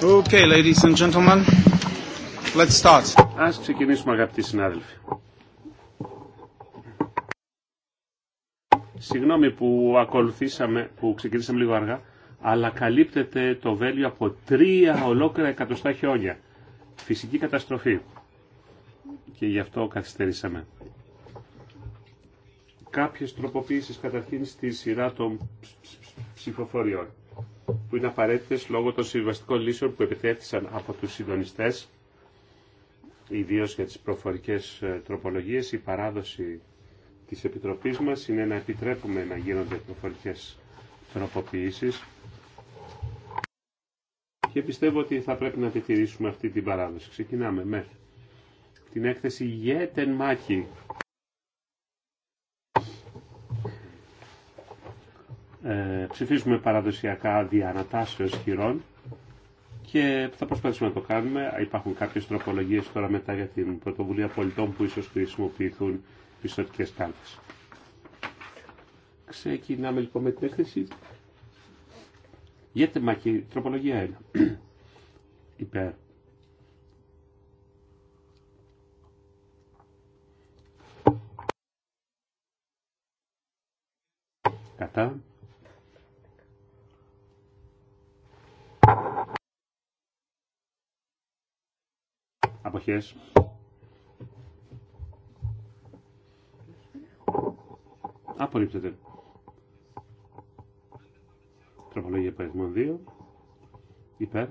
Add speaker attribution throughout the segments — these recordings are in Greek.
Speaker 1: Okay, ladies and gentlemen,
Speaker 2: let's start. Ας ξεκινήσουμε αγαπητοί συνάδελφοι. Συγγνώμη που ακολουθήσαμε, που ξεκινήσαμε λίγο αργά, αλλά καλύπτεται το βέλιο από τρία ολόκληρα εκατοστά χιόνια. Φυσική καταστροφή. Και γι' αυτό καθυστερήσαμε. Κάποιες τροποποίησεις καταρχήν στη σειρά των ψηφοφοριών που είναι απαραίτητες λόγω των συμβαστικών λύσεων που επιτέθησαν από τους συντονιστές, ιδίως για τις προφορικές ε, τροπολογίες, η παράδοση της Επιτροπής μας είναι να επιτρέπουμε να γίνονται προφορικές τροποποιήσεις και πιστεύω ότι θα πρέπει να τη αυτή την παράδοση. Ξεκινάμε με την έκθεση «Γέτεν Μάκη» ε, ψηφίζουμε παραδοσιακά διανατάσεως χειρών και θα προσπαθήσουμε να το κάνουμε. Υπάρχουν κάποιες τροπολογίες τώρα μετά για την πρωτοβουλία πολιτών που ίσως χρησιμοποιηθούν πιστοτικές κάλπες. Ξεκινάμε λοιπόν με την έκθεση. Γιατί μακή, τροπολογία 1. Υπέρ. Κατά. Αποχές. Απορρίπτεται. Τροπολογία παριθμών 2. Υπέρ.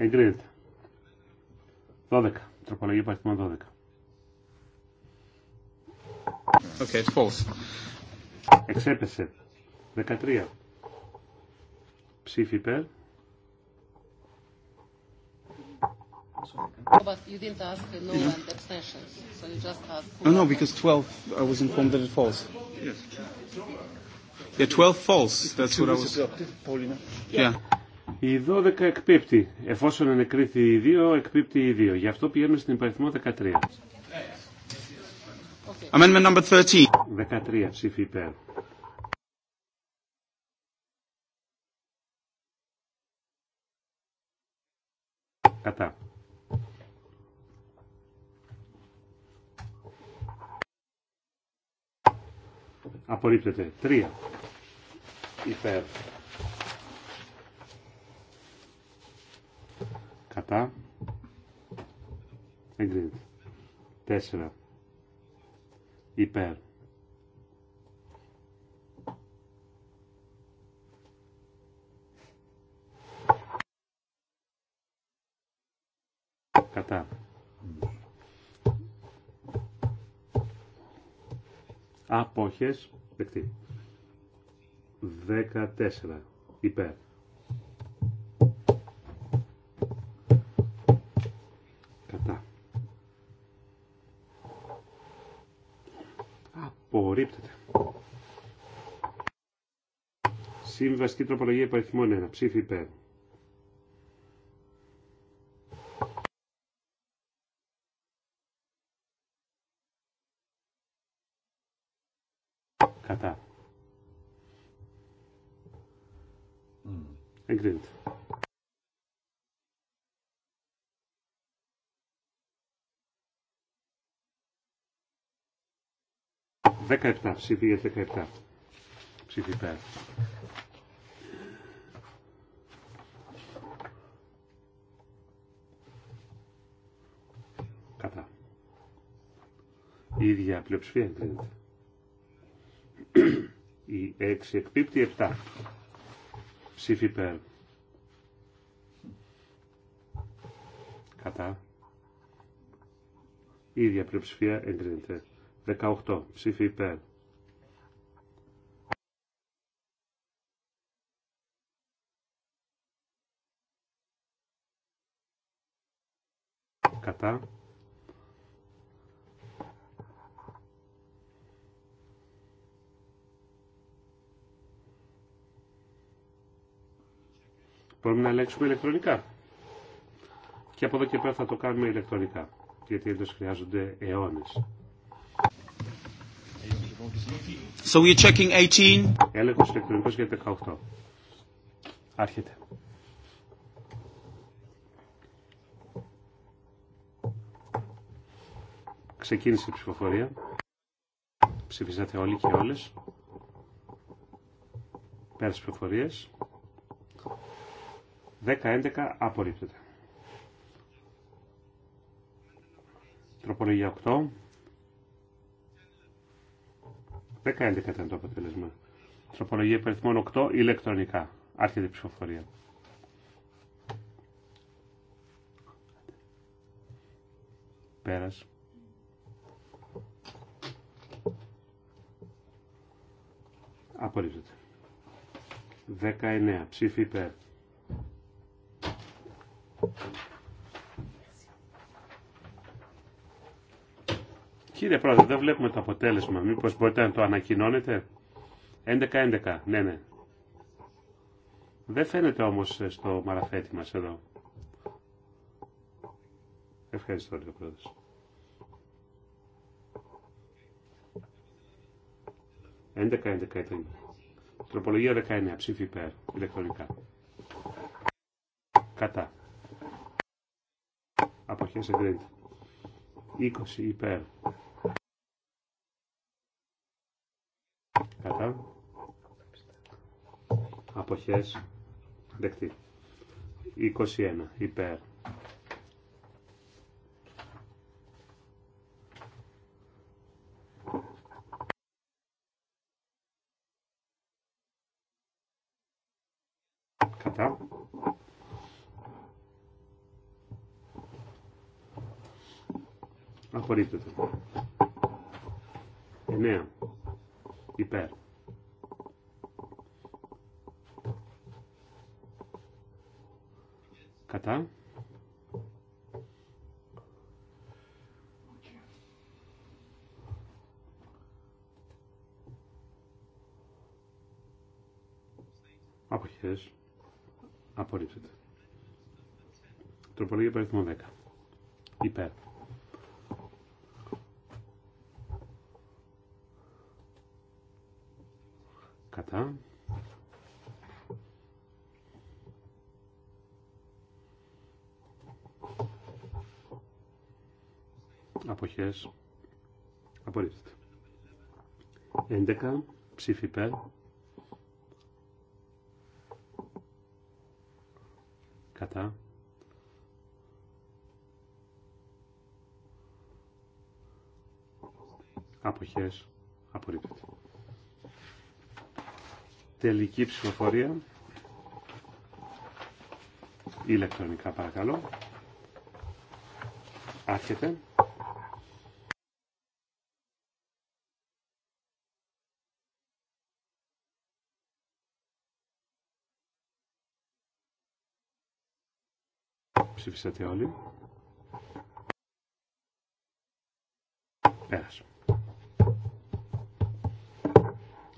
Speaker 2: Εγκρίνεται. 12. Τροπολογία παριθμών 12. Okay, it's false. Εξέπεσε. 13. Ψήφι υπέρ.
Speaker 3: But you didn't ask no yeah. and abstentions, so you just asked. No, no, because
Speaker 1: 12, I was informed that it falls. Yes. Yeah, 12 false. That's what I was. Yeah.
Speaker 2: Η 12 εκπίπτει. Εφόσον ενεκρίθη η 2, εκπίπτει η 2. Γι' αυτό πηγαίνουμε στην υπαριθμό 13. Okay.
Speaker 3: Amendment number 13.
Speaker 2: 13 ψήφι υπέρ. Κατά. Απορρίπτεται. 3 υπέρ. Κατά. Εγκρίνεται. 4. Υπέρ. Κατά. Απόχες. Δεκτή. 14. Υπέρ. Απορρίπτεται. Συμβαστική τροπολογία υπαριθμών 1. Ψήφι υπέρ. 17. Ψήφι για 17. Ψήφι Κατά. Η ίδια πλειοψηφία εγκρίνεται. Η 6 εκπίπτει 7. Ψήφι υπέρ. Κατά. Η ίδια πλειοψηφία εγκρίνεται. 18. Ψήφι υπέρ. Κατά. Μπορούμε να ελέγξουμε ηλεκτρονικά. Και από εδώ και πέρα θα το κάνουμε ηλεκτρονικά. Γιατί έντος χρειάζονται αιώνες. So we're checking 18. για 18. Άρχεται. Ξεκίνησε η ψηφοφορία. Ψηφίσατε όλοι και όλες. Πέρα στις ψηφοφορίες. 10-11 απορρίπτεται. Τροπολογία 8. 10-11 ήταν το αποτέλεσμα. Τροπολογία υπαριθμών 8 ηλεκτρονικά. Άρχεται η ψηφοφορία. Πέρας. Απορρίζεται. 19 ψήφι υπέρ. Κύριε Πρόεδρε, δεν βλέπουμε το αποτέλεσμα. Μήπως μπορείτε να το ανακοινώνετε. 11-11, ναι, ναι. Δεν φαίνεται όμως ε, στο μαραφέτη μας εδώ. Ευχαριστώ, κύριε Πρόεδρε. Τροπολογία 19, ψήφι υπέρ, ηλεκτρονικά. Κατά. Αποχές εγκρίνεται. 20 υπέρ, αποχές δεκτή 21 υπέρ κατά απορρίπτεται αποχές απορρίπτεται. 11 ψήφι κατά αποχές απορρίπτεται. Τελική ψηφοφορία ηλεκτρονικά παρακαλώ. Άρχεται. Ψηφίσατε όλοι. Πέρασε.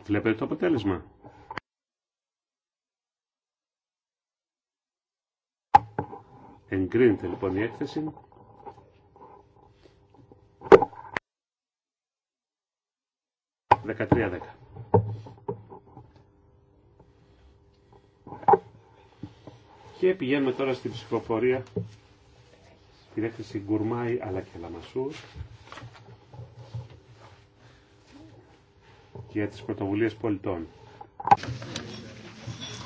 Speaker 2: Βλέπετε το αποτέλεσμα. Εγκρίνεται λοιπόν η έκθεση. Δεκατρία δέκα. Και πηγαίνουμε τώρα στην ψηφοφορία, στην έκθεση Γκουρμάη αλλά και Λαμασούρ για τις πρωτοβουλίες πολιτών.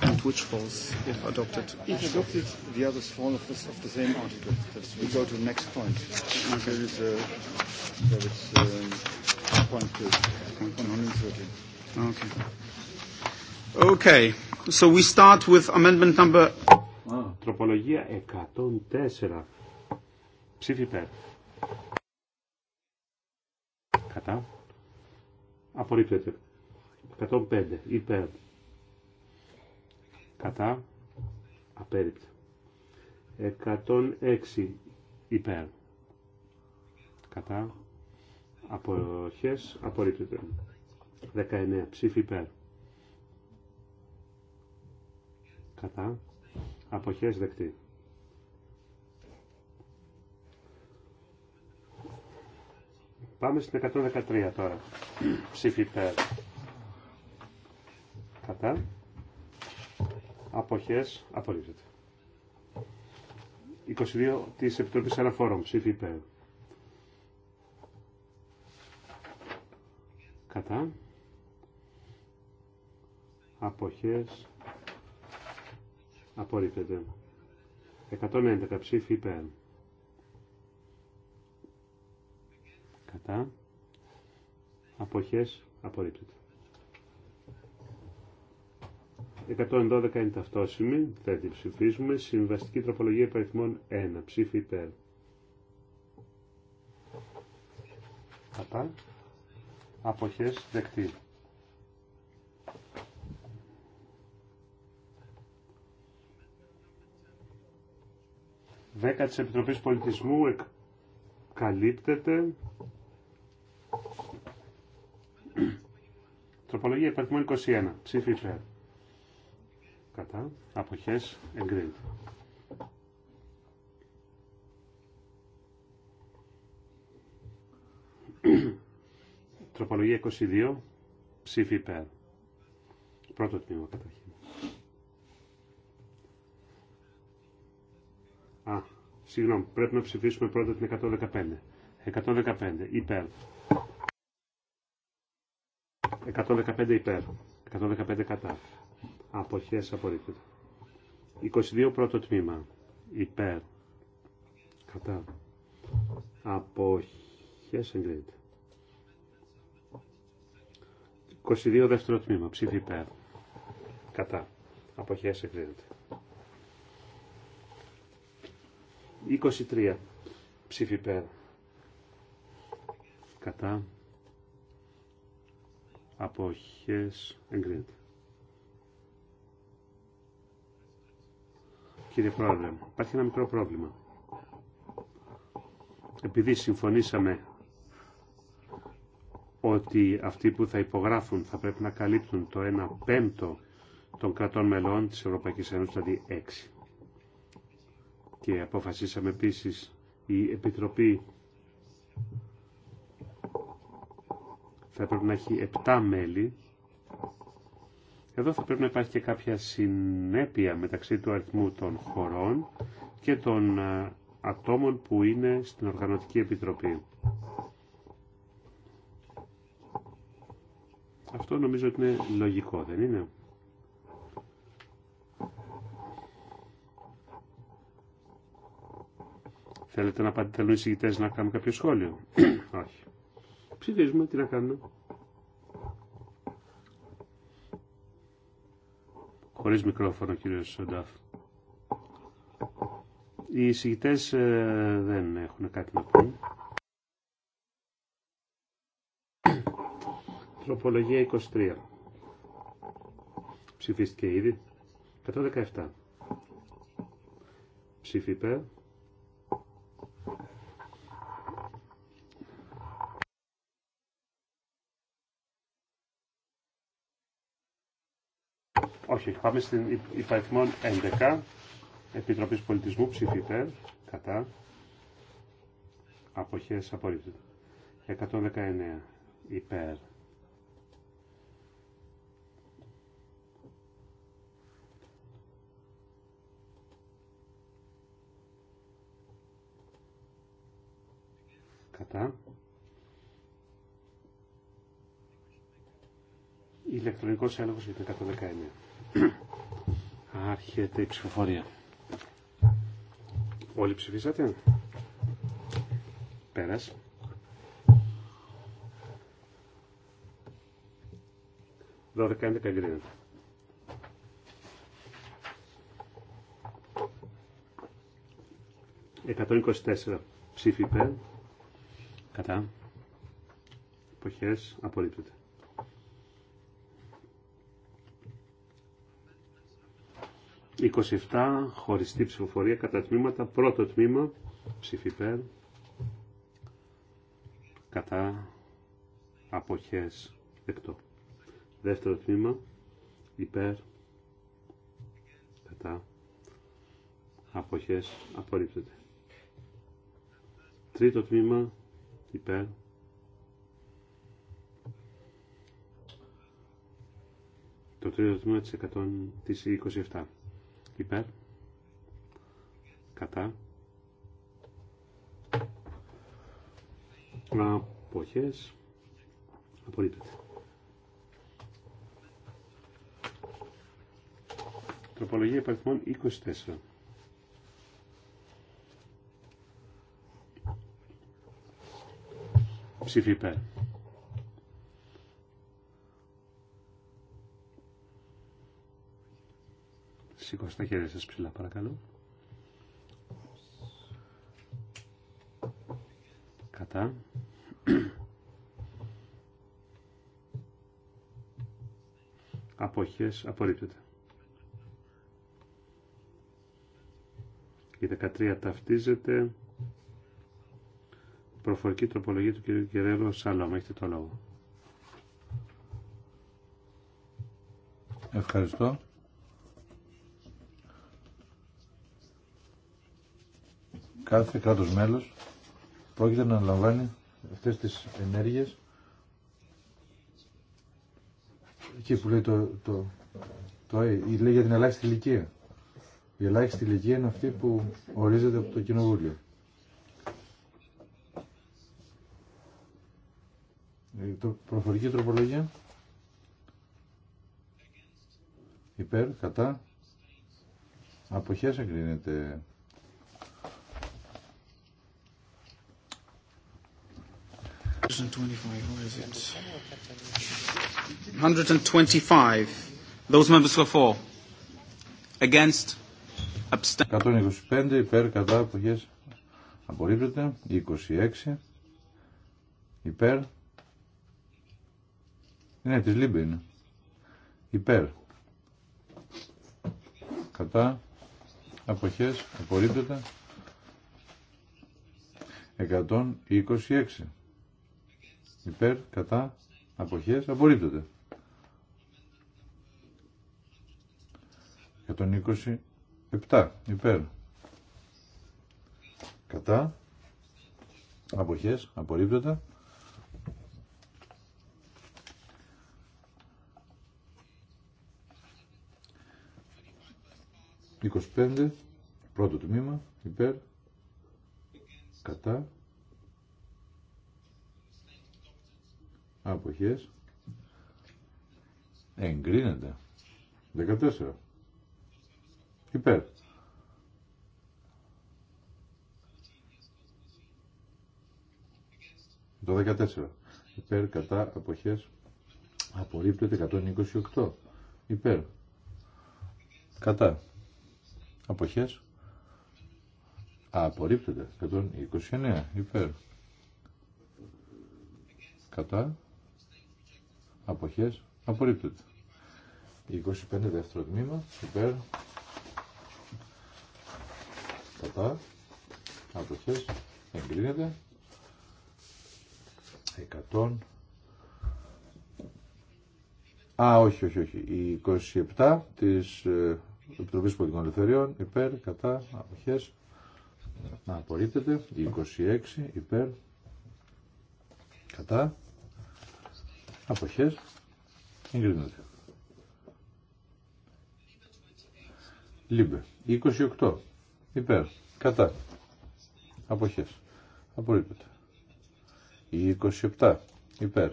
Speaker 2: if adopted? If adopted,
Speaker 1: we Okay. So
Speaker 2: we start with amendment number Τροπολογία 104. Ψήφι υπέρ. Κατά. Απορρίπτεται. 105. Υπέρ. Κατά. Απέριπτε. 106. Υπέρ. Κατά. Αποχές. Απορρίπτεται. 19. Ψήφι υπέρ. Κατά αποχές δεκτή. Πάμε στην 113 τώρα. Ψήφι Κατά. Αποχές απορρίπτεται. 22 της Επιτροπής Αναφόρων. Ψήφι Κατά. Αποχές Απορρίπτεται. 111 ψήφι υπέρ. Κατά. Αποχές. Απορρίπτεται. 112 είναι ταυτόσιμη, δεν την ψηφίζουμε. Συμβαστική τροπολογία υπαριθμών 1, ψήφι υπέρ. Κατά. Αποχές δεκτή. 10 της Επιτροπής Πολιτισμού καλύπτεται. Τροπολογία υπαριθμών 21. Ψήφι υπέρ. Κατά. Αποχές. Εγκρίνεται. Τροπολογία 22. Ψήφι υπέρ. Πρώτο τμήμα καταρχήν. Α, συγγνώμη, πρέπει να ψηφίσουμε πρώτα την 115. 115, υπέρ. 115 υπέρ. 115 κατά. Αποχές απορρίπτεται. 22 πρώτο τμήμα. Υπέρ. Κατά. Αποχές εγκρίνεται. 22 δεύτερο τμήμα. Ψήφι υπέρ. Κατά. Αποχές εγκρίνεται. 23 ψήφι πέρα. Κατά. Αποχές εγκρίνεται. Κύριε Πρόεδρε, υπάρχει ένα μικρό πρόβλημα. Επειδή συμφωνήσαμε ότι αυτοί που θα υπογράφουν θα πρέπει να καλύπτουν το 1 πέμπτο των κρατών μελών της Ευρωπαϊκής Ένωσης, δηλαδή 6 και αποφασίσαμε επίσης η Επιτροπή θα πρέπει να έχει 7 μέλη. Εδώ θα πρέπει να υπάρχει και κάποια συνέπεια μεταξύ του αριθμού των χωρών και των ατόμων που είναι στην Οργανωτική Επιτροπή. Αυτό νομίζω ότι είναι λογικό, δεν είναι. Θέλετε να πάτε οι εισηγητές να κάνουμε κάποιο σχόλιο. Όχι. Ψηφίζουμε, τι να κάνουμε. Χωρίς μικρόφωνο, κύριο Σοντάφ. Οι εισηγητές ε, δεν έχουν κάτι να πούν. Τροπολογία 23. Ψηφίστηκε ήδη. 117. Ψήφι πάμε στην υπαριθμόν 11. Επιτροπής Πολιτισμού ψηφίτε, Κατά. Αποχές απορρίπτεται. 119 υπέρ. Κατά. Ηλεκτρονικός έλεγχος για το 119. Άρχεται η ψηφοφορία. Όλοι ψηφίσατε. Πέρας. Δώδεκα είναι εγκρίνεται. Εκατόν εικοσιτέσσερα ψήφι υπέρ. Κατά. Εποχές απορρίπτεται. 27 χωριστή ψηφοφορία κατά τμήματα. Πρώτο τμήμα ψηφιπέρ Κατά αποχές δεκτό. Δεύτερο τμήμα υπέρ. Κατά αποχές απορρίπτεται. Τρίτο τμήμα υπέρ. Το τρίτο τμήμα της 127 υπέρ κατά αποχές απορρίπτεται. Τροπολογία υπαριθμών 24. Ψήφι υπέρ. Σηκώστε τα χέρια σας ψηλά παρακαλώ. Κατά. Αποχές απορρίπτεται. Η 13 ταυτίζεται. Προφορική τροπολογία του κ. κυρέλου Σαλόμ. Έχετε το λόγο.
Speaker 1: Ευχαριστώ. κάθε κράτος μέλος πρόκειται να αναλαμβάνει αυτές τις ενέργειες εκεί που λέει το, το, το, λέει για την ελάχιστη ηλικία. Η ελάχιστη ηλικία είναι αυτή που ορίζεται από το Κοινοβούλιο. Ε, το προφορική τροπολογία. Υπέρ, κατά. Αποχές εγκρίνεται. 125, 125 υπέρ κατά αποχές. Απορρίπτεται. 26 υπέρ. Ναι, της Λίμπη είναι. Υπέρ. Κατά. Αποχές. Απορρίπτεται. 126. Υπέρ, κατά, αποχές, Απορρίπτονται. 127 υπέρ. Κατά, αποχές, Απορρίπτονται. 25, πρώτο τμήμα, υπέρ, κατά, Αποχές. Εγκρίνεται. 14. Υπέρ. Το 14. Υπέρ κατά αποχές. Απορρίπτεται 128. Υπέρ. Κατά. Αποχές. Απορρίπτεται 129. Υπέρ. Κατά αποχές απορρίπτεται. 25 δεύτερο τμήμα υπέρ κατά αποχές εγκρίνεται 100 Α, όχι, όχι, όχι. Η 27 της ε, Επιτροπής Πολιτικών Ελευθεριών υπέρ, κατά, αποχές να απορρίπτεται. Η 26 υπέρ, κατά, Αποχές. Εγκρίνεται. Λίμπε. 28. Υπέρ. Κατά. Αποχές. Απορρίπτεται. 27. Υπέρ.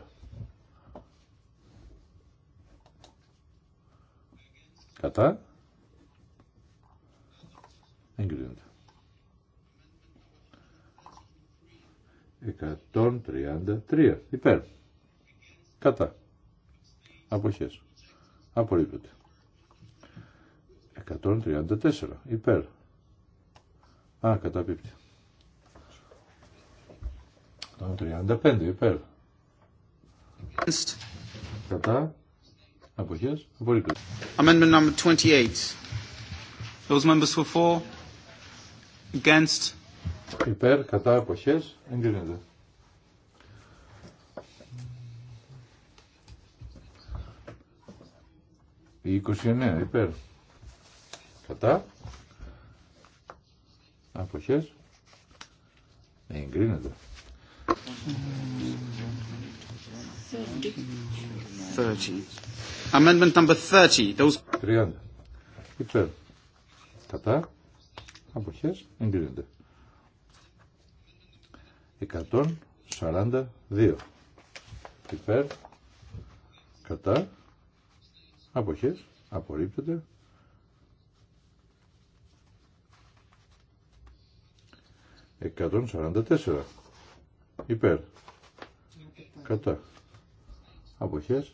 Speaker 1: Κατά. Εγκρίνονται. 133. Υπέρ. Κατά. Αποχές. Απορρίπτεται. 134. Υπέρ. Α, καταπίπτει. 135. Υπέρ. Κατά. Αποχές. Απορρίπτεται. Amendment
Speaker 3: number 28.
Speaker 1: Those members who are for, against. Υπέρ, κατά, αποχές, εγκρίνεται. Η 29 υπέρ. Κατά. Αποχές. Εγκρίνεται. 30. Amendment number 30. Those... 30. Υπέρ. Κατά. Αποχές. Εγκρίνεται. 142. Υπέρ. Κατά. Αποχές. Απορρίπτεται. Εκατόν σαράντα τέσσερα. Υπέρ. Κατά. Αποχές.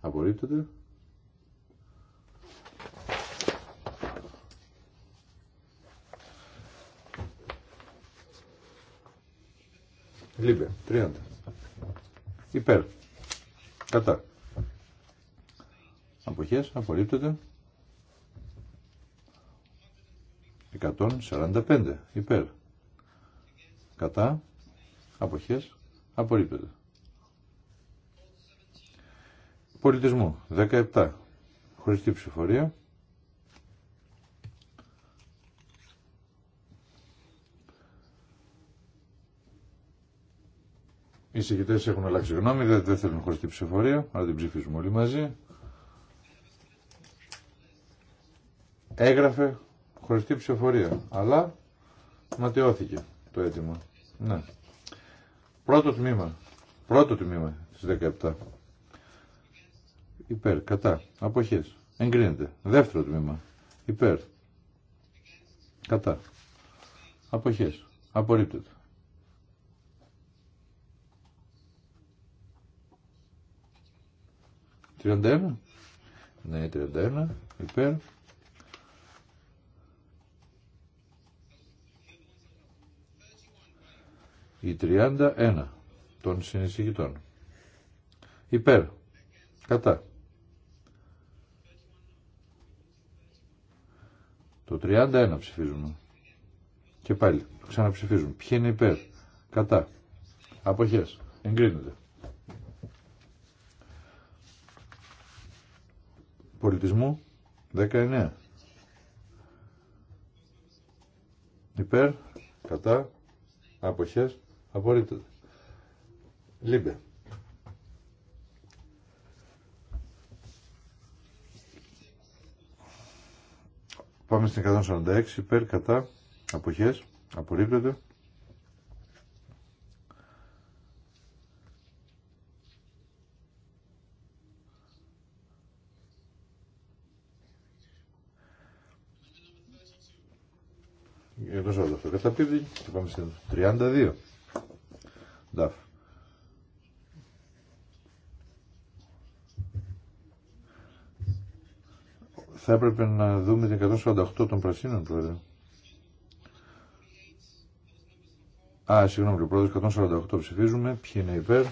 Speaker 1: Απορρίπτεται. Λίπε, Τριάντα. Υπέρ. Κατά. Αποχές απορρίπτεται. 145 υπέρ. Κατά. Αποχές απορρίπτεται. Πολιτισμού 17. Χωριστή ψηφορία. Οι συγκεκριτές έχουν αλλάξει γνώμη, δεν, θέλουν θέλουν χωριστή ψηφορία, αλλά την ψηφίζουμε όλοι μαζί. έγραφε χωριστή ψηφοφορία, αλλά ματαιώθηκε το αίτημα. Ναι. Πρώτο τμήμα, πρώτο τμήμα στις 17. Υπέρ, κατά, αποχές, εγκρίνεται. Δεύτερο τμήμα, υπέρ, κατά, αποχές, απορρίπτεται. Τριάντα Ναι, 31, υπέρ, Η 31 των συνεισηγητών. Υπέρ. Κατά. Το 31 ψηφίζουμε. Και πάλι ξαναψηφίζουμε. Ποιοι είναι υπέρ. Κατά. Αποχές. Εγκρίνεται. Πολιτισμού 19. Υπέρ. Κατά. Αποχές. Απορρίπτω. Λίμπε. Πάμε στην 146 υπέρ κατά αποχές. Απορρίπτεται. Εδώ αυτό καταπίδει και πάμε στην 32. Θα έπρεπε να δούμε την 148 των πρασίνων, πρόεδρε. Α, συγγνώμη, ο πρόεδρος 148 ψηφίζουμε. Ποιοι είναι υπέρ.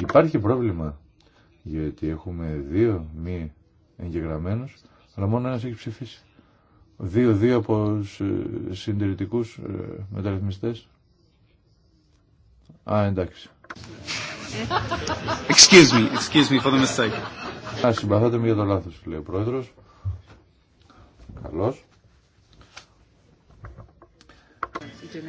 Speaker 1: Υπάρχει πρόβλημα γιατί έχουμε δύο μη εγγεγραμμένους αλλά μόνο ένας έχει ψηφίσει. Δύο-δύο από ε, συντηρητικούς ε, μεταρρυθμιστές. Α, εντάξει. Excuse me, excuse me for the mistake. Α, συμπαθάτε με για το λάθος, λέει ο πρόεδρος. Καλώς. Ok,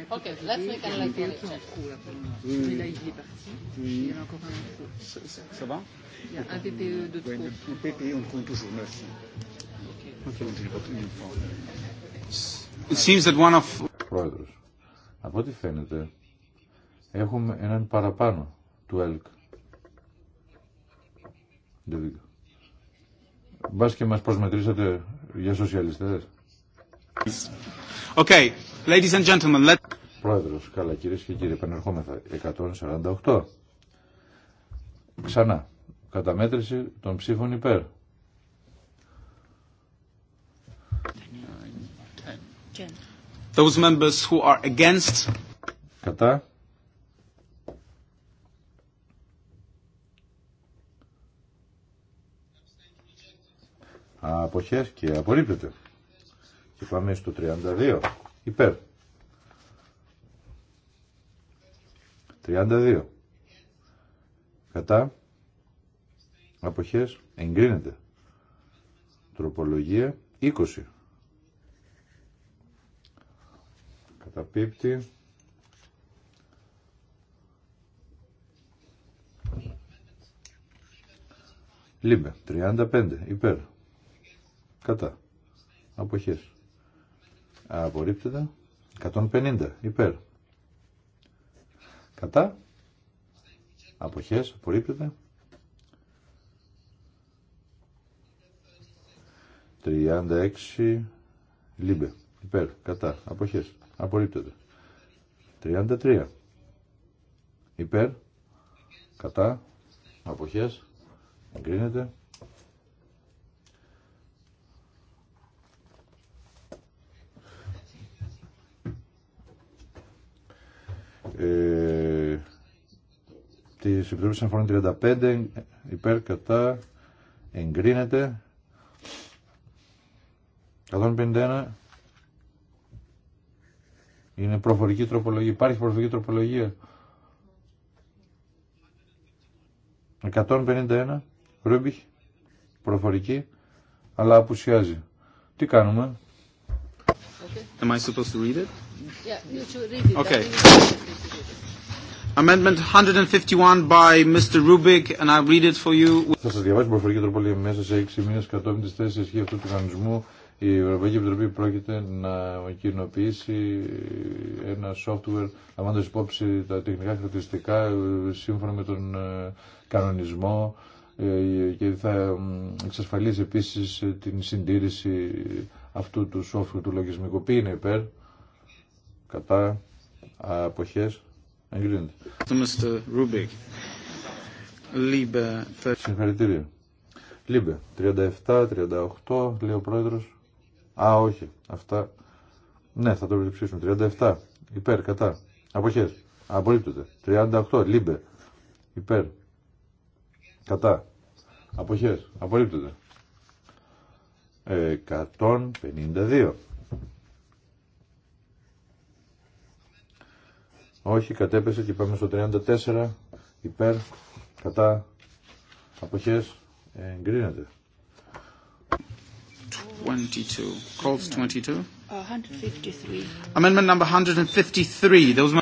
Speaker 1: από ό,τι φαίνεται, έχουμε έναν παραπάνω του ΕΛΚ. Μπας και μας προσμετρήσατε για σοσιαλιστές. Okay, ladies and gentlemen, let... Πρόεδρος, καλά κυρίες και κύριοι, επανερχόμεθα 148. Ξανά, καταμέτρηση των ψήφων υπέρ. Those members who are against. Κατά. Αποχές και απορρίπτεται. Και πάμε στο 32. Υπέρ. 32. Κατά. Αποχές. Εγκρίνεται. Τροπολογία. 20. Καταπίπτει. Λίμπε. 35. Υπέρ. Κατά. Αποχές απορρίπτεται 150 υπέρ κατά αποχές απορρίπτεται 36 λίμπε υπέρ κατά αποχές απορρίπτεται 33 υπέρ κατά αποχές εγκρίνεται τη Επιτροπή Συμφωνία 35 υπέρ κατά εγκρίνεται 151 είναι προφορική τροπολογία. Υπάρχει προφορική τροπολογία. 151 Ρούμπιχ προφορική αλλά απουσιάζει. Τι κάνουμε. Okay.
Speaker 3: Am I supposed to read it?
Speaker 1: Yeah, you should read it. Okay.
Speaker 3: Amendment 151 by Mr. Rubik, and I read it for you.
Speaker 1: Θα σας διαβάσω προφορική τροπολία μέσα σε 6 μήνες κατόπιν της θέσης ισχύ αυτού του κανονισμού. Η Ευρωπαϊκή Επιτροπή πρόκειται να κοινοποιήσει ένα software λαμβάνοντας υπόψη τα τεχνικά χαρακτηριστικά ε, σύμφωνα με τον ε, κανονισμό ε, και θα εξασφαλίσει επίσης την συντήρηση αυτού του software του λογισμικού. Ποιοι είναι υπέρ, κατά, αποχές Εγκρίνεται. Λίμπε. Συγχαρητήρια. Λίμπε. 37, 38, λέει ο πρόεδρο. Α, όχι. Αυτά. Ναι, θα το ψηφίσουμε. 37. Υπέρ, κατά. Αποχέ, Απορρίπτεται. 38. Λίμπε. Υπέρ. Κατά. Αποχέ, Απορρίπτεται. 152. Ε, Όχι, κατέπεσε και πάμε στο 34. Υπέρ, κατά, αποχές, εγκρίνεται. 22. Calls 22. 153. Amendment number 153. There was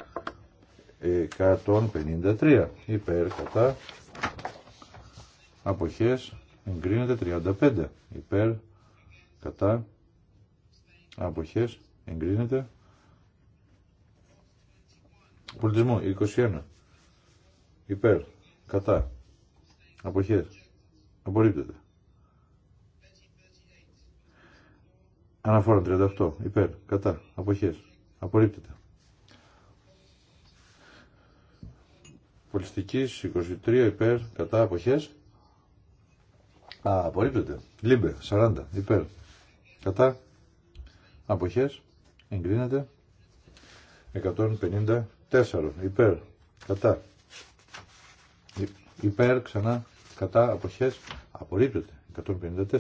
Speaker 1: 153. Υπέρ, κατά, αποχές, εγκρίνεται 35. Υπέρ, κατά, αποχές, εγκρίνεται Πολιτισμό 21. Υπέρ, κατά, αποχές, απορρίπτεται. Αναφόρα 38, υπέρ, κατά, αποχές, απορρίπτεται. Πολιστικής, 23, υπέρ, κατά, αποχές, Α, απορρίπτεται. Λίμπε, 40, υπέρ, κατά, αποχές, εγκρίνεται, 150, 4 υπέρ κατά υπέρ ξανά κατά αποχές απορρίπτεται 154 uh,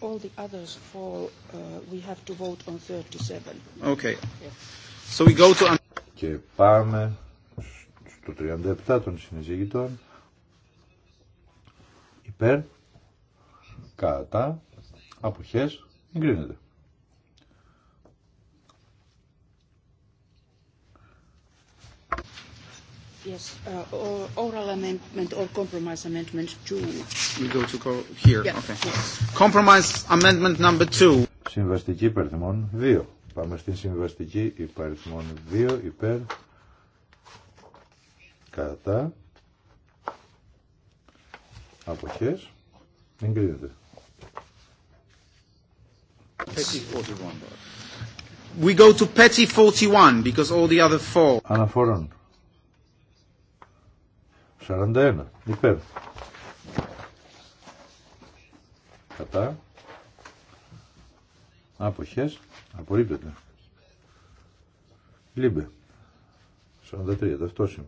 Speaker 3: all the others fall, uh, we have to vote on 37. Okay.
Speaker 1: So we go to... Και πάμε στο 37 των συνεζήγητων. Υπέρ, κατά, αποχές, εγκρίνεται.
Speaker 3: Yes, oral amendment or compromise amendment two.
Speaker 1: We go to go here. Okay. Compromise amendment number two. Συμβαστική υπαριθμών 2. Πάμε στην συμβαστική υπαριθμών 2 υπέρ κατά αποχές 41. We go to petty 41 because all the other four. Αναφορών 41 υπέρ κατά αποχές απορρίπτεται λίμπε 43 ταυτόσιμη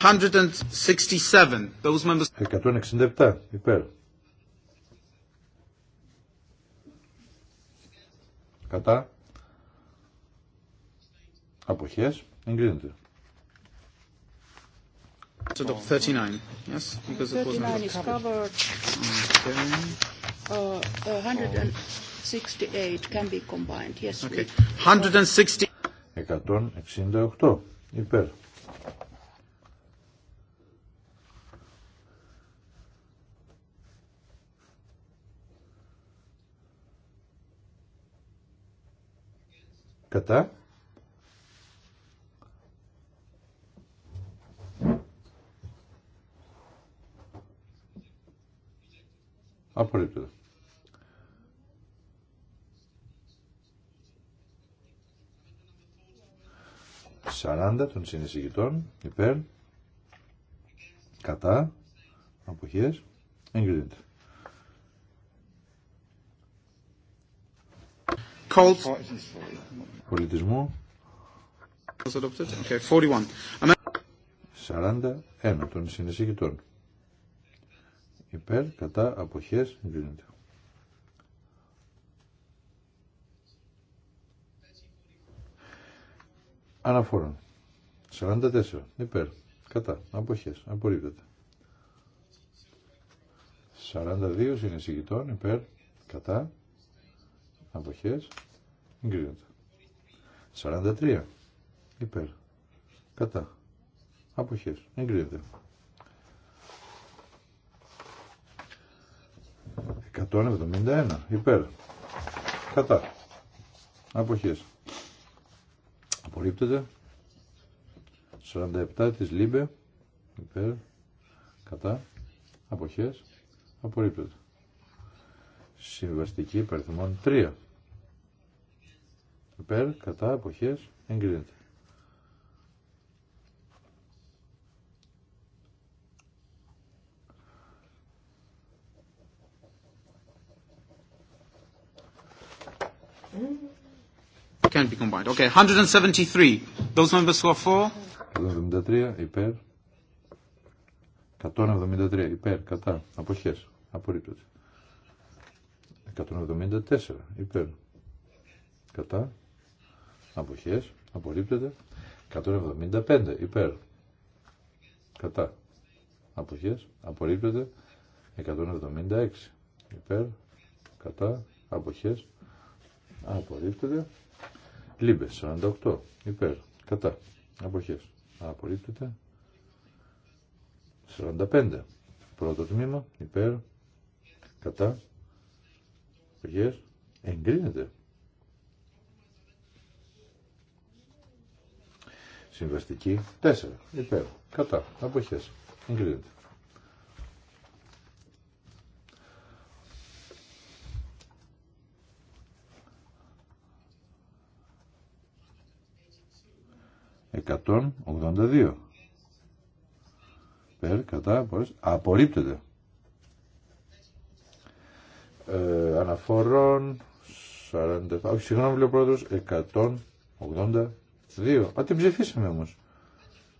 Speaker 1: 167 those members 167 υπέρ κατά αποχές εγκρίνεται To 39, yes, because it was 39 is
Speaker 3: covered. Okay. 168 can be combined, yes. Okay.
Speaker 1: 160. 168 υπέρ. Κατά. Απολύτω. Σαράντα των συνεισηγητών υπέρ κατά αποχέ εγκρίνεται. Πολιτισμού. Okay, 41. των συνεισηγητών υπέρ, κατά, αποχές, γίνεται. Αναφόρον. 44. Υπέρ. Κατά. Αποχές. Απορρίπτεται. 42 συνεισηγητών. Υπέρ. Κατά. Αποχές. Εγκρίνεται. 43. Υπέρ. Κατά. Αποχές. Εγκρίνεται. 171 υπέρ. Κατά. Αποχές. Απορρίπτεται. 47 της Λίμπε. Υπέρ. Κατά. Αποχές. Απορρίπτεται. Συμβαστική υπερθυμών 3. Υπέρ. Κατά. Αποχές. Εγκρίνεται. can be combined. Okay, 173. Those members who are for. 173 υπέρ. 173 υπέρ. Κατά. Αποχές. απορρίπτωση. 174 υπέρ. Κατά. Αποχές. Απορρίπτεται. 175 υπέρ. Κατά. Αποχές. Απορρίπτεται. 176 υπέρ. Κατά. Αποχές. Απορρίπτεται. Λίμπε 48 υπέρ κατά απόχέ, απορρίπτεται 45 πρώτο τμήμα υπέρ κατά Αποχέ. εγκρίνεται συμβαστική 4 υπέρ κατά αποχέ εγκρίνεται 182. Περ, κατά, απορρίπτεται. απορρίπτεται. Ε, αναφορών 47. Όχι, συγγνώμη, λέει ο πρόεδρος, 182. Α, την ψηφίσαμε όμως.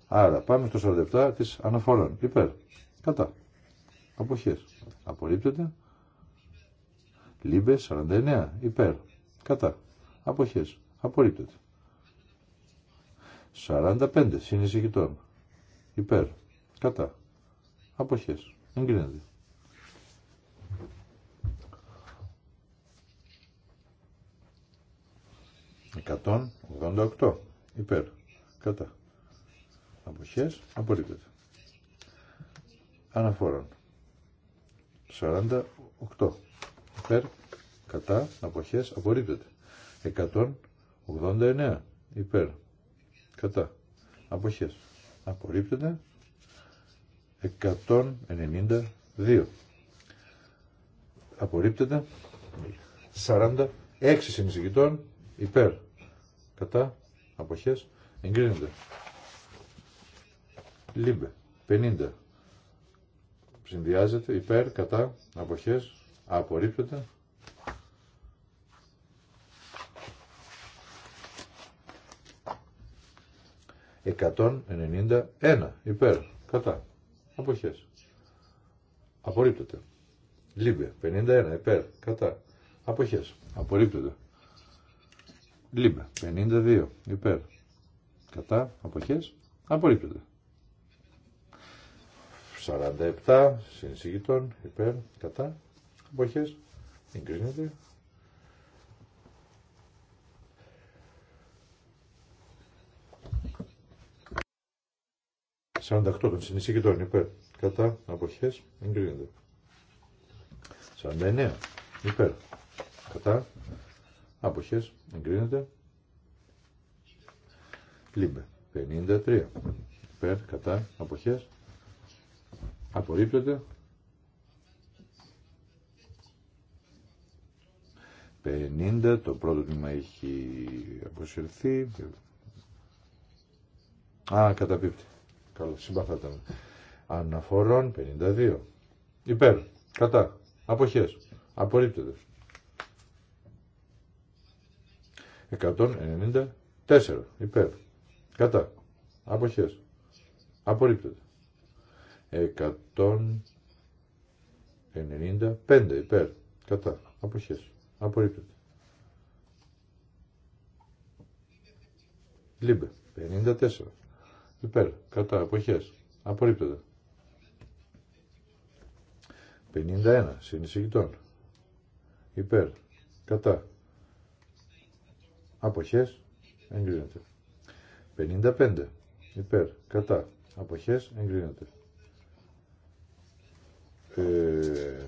Speaker 1: Άρα, πάμε στο 47 της αναφορών. Υπέρ. Κατά. Αποχές. Απορρίπτεται. Λίμπε 49. Υπέρ. Κατά. Αποχές. Απορρίπτεται. 45 συνεισηγητών. Υπέρ. Κατά. Αποχές. Εγκρίνεται. Εκατόν ογδόντα Υπέρ. Κατά. Αποχές. Απορρίπτεται. Αναφορών. 48. Υπέρ. Κατά. Αποχές. Απορρίπτεται. 189. Υπέρ Κατά. Αποχές. Απορρίπτεται. 192. Απορρίπτεται. 46 συνεισηγητών υπέρ. Κατά. Αποχές. Εγκρίνεται. Λίμπε. 50. Συνδυάζεται υπέρ, κατά, αποχές, απορρίπτεται. 191 υπέρ κατά αποχές απορρίπτεται Λίμπε 51 υπέρ κατά αποχές απορρίπτεται Λίμπε 52 υπέρ κατά αποχές απορρίπτεται 47 Συνσηγητών. υπέρ κατά αποχές εγκρίνεται 48 των συνεισηγητών υπέρ. Κατά αποχές εγκρίνεται. 49 υπέρ. Κατά αποχές εγκρίνεται. Λίμπε. 53 υπέρ. Κατά αποχές απορρίπτεται. 50, το πρώτο τμήμα έχει αποσυρθεί. Α, καταπίπτει. Καλό, με. Αναφορών 52. Υπέρ. Κατά. Αποχές. Απορρίπτεται. 194. Υπέρ. Κατά. Αποχές. Απορρίπτεται. 195. Υπέρ. Κατά. Αποχές. Απορρίπτεται. Λίμπε. 54. Υπέρ. Κατά. Αποχές. Απορρίπτεται. 51. Συνεισηγητών. Υπέρ. Κατά. Αποχές. Εγκρίνεται. 55. Υπέρ. Κατά. Αποχές. Εγκρίνεται. Ε,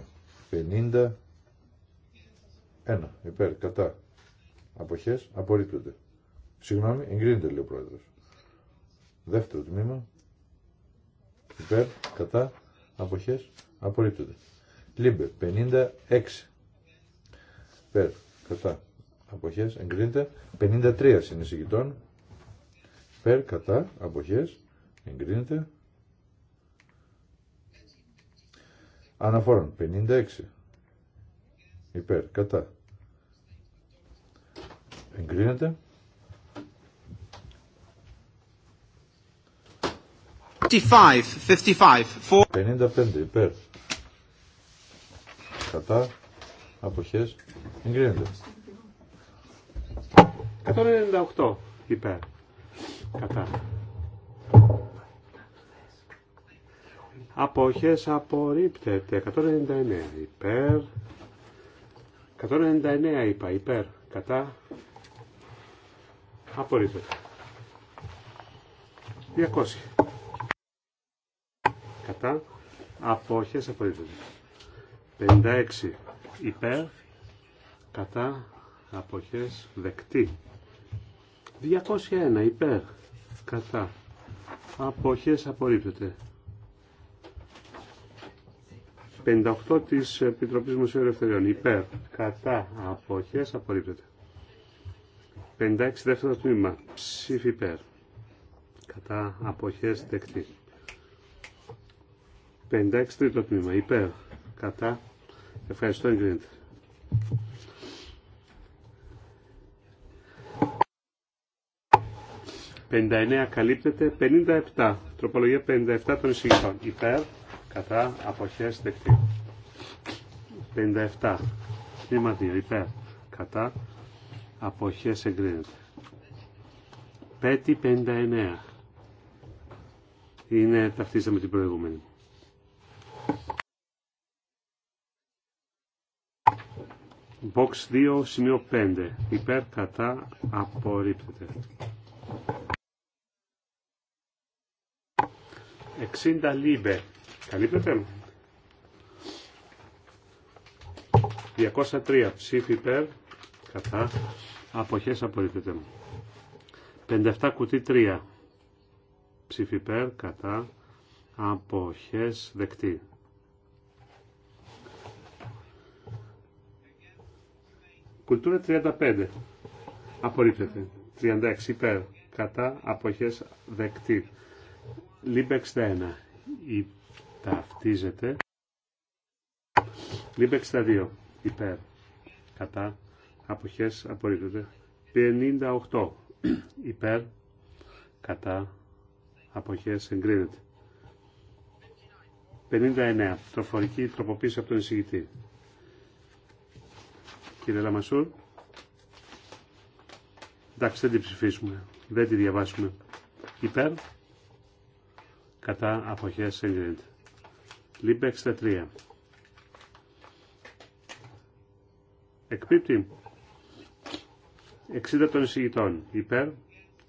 Speaker 1: 51. Υπέρ. Κατά. Αποχές. Απορρίπτεται. Συγγνώμη. Εγκρίνεται λέει ο πρόεδρος. Δεύτερο τμήμα. Υπέρ, κατά, αποχές, απορρίπτωται. Λίμπε, 56. Υπέρ, κατά, αποχές, εγκρίνεται. 53 συνεισηγητών. Υπέρ, κατά, αποχές, εγκρίνεται. Αναφόρων, 56. Υπέρ, κατά. Εγκρίνεται. 55, υπέρ. Κατά. Αποχές. Εγκρίνεται. 198 υπέρ. Κατά.
Speaker 2: Αποχές απορρίπτεται. 199 υπέρ. 199 είπα υπέρ. Κατά. Απορρίπτεται. 200 απόχες απορρίπτονται. 56 υπέρ κατά αποχές δεκτή. 201 υπέρ κατά αποχές απορρίπτεται. 58 της Επιτροπής Μουσείου Ελευθεριών υπέρ κατά αποχές απορρίπτεται. 56 δεύτερο τμήμα ψήφι υπέρ κατά αποχές δεκτή. 56 τρίτο τμήμα. Υπέρ. Κατά. Ευχαριστώ εγκρίνεται. 59 καλύπτεται. 57. Τροπολογία 57 των εισηγητών. Υπέρ. Κατά. Αποχές δεκτή. 57. Τμήμα 2. Υπέρ. Κατά. Αποχές εγκρίνεται. 59, Είναι ταυτίζεται με την προηγούμενη. Box 2, σημείο 5. Υπέρ, κατά, απορρίπτεται. 60 λίμπε. Καλύπτεται. 203 ψήφι υπέρ, κατά, αποχές απορρίπτεται. 57 κουτί 3 ψήφι υπέρ, κατά, αποχές δεκτή. Κουλτούρα 35. Απορρίπτεται. 36 υπέρ. Κατά αποχές δεκτή. Λίμπε 61. Η... Ταυτίζεται. Λίμπε 62. Υπέρ. Κατά αποχές απορρίπτεται. 58. Υπέρ. Κατά αποχές εγκρίνεται. 59. Τροφορική τροποποίηση από τον εισηγητή κύριε Λαμασούρ. Εντάξει, δεν την ψηφίσουμε. Δεν τη διαβάσουμε. Υπέρ. Κατά αποχές εγκρίνεται. Λίπε 3 Εκπίπτει. 60 των εισηγητών. Υπέρ.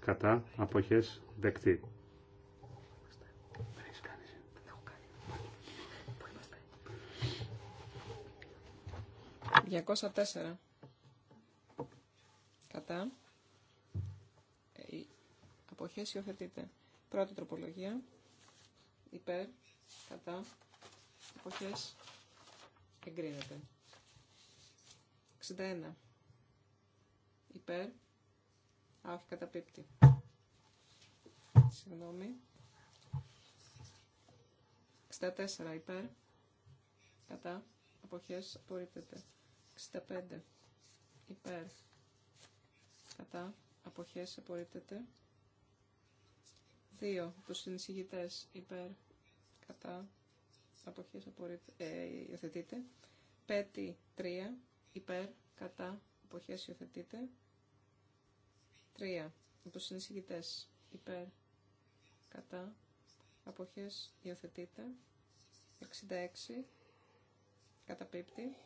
Speaker 2: Κατά αποχές
Speaker 3: δεκτή. 204. Κατά. Ε, αποχές υιοθετείται. Πρώτη τροπολογία. Υπέρ. Κατά. Αποχές εγκρίνεται. 61. Υπέρ. Αφ καταπίπτει. Συγγνώμη. 64 υπέρ. Κατά. Αποχές απορρίπτεται. 65 υπέρ κατά αποχές απορρίπτεται 2 τους συνεισηγητές υπέρ κατά αποχές απορρίπτεται 5 ε, 3 υπέρ κατά αποχές υιοθετείται 3 τους συνεισηγητές υπέρ κατά αποχές υιοθετείται 66 καταπίπτει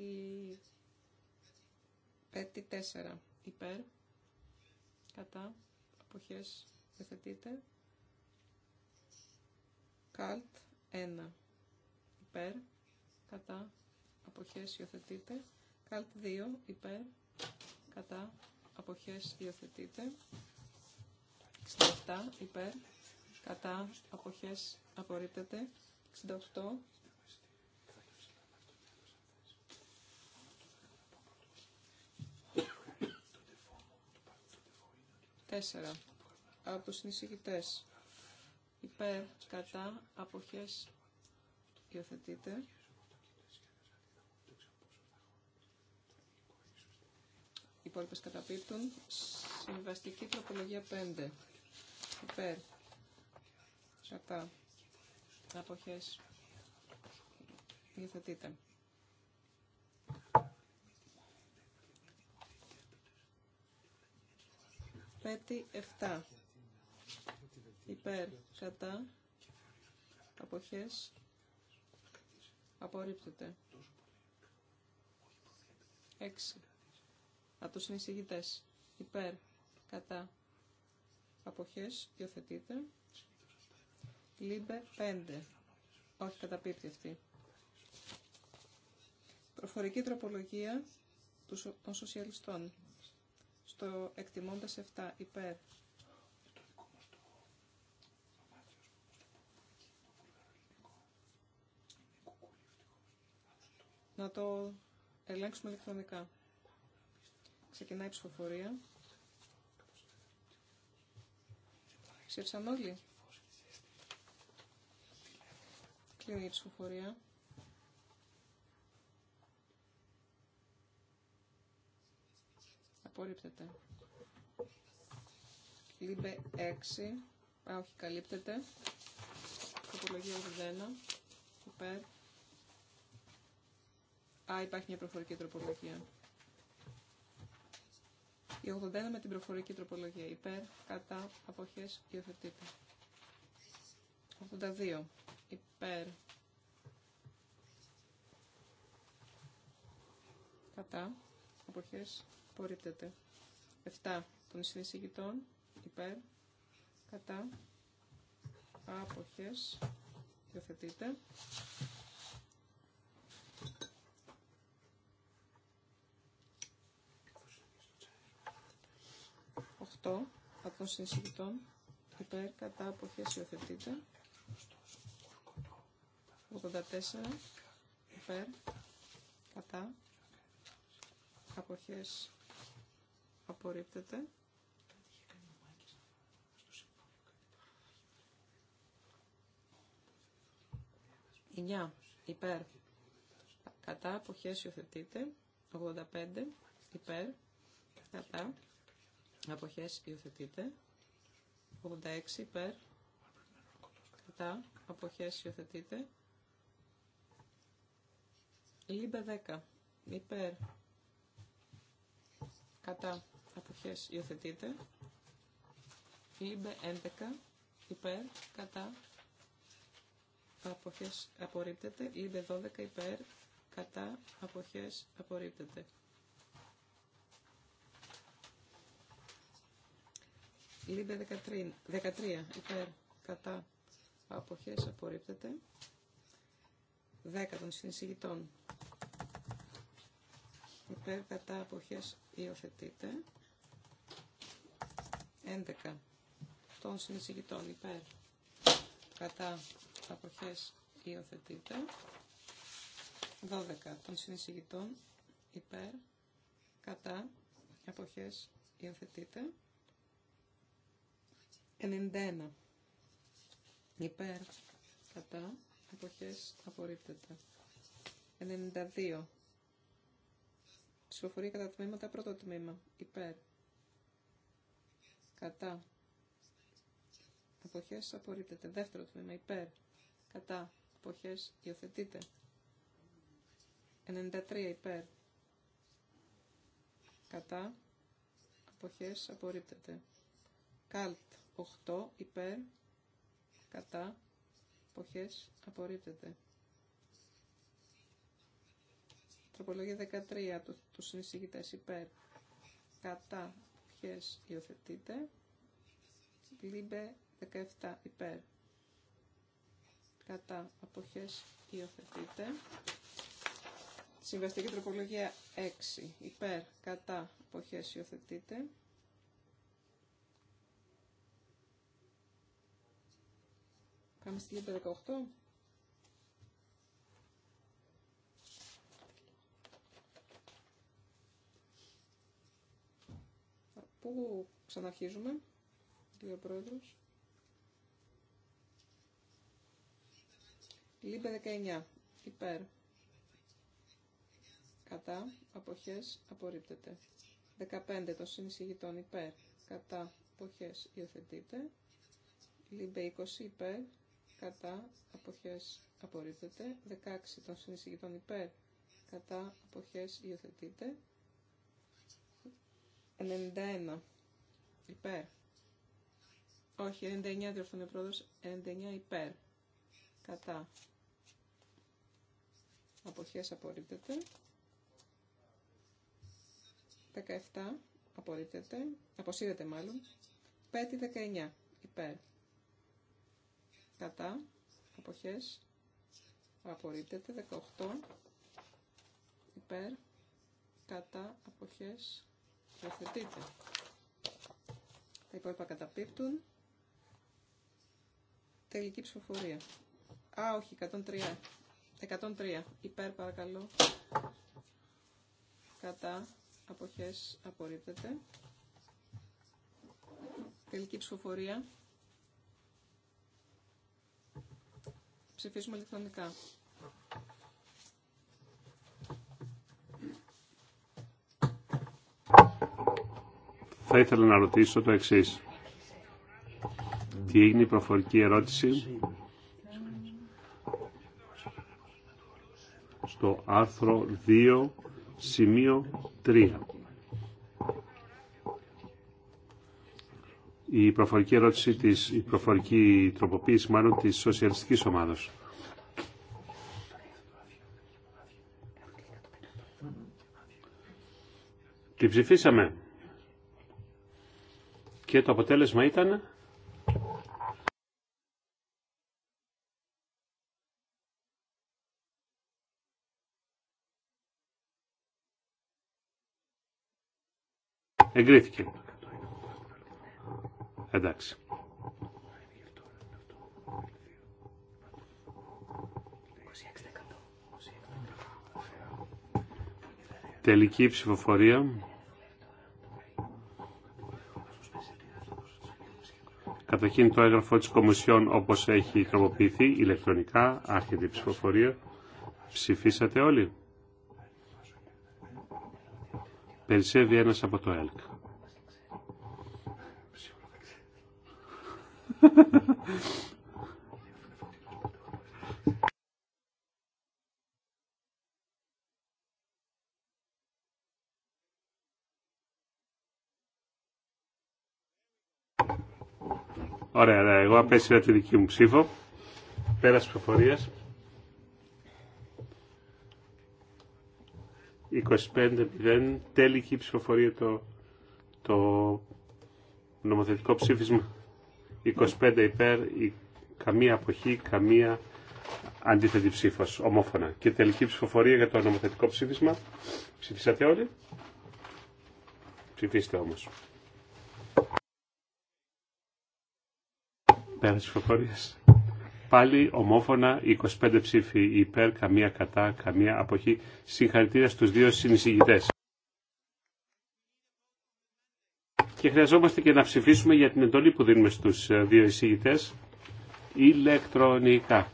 Speaker 3: η πέτη 4 υπέρ, κατά, αποχές υιοθετείται. Καλτ 1 υπέρ, κατά, αποχές υιοθετείται. Καλτ 2 υπέρ, κατά, αποχές υιοθετείται. 67 υπέρ, κατά, αποχές απορρίπτεται. 68 4. Από τους συνεισηγητές. Υπέρ, κατά, αποχές, υιοθετείτε. Οι υπόλοιπες καταπίπτουν. Συμβαστική τροπολογία 5. Υπέρ, κατά, αποχές, υιοθετείτε. Πέτη 7. Υπέρ. Κατά. Αποχές. Απορρίπτεται. 6. Από τους συνεισηγητές. Υπέρ. Κατά. Αποχές. Υιοθετείται. Λίμπε 5. Όχι καταπίπτει αυτή. Προφορική τροπολογία των σοσιαλιστών το εκτιμώντας 7 υπέρ. Να το ελέγξουμε ηλεκτρονικά. Ξεκινάει η ψηφοφορία. Ψήφισαν όλοι. Κλείνει η ψηφοφορία. Απορρίπτεται. Λίμπε 6. Α, όχι, καλύπτεται. Τροπολογία 81. Υπέρ. Α, υπάρχει μια προφορική τροπολογία. Η 81 με την προφορική τροπολογία. Υπέρ, κατά, αποχές, υιοθετείται. 82. Υπέρ. Κατά, αποχές, απορρίπτεται. 7 των συνεισηγητών υπέρ, κατά, άποχες, υιοθετείται. 8 από των συνεισηγητών υπέρ κατά αποχές υιοθετείται. 84 υπέρ κατά αποχές απορρίπτεται. 9 υπέρ κατά αποχές υιοθετείται 85 υπέρ κατά αποχές υιοθετείται 86 υπέρ κατά αποχές υιοθετείται λίμπε 10 υπέρ κατά αποχές υιοθετείται. Λίμπε 11 υπέρ κατά αποχές απορρίπτεται. Λίμπε 12 υπέρ κατά αποχές απορρίπτεται. Λίμπε 13, 13 υπέρ κατά αποχές απορρίπτεται. 10 των συνεισηγητών υπέρ κατά αποχές υιοθετείται. 11 των συνεισηγητών υπέρ κατά αποχές υιοθετείται 12 των συνεισηγητών υπέρ κατά αποχές υιοθετείται 91 υπέρ κατά αποχές απορρίπτεται 92 ψηφοφορία κατά τμήματα πρώτο τμήμα υπέρ κατά εποχές απορρίπτεται. Δεύτερο τμήμα υπέρ κατά εποχές υιοθετείται. 93 υπέρ κατά εποχές απορρίπτεται. Καλτ 8 υπέρ κατά εποχές απορρίπτεται. Τροπολογία 13 του τους συνεισηγητές υπέρ κατά αποχές υιοθετείτε Λίμπε 17 υπέρ κατά αποχές υιοθετείτε. Συμβαστική τροπολογία 6 υπέρ κατά αποχές υιοθετείτε. Πάμε στη λίμπε 18. Πού ξαναρχίζουμε, κύριε Πρόεδρο. Λίμπε 19. Υπέρ. Κατά. αποχέ, Απορρίπτεται. 15. Των συνεισηγητών. Υπέρ. Κατά. Αποχέ. Υιοθετείται. Λίμπε 20. Υπέρ. Κατά. Αποχέ. Απορρίπτεται. 16. Των συνεισηγητών. Υπέρ. Κατά. αποχέ, Υιοθετείται. 91 υπέρ. Όχι, 99 διορθώνει ο πρόεδρος. 99 υπέρ. Κατά. Αποχές απορρίπτεται. 17 απορρίπτεται. Αποσύρεται μάλλον. 5 19 υπέρ. Κατά. Αποχές. Απορρίπτεται. 18 υπέρ. Κατά. Αποχές. Υιοθετείτε. Τα υπόλοιπα καταπίπτουν. Τελική ψηφοφορία. Α, όχι, 103. 103. Υπέρ, παρακαλώ. Κατά. Αποχές απορρίπτεται. Τελική ψηφοφορία. Ψηφίσουμε ηλεκτρονικά.
Speaker 2: θα ήθελα να ρωτήσω το εξή. Τι έγινε η προφορική ερώτηση στο άρθρο 2 σημείο 3. Η προφορική ερώτηση της, η προφορική τροποποίηση μάλλον της σοσιαλιστικής ομάδος. Την ψηφίσαμε και το αποτέλεσμα ήταν Εγκρίθηκε. Εντάξει. Τελική ψηφοφορία. Καταρχήν το έγγραφο της Κομισιόν όπως έχει τροποποιηθεί ηλεκτρονικά, άρχεται η ψηφοφορία. Ψηφίσατε όλοι. Περισσεύει ένας από το ΕΛΚ. Ωραία, εγώ απέσυρα τη δική μου ψήφο. Πέρας ψηφοφορίας. 25-0. Τέλικη ψηφοφορία το, το νομοθετικό ψήφισμα. 25 υπέρ, η, καμία αποχή, καμία αντίθετη ψήφος, ομόφωνα. Και τελική ψηφοφορία για το νομοθετικό ψήφισμα. Ψηφίσατε όλοι. Ψηφίστε όμως. Πέρα ψηφοφορίας. Πάλι ομόφωνα 25 ψήφοι υπέρ, καμία κατά, καμία αποχή. Συγχαρητήρια στους δύο συνεισηγητές. Και χρειαζόμαστε και να ψηφίσουμε για την εντολή που δίνουμε στους ε, δύο εισηγητές ηλεκτρονικά.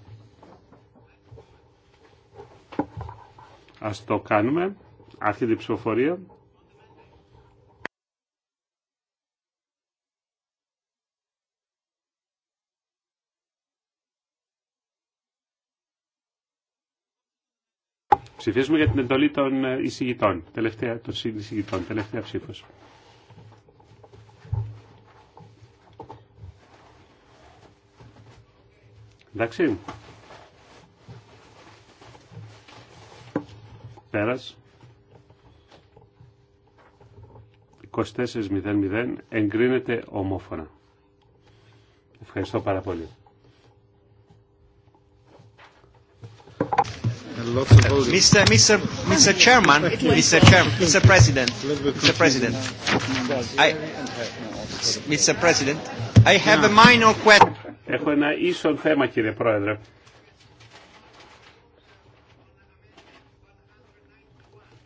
Speaker 2: Ας το κάνουμε. Άρχεται η ψηφοφορία. Ψηφίζουμε για την εντολή των ε, εισηγητών, τελευταία, των εισηγητών, τελευταία ψήφος. Εντάξει. Πέρας. 24.00 εγκρίνεται ομόφωνα. Ευχαριστώ πάρα πολύ.
Speaker 3: Mr. Mr. Mr. Chairman, Mr. Chairman, Mr. President, Mr. President, I, Mr.
Speaker 2: President, I have a minor question. Έχω ένα ίσον θέμα, κύριε Πρόεδρε.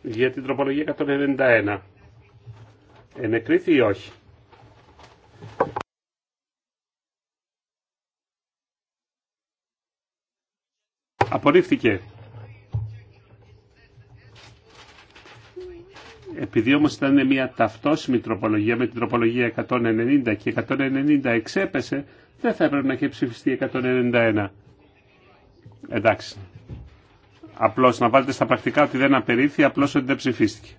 Speaker 2: Για την τροπολογία 191. Ενεκρίθη ή όχι. Απορρίφθηκε. Επειδή όμως ήταν μια ταυτόσιμη τροπολογία με την τροπολογία 190 και 190 εξέπεσε, δεν θα έπρεπε να έχει ψηφιστεί 191. Εντάξει. Απλώς να βάλετε στα πρακτικά ότι δεν απερίφθη, απλώς ότι δεν ψηφίστηκε.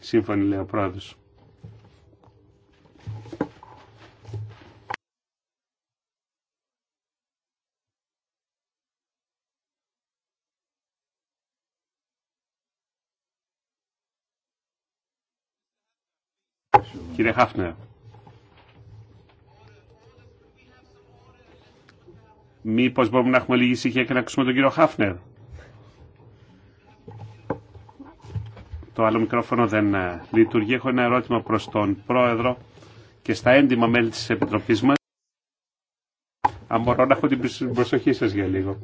Speaker 2: Σύμφωνοι λέει ο πρόεδρος. Κύριε Χάφνερ. Μήπως μπορούμε να έχουμε λίγη ησυχία και να ακούσουμε τον κύριο Χάφνερ. Το άλλο μικρόφωνο δεν ε, λειτουργεί. Έχω ένα ερώτημα προς τον Πρόεδρο και στα έντιμα μέλη της Επιτροπής μας. Αν μπορώ να έχω την προσοχή σας για λίγο.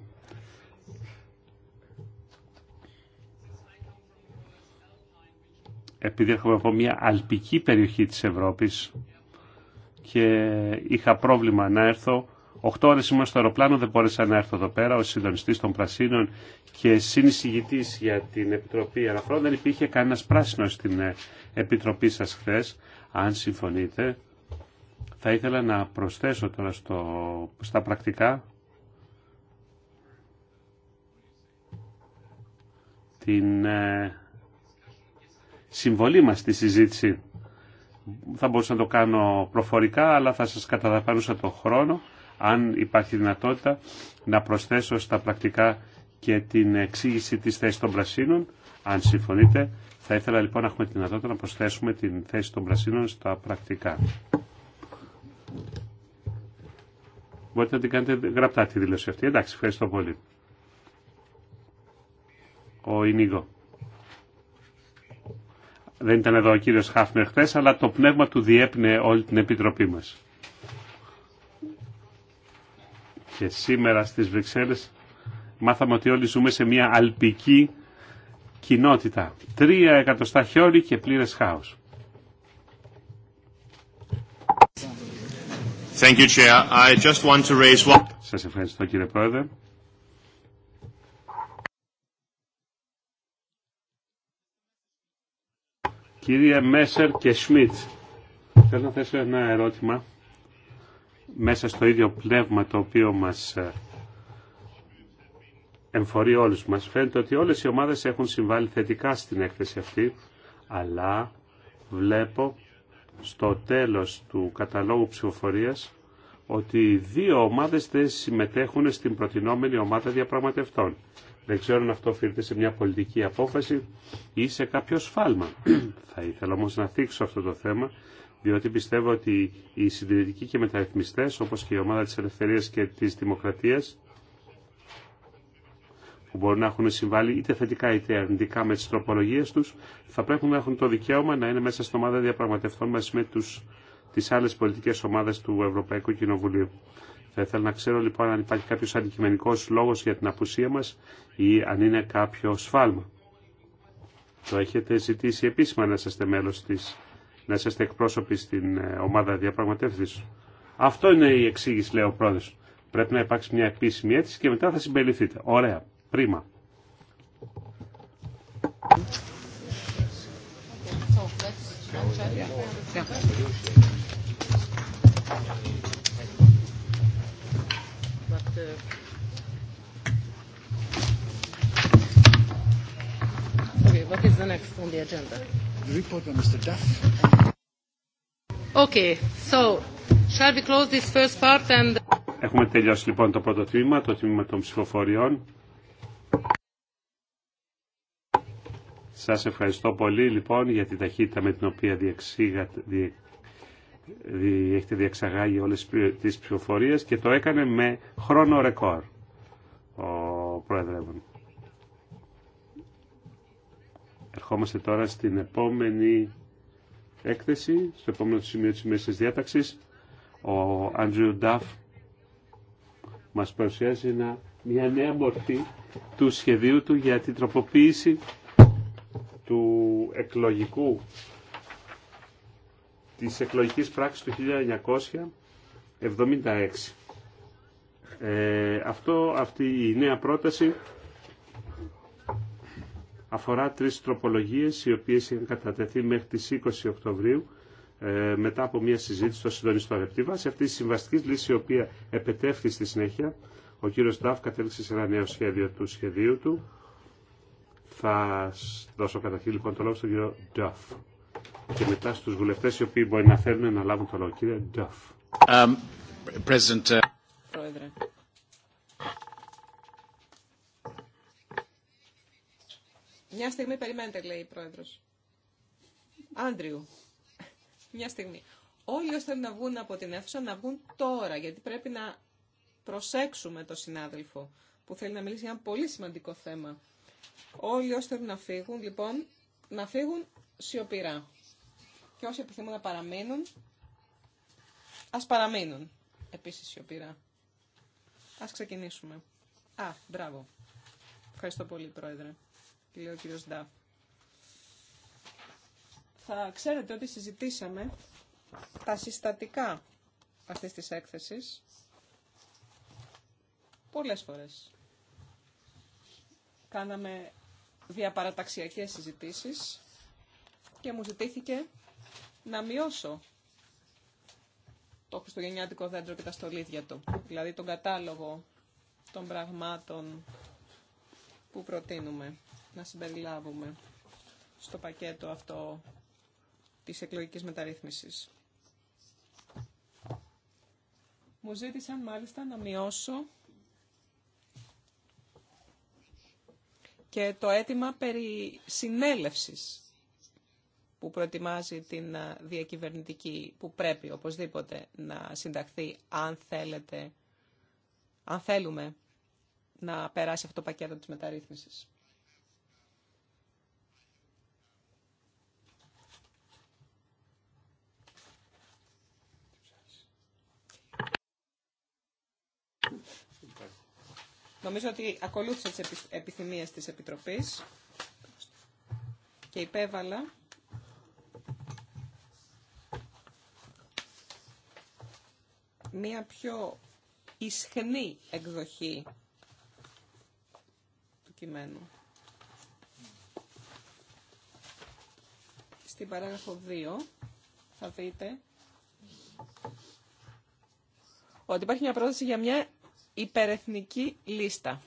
Speaker 2: επειδή έρχομαι από μια αλπική περιοχή της Ευρώπης και είχα πρόβλημα να έρθω. 8 ώρες ήμουν στο αεροπλάνο, δεν μπόρεσα να έρθω εδώ πέρα. Ο συντονιστής των Πρασίνων και συνεισηγητής για την Επιτροπή Αναφρών δεν υπήρχε κανένα πράσινο στην ε, Επιτροπή σας χθε. Αν συμφωνείτε, θα ήθελα να προσθέσω τώρα στο, στα πρακτικά την ε, συμβολή μας στη συζήτηση. Θα μπορούσα να το κάνω προφορικά, αλλά θα σας καταδαπανούσα τον χρόνο, αν υπάρχει δυνατότητα, να προσθέσω στα πρακτικά και την εξήγηση της θέσης των πρασίνων. Αν συμφωνείτε, θα ήθελα λοιπόν να έχουμε τη δυνατότητα να προσθέσουμε την θέση των πρασίνων στα πρακτικά. Μπορείτε να την κάνετε γραπτά τη δήλωση αυτή. Εντάξει, ευχαριστώ πολύ. Ο Ινίγο. Δεν ήταν εδώ ο κύριος Χάφνερ χθε, αλλά το πνεύμα του διέπνεε όλη την Επιτροπή μας. Και σήμερα στις Βρυξέλλες μάθαμε ότι όλοι ζούμε σε μια αλπική κοινότητα. Τρία εκατοστά χιόνι και πλήρες χάος. Thank you, I just want to raise... Σας ευχαριστώ κύριε Πρόεδρε. Κύριε Μέσερ και Σμιτ, θέλω να θέσω ένα ερώτημα μέσα στο ίδιο πνεύμα το οποίο μας ε, εμφορεί όλους μας. Φαίνεται ότι όλες οι ομάδες έχουν συμβάλει θετικά στην έκθεση αυτή, αλλά βλέπω στο τέλος του καταλόγου ψηφοφορίας ότι δύο ομάδες δεν συμμετέχουν στην προτινόμενη ομάδα διαπραγματευτών. Δεν ξέρω αν αυτό οφείλεται σε μια πολιτική απόφαση ή σε κάποιο σφάλμα. Θα ήθελα όμως να θίξω αυτό το θέμα, διότι πιστεύω ότι οι συντηρητικοί και μεταρρυθμιστές, όπως και η ομάδα της ελευθερίας και της δημοκρατίας, που μπορούν να έχουν συμβάλει είτε θετικά είτε αρνητικά με τις τροπολογίες τους, θα πρέπει να έχουν το δικαίωμα να είναι μέσα στην ομάδα διαπραγματευτών μαζί με τους, τις άλλες πολιτικές ομάδες του Ευρωπαϊκού Κοινοβουλίου. Θα ήθελα να ξέρω λοιπόν αν υπάρχει κάποιος αντικειμενικός λόγος για την απουσία μας ή αν είναι κάποιο σφάλμα. Το έχετε ζητήσει επίσημα να είστε μέλο τη να είστε εκπρόσωποι στην ε, ομάδα διαπραγματεύσεως. Αυτό είναι η εξήγηση, λέει ο πρόεδρο. Πρέπει να υπάρξει μια επίσημη αίτηση και μετά θα συμπεριληφθείτε. Ωραία. Πρίμα.
Speaker 3: Uh, okay, what is the next on the agenda? The report by Mr. Duff. Okay, so shall we close this first part and...
Speaker 2: Έχουμε τελειώσει λοιπόν το πρώτο τμήμα, το τμήμα των ψηφοφοριών. Σας ευχαριστώ πολύ λοιπόν για την ταχύτητα με την οποία διεξήγατε, έχετε διεξαγάγει όλες τις ψηφοφορίες και το έκανε με χρόνο ρεκόρ ο Πρόεδρεύων. Ερχόμαστε τώρα στην επόμενη έκθεση, στο επόμενο σημείο της μέσης διάταξης. Ο Άντριου Νταφ μας παρουσιάζει μια νέα μορφή του σχεδίου του για την τροποποίηση του εκλογικού της εκλογικής πράξης του 1976. Ε, αυτό, αυτή η νέα πρόταση αφορά τρεις τροπολογίες οι οποίες είχαν κατατεθεί μέχρι τις 20 Οκτωβρίου ε, μετά από μια συζήτηση στο συντονιστό ρεπτή. βάση αυτή τη συμβαστική λύση η οποία επετεύχθη στη συνέχεια, ο κύριος Νταφ κατέληξε σε ένα νέο σχέδιο του σχεδίου του. Θα δώσω καταρχήν λοιπόν το λόγο στον κύριο Νταφ και μετά στους βουλευτές οι οποίοι μπορεί να θέλουν να λάβουν το λόγο. Κύριε Ντουφ. Um, uh,
Speaker 3: Πρόεδρε. Μια στιγμή περιμένετε, λέει η Πρόεδρος. Άντριου. Μια στιγμή. Όλοι όσοι θέλουν να βγουν από την αίθουσα να βγουν τώρα, γιατί πρέπει να προσέξουμε τον συνάδελφο που θέλει να μιλήσει για ένα πολύ σημαντικό θέμα. Όλοι όσοι θέλουν να φύγουν, λοιπόν, να φύγουν σιωπηρά και όσοι επιθυμούν να παραμείνουν, ας παραμείνουν. Επίσης σιωπηρά. Ας ξεκινήσουμε. Α, μπράβο. Ευχαριστώ πολύ, Πρόεδρε. Λέω ο κύριος Ντά. Θα ξέρετε ότι συζητήσαμε τα συστατικά αυτής της έκθεσης πολλές φορές. Κάναμε διαπαραταξιακές συζητήσεις και μου ζητήθηκε να μειώσω το χριστουγεννιάτικο δέντρο και τα στολίδια του. Δηλαδή τον κατάλογο των πραγμάτων που προτείνουμε να συμπεριλάβουμε στο πακέτο αυτό της εκλογικής μεταρρύθμισης. Μου ζήτησαν μάλιστα να μειώσω και το αίτημα περί συνέλευσης που προετοιμάζει την ε, διακυβερνητική που πρέπει οπωσδήποτε να συνταχθεί αν θέλετε, αν θέλουμε να περάσει αυτό το πακέτο της μεταρρύθμισης. Νομίζω ότι ακολούθησα τις επιθυμίες της Επιτροπής και υπέβαλα μία πιο ισχνή εκδοχή του κειμένου. Στην παράγραφο 2 θα δείτε ότι υπάρχει μια πρόταση για μια υπερεθνική λίστα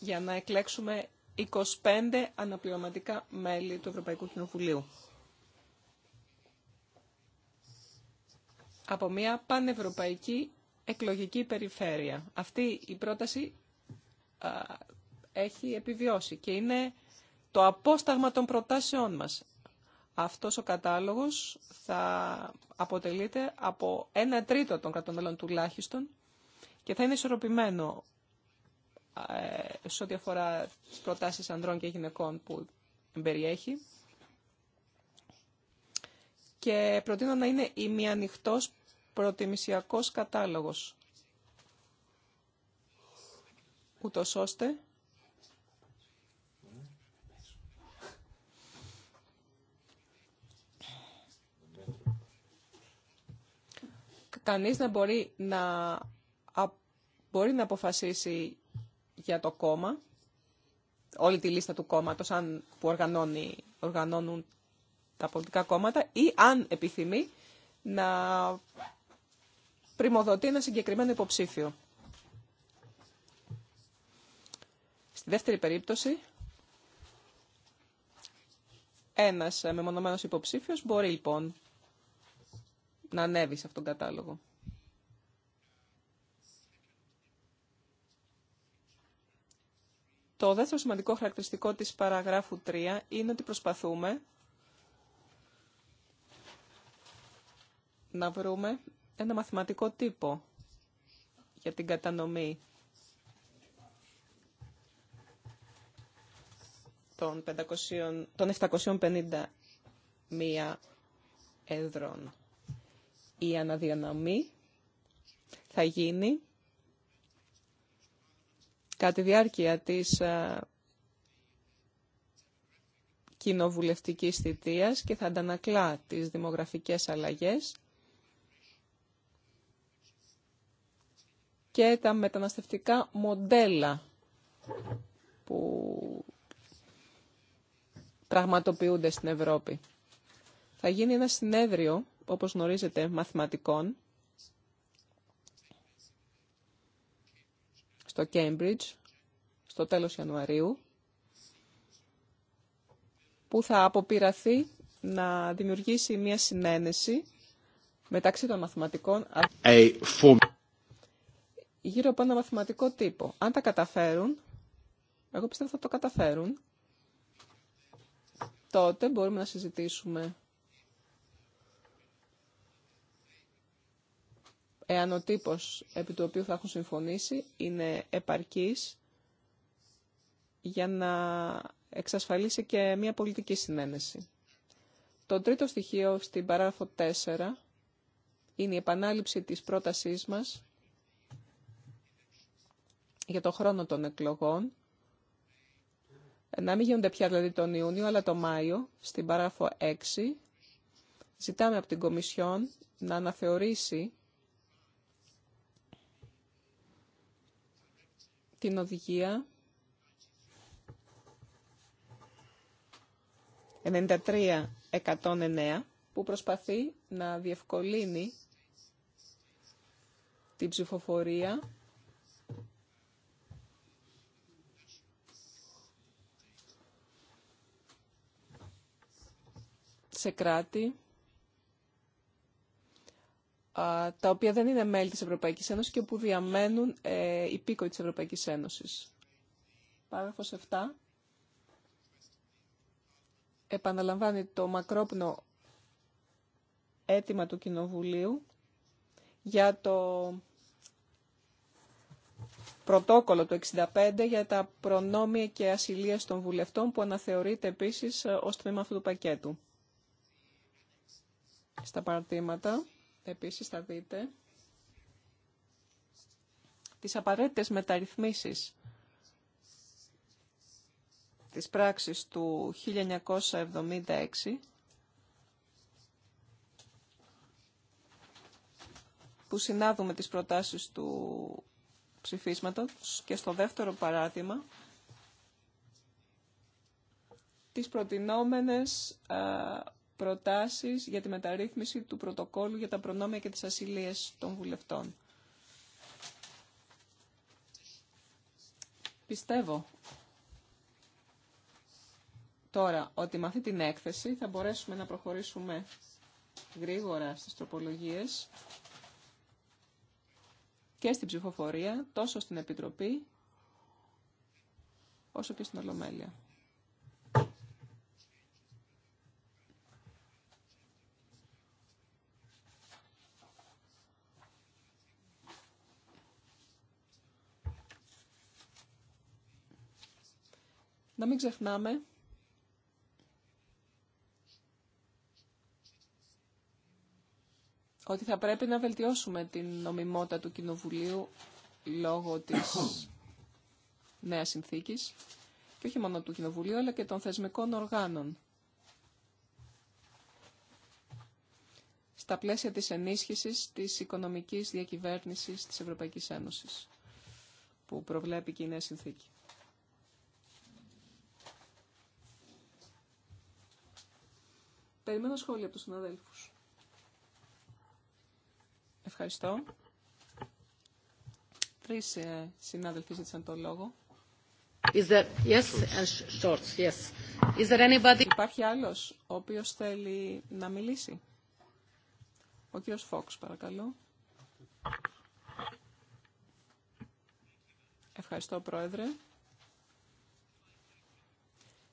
Speaker 3: για να εκλέξουμε 25 αναπληρωματικά μέλη του Ευρωπαϊκού Κοινοβουλίου. από μια πανευρωπαϊκή εκλογική περιφέρεια. Αυτή η πρόταση έχει επιβιώσει και είναι το απόσταγμα των προτάσεών μας. Αυτός ο κατάλογος θα αποτελείται από ένα τρίτο των του τουλάχιστον και θα είναι ισορροπημένο ε, σε ό,τι αφορά τις προτάσεις ανδρών και γυναικών που περιέχει. Και προτείνω να είναι ημιανοιχτός προτιμησιακός κατάλογος, ούτω ώστε κανείς να μπορεί να, μπορεί να αποφασίσει για το κόμμα, όλη τη λίστα του κόμματος αν, που οργανώνει, οργανώνουν τα πολιτικά κόμματα ή αν επιθυμεί να πρημοδοτεί ένα συγκεκριμένο υποψήφιο. Στη δεύτερη περίπτωση, ένας μεμονωμένος υποψήφιος μπορεί λοιπόν να ανέβει σε αυτόν τον κατάλογο. Το δεύτερο σημαντικό χαρακτηριστικό της παραγράφου 3 είναι ότι προσπαθούμε να βρούμε ένα μαθηματικό τύπο για την κατανομή των, 500, των 751 έδρων. Η αναδιανομή θα γίνει κατά τη διάρκεια της κοινοβουλευτικής θητείας και θα αντανακλά τις δημογραφικές αλλαγές και τα μεταναστευτικά μοντέλα που πραγματοποιούνται στην Ευρώπη. Θα γίνει ένα συνέδριο, όπως γνωρίζετε, μαθηματικών στο Cambridge στο τέλος Ιανουαρίου που θα αποπειραθεί να δημιουργήσει μια συνένεση μεταξύ των μαθηματικών A γύρω από ένα μαθηματικό τύπο. Αν τα καταφέρουν, εγώ πιστεύω θα το καταφέρουν, τότε μπορούμε να συζητήσουμε εάν ο τύπος επί του οποίου θα έχουν συμφωνήσει είναι επαρκής για να εξασφαλίσει και μια πολιτική συνένεση. Το τρίτο στοιχείο στην παράγραφο 4 είναι η επανάληψη της πρότασής μας για το χρόνο των εκλογών, να μην γίνονται πια δηλαδή τον Ιούνιο, αλλά τον Μάιο, στην παράγραφο 6, ζητάμε από την Κομισιόν να αναθεωρήσει την οδηγία 93-109 που προσπαθεί να διευκολύνει την ψηφοφορία σε κράτη τα οποία δεν είναι μέλη της Ευρωπαϊκής Ένωσης και που διαμένουν ε, υπήκοοι της Ευρωπαϊκής Ένωσης. Παράγραφος 7 επαναλαμβάνει το μακρόπνο αίτημα του Κοινοβουλίου για το πρωτόκολλο του 65 για τα προνόμια και ασυλίες των βουλευτών που αναθεωρείται επίσης ως τμήμα αυτού του πακέτου. Στα παρατήματα επίσης θα δείτε τις απαραίτητες μεταρρυθμίσεις της πράξης του 1976 που συνάδουμε τις προτάσεις του ψηφίσματος και στο δεύτερο παράδειγμα τις προτινόμενες προτάσεις για τη μεταρρύθμιση του πρωτοκόλου για τα προνόμια και τις ασυλίες των βουλευτών. Πιστεύω τώρα ότι με αυτή την έκθεση θα μπορέσουμε να προχωρήσουμε γρήγορα στις τροπολογίες και στην ψηφοφορία, τόσο στην Επιτροπή, όσο και στην Ολομέλεια. Να μην ξεχνάμε ότι θα πρέπει να βελτιώσουμε την νομιμότητα του Κοινοβουλίου λόγω της νέας συνθήκης και όχι μόνο του Κοινοβουλίου αλλά και των θεσμικών οργάνων. στα πλαίσια της ενίσχυσης της οικονομικής διακυβέρνησης της Ευρωπαϊκής Ένωσης που προβλέπει και η νέα συνθήκη. Περιμένω σχόλια από τους συναδέλφους. Ευχαριστώ. Τρεις ε, συνάδελφοι ζήτησαν το λόγο. Is there... yes, and shorts, yes. Is there anybody... Υπάρχει άλλος ο οποίος θέλει να μιλήσει. Ο κύριος Φόξ, παρακαλώ. Ευχαριστώ, Πρόεδρε.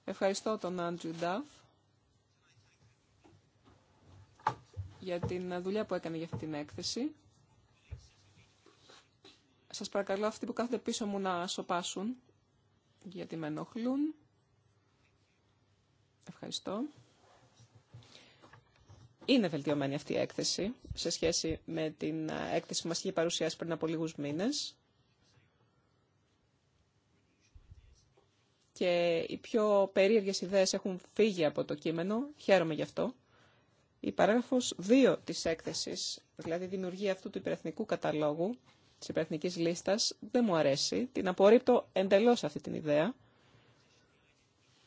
Speaker 3: Ευχαριστώ τον Άντζου Νταφ για την δουλειά που έκανε για αυτή την έκθεση. Σας παρακαλώ αυτοί που κάθονται πίσω μου να σοπάσουν, γιατί με ενοχλούν. Ευχαριστώ. Είναι βελτιωμένη αυτή η έκθεση σε σχέση με την έκθεση που μας είχε παρουσιάσει πριν από λίγους μήνες. Και οι πιο περίεργες ιδέες έχουν φύγει από το κείμενο. Χαίρομαι γι' αυτό. Η παράγραφος 2 της έκθεσης, δηλαδή η δημιουργία αυτού του υπερεθνικού καταλόγου, της υπερεθνικής λίστας, δεν μου αρέσει. Την απορρίπτω εντελώς αυτή την ιδέα.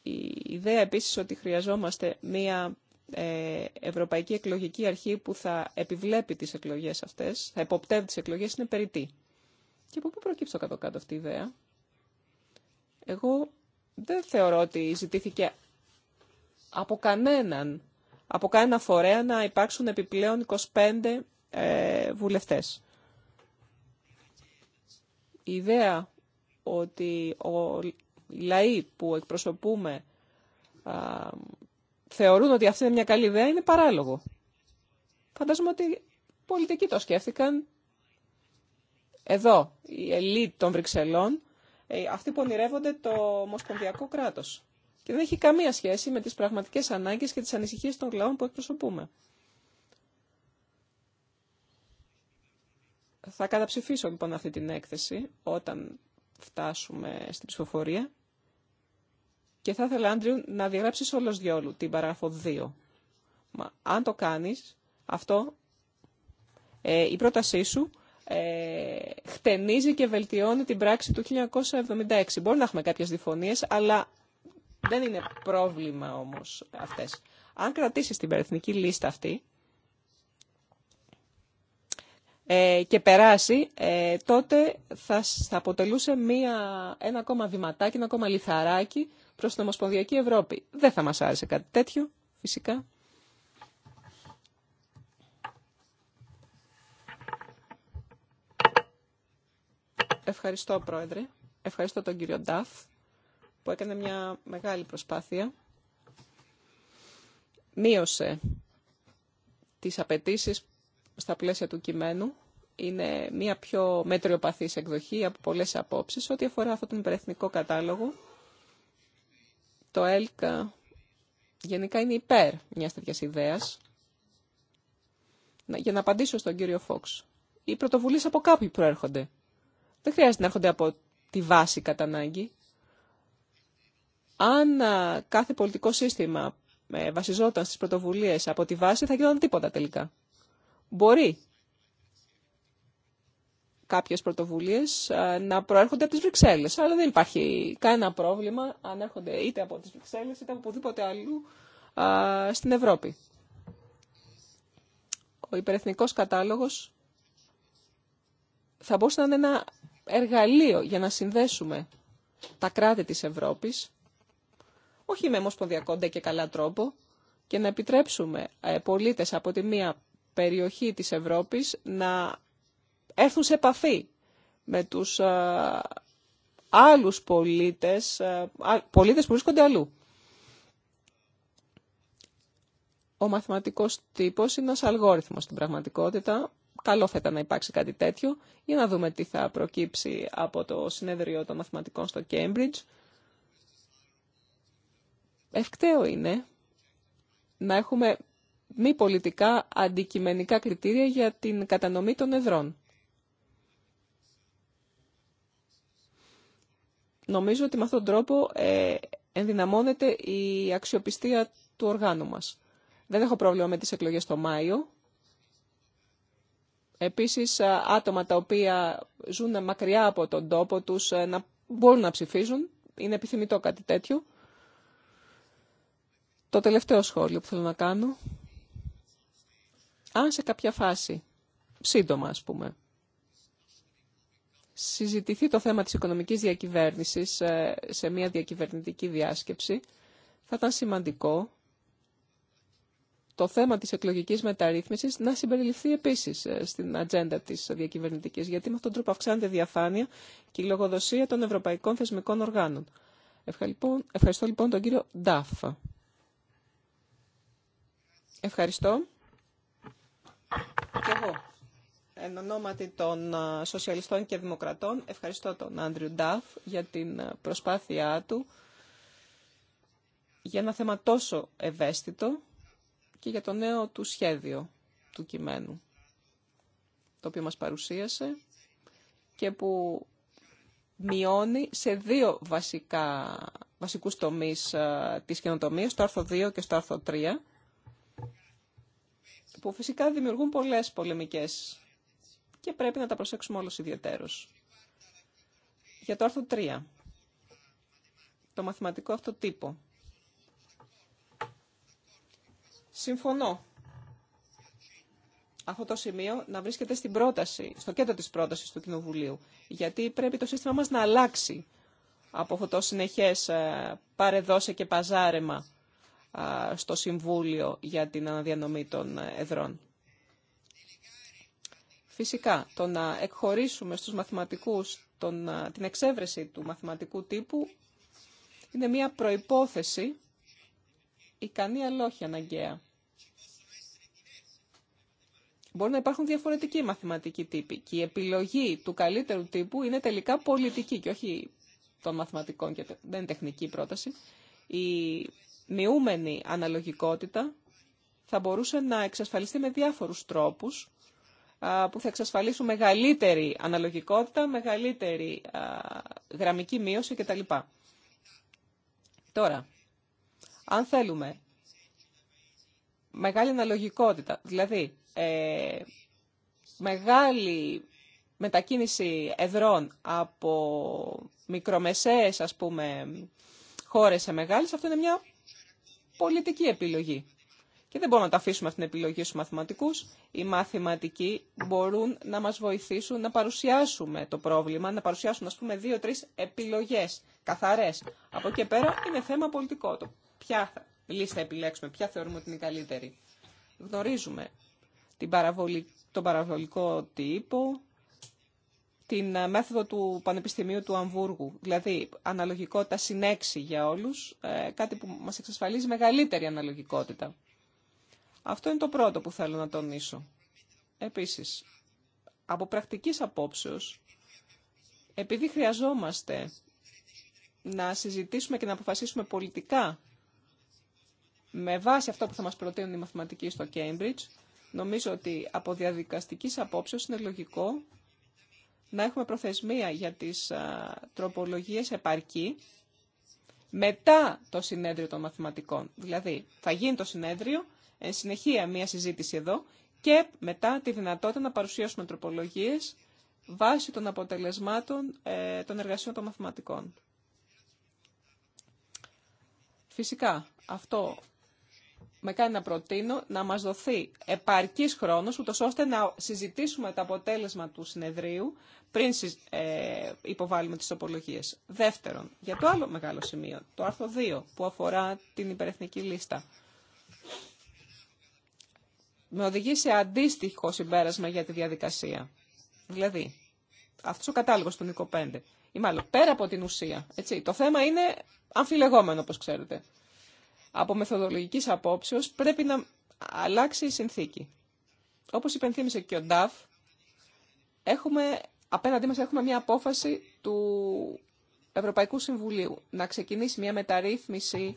Speaker 3: Η ιδέα επίσης ότι χρειαζόμαστε μία ε, Ευρωπαϊκή Εκλογική Αρχή που θα επιβλέπει τις εκλογές αυτές, θα εποπτεύει τις εκλογές, είναι περιττή. Και από πού προκύψω κάτω-κάτω αυτή η ιδέα. Εγώ δεν θεωρώ ότι ζητήθηκε από κανέναν από κανένα φορέα να υπάρξουν επιπλέον 25 ε, βουλευτές. Η ιδέα ότι ο, οι λαοί που εκπροσωπούμε θεωρούν ότι αυτή είναι μια καλή ιδέα είναι παράλογο. Φαντάζομαι ότι πολιτικοί το σκέφτηκαν. Εδώ, η ελίτ των Βρυξελών, ε, αυτοί που ονειρεύονται το Μοσπονδιακό κράτος και δεν έχει καμία σχέση με τις πραγματικές ανάγκες και τις ανησυχίες των λαών που εκπροσωπούμε. Θα καταψηφίσω λοιπόν αυτή την έκθεση όταν φτάσουμε στην ψηφοφορία και θα ήθελα, Άντριου, να διαγράψεις όλος διόλου την παράγραφο 2. Μα, αν το κάνεις, αυτό ε, η πρότασή σου ε, χτενίζει και βελτιώνει την πράξη του 1976. Μπορεί να έχουμε κάποιες διφωνίες, αλλά δεν είναι πρόβλημα όμως αυτές. Αν κρατήσεις την περιεθνική λίστα αυτή ε, και περάσει, ε, τότε θα, αποτελούσε μία, ένα ακόμα βηματάκι, ένα ακόμα λιθαράκι προς την Ομοσπονδιακή Ευρώπη. Δεν θα μας άρεσε κάτι τέτοιο, φυσικά. Ευχαριστώ, Πρόεδρε. Ευχαριστώ τον κύριο Νταφ που έκανε μια μεγάλη προσπάθεια. Μείωσε τις απαιτήσει στα πλαίσια του κειμένου. Είναι μια πιο μετριοπαθής εκδοχή από πολλές απόψεις ό,τι αφορά αυτόν τον υπερεθνικό κατάλογο. Το ΕΛΚΑ γενικά είναι υπέρ μια τέτοια ιδέα Για να απαντήσω στον κύριο Φόξ. Οι πρωτοβουλίες από κάποιοι προέρχονται. Δεν χρειάζεται να έρχονται από τη βάση κατά ανάγκη. Αν κάθε πολιτικό σύστημα ε, βασιζόταν στις πρωτοβουλίες από τη βάση, θα γινόταν τίποτα τελικά. Μπορεί κάποιες πρωτοβουλίες να προέρχονται από τις Βρυξέλλες, αλλά δεν υπάρχει κανένα πρόβλημα αν έρχονται είτε από τις Βρυξέλλες είτε από οπουδήποτε αλλού στην Ευρώπη. Ο υπερεθνικός κατάλογος θα μπορούσε να είναι ένα εργαλείο για να συνδέσουμε τα κράτη της Ευρώπης όχι με ομοσπονδιακό ντε και καλά τρόπο, και να επιτρέψουμε ε, πολίτες από τη μία περιοχή της Ευρώπης να έρθουν σε επαφή με τους ε, άλλους πολίτες, ε, πολίτες που βρίσκονται αλλού. Ο μαθηματικός τύπος είναι ένας αλγόριθμος στην πραγματικότητα. Καλό θα ήταν να υπάρξει κάτι τέτοιο για να δούμε τι θα προκύψει από το συνέδριο των μαθηματικών στο Cambridge. Ευκταίο είναι να έχουμε μη πολιτικά αντικειμενικά κριτήρια για την κατανομή των εδρών. Νομίζω ότι με αυτόν τον τρόπο ε, ενδυναμώνεται η αξιοπιστία του οργάνου μας. Δεν έχω πρόβλημα με τις εκλογές το Μάιο. Επίσης, ε, άτομα τα οποία ζουν μακριά από τον τόπο τους ε, να μπορούν να ψηφίζουν. Είναι επιθυμητό κάτι τέτοιο. Το τελευταίο σχόλιο που θέλω να κάνω. Αν σε κάποια φάση, σύντομα ας πούμε, συζητηθεί το θέμα της οικονομικής διακυβέρνησης ε, σε μια διακυβερνητική διάσκεψη, θα ήταν σημαντικό το θέμα της εκλογικής μεταρρύθμισης να συμπεριληφθεί επίσης ε, στην ατζέντα της διακυβερνητικής, γιατί με αυτόν τον τρόπο αυξάνεται διαφάνεια και η λογοδοσία των ευρωπαϊκών θεσμικών οργάνων. Ευχαριστώ λοιπόν, λοιπόν τον κύριο Ντάφα. Ευχαριστώ. Και εγώ. Εν ονόματι των Σοσιαλιστών και Δημοκρατών, ευχαριστώ τον Άντριου Νταφ για την προσπάθειά του για ένα θέμα τόσο ευαίσθητο και για το νέο του σχέδιο του κειμένου, το οποίο μας παρουσίασε και που μειώνει σε δύο βασικά, βασικούς τομείς της καινοτομίας, στο άρθρο 2 και το άρθρο 3, που φυσικά δημιουργούν πολλές πολεμικές και πρέπει να τα προσέξουμε όλους ιδιαίτερως. Για το άρθρο 3, το μαθηματικό αυτό τύπο. Συμφωνώ αυτό το σημείο να βρίσκεται στην πρόταση, στο κέντρο της πρότασης του Κοινοβουλίου, γιατί πρέπει το σύστημα μας να αλλάξει από αυτό το συνεχές ε, παρεδώσε και παζάρεμα στο Συμβούλιο για την αναδιανομή των εδρών. Φυσικά, το να εκχωρήσουμε στους μαθηματικούς τον, την εξέβρεση του μαθηματικού τύπου είναι μια προϋπόθεση ικανή αλλά όχι αναγκαία. Μπορεί να υπάρχουν διαφορετικοί μαθηματικοί τύποι και η επιλογή του καλύτερου τύπου είναι τελικά πολιτική και όχι των μαθηματικών και δεν τεχνική πρόταση. Η μειούμενη αναλογικότητα θα μπορούσε να εξασφαλιστεί με διάφορους τρόπους που θα εξασφαλίσουν μεγαλύτερη αναλογικότητα, μεγαλύτερη γραμμική μείωση κτλ. Τώρα, αν θέλουμε μεγάλη αναλογικότητα, δηλαδή ε, μεγάλη μετακίνηση εδρών από μικρομεσαίες ας πούμε χώρες σε μεγάλες, αυτό είναι μια πολιτική επιλογή. Και δεν μπορούμε να τα αφήσουμε αυτήν την επιλογή στους μαθηματικούς. Οι μαθηματικοί μπορούν να μας βοηθήσουν να παρουσιάσουμε το πρόβλημα, να παρουσιάσουν ας πούμε δύο-τρεις επιλογές καθαρές. Από εκεί πέρα είναι θέμα πολιτικό το. Ποια λύση θα επιλέξουμε, ποια θεωρούμε ότι είναι η καλύτερη. Γνωρίζουμε την παραβολη, τον παραβολικό τύπο, την ε, μέθοδο του Πανεπιστημίου του Αμβούργου, δηλαδή αναλογικότητα συνέξη για όλους, ε, κάτι που μας εξασφαλίζει μεγαλύτερη αναλογικότητα. Αυτό είναι το πρώτο που θέλω να τονίσω. Επίσης, από πρακτικής απόψεως, επειδή χρειαζόμαστε να συζητήσουμε και να αποφασίσουμε πολιτικά με βάση αυτό που θα μας προτείνουν οι μαθηματικοί στο Cambridge, νομίζω ότι από διαδικαστικής απόψεως είναι λογικό να έχουμε προθεσμία για τις α, τροπολογίες επαρκή μετά το συνέδριο των μαθηματικών. Δηλαδή, θα γίνει το συνέδριο, εν συνεχεία μία συζήτηση εδώ και μετά τη δυνατότητα να παρουσιάσουμε τροπολογίες βάσει των αποτελεσμάτων ε, των εργασιών των μαθηματικών. Φυσικά, αυτό με κάνει να προτείνω να μας δοθεί επαρκής χρόνος, ούτως ώστε να συζητήσουμε τα αποτέλεσμα του συνεδρίου πριν ε, υποβάλουμε τις τοπολογίες. Δεύτερον, για το άλλο μεγάλο σημείο, το άρθρο 2, που αφορά την υπερεθνική λίστα. Με οδηγεί σε αντίστοιχο συμπέρασμα για τη διαδικασία. Δηλαδή, αυτός ο κατάλογος του Νικοπέντε, ή μάλλον πέρα από την ουσία, έτσι, το θέμα είναι αμφιλεγόμενο, όπως ξέρετε από μεθοδολογικής απόψεως πρέπει να αλλάξει η συνθήκη. Όπως υπενθύμησε και ο Νταφ, έχουμε, απέναντί μας έχουμε μια απόφαση του Ευρωπαϊκού Συμβουλίου να ξεκινήσει μια μεταρρύθμιση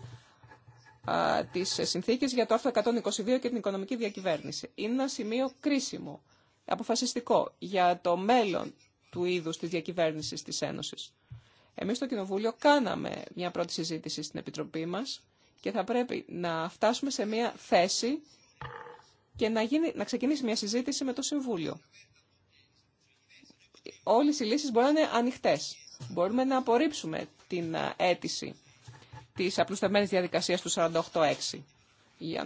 Speaker 3: α, της συνθήκης για το άρθρο 122 και την οικονομική διακυβέρνηση. Είναι ένα σημείο κρίσιμο, αποφασιστικό για το μέλλον του είδους της διακυβέρνησης της Ένωσης. Εμείς στο Κοινοβούλιο κάναμε μια πρώτη συζήτηση στην Επιτροπή μας και θα πρέπει να φτάσουμε σε μια θέση και να, γίνει, να ξεκινήσει μια συζήτηση με το Συμβούλιο. Όλες οι λύσεις μπορεί να είναι ανοιχτές. Μπορούμε να απορρίψουμε την αίτηση της απλουστευμένης διαδικασίας του 48-6.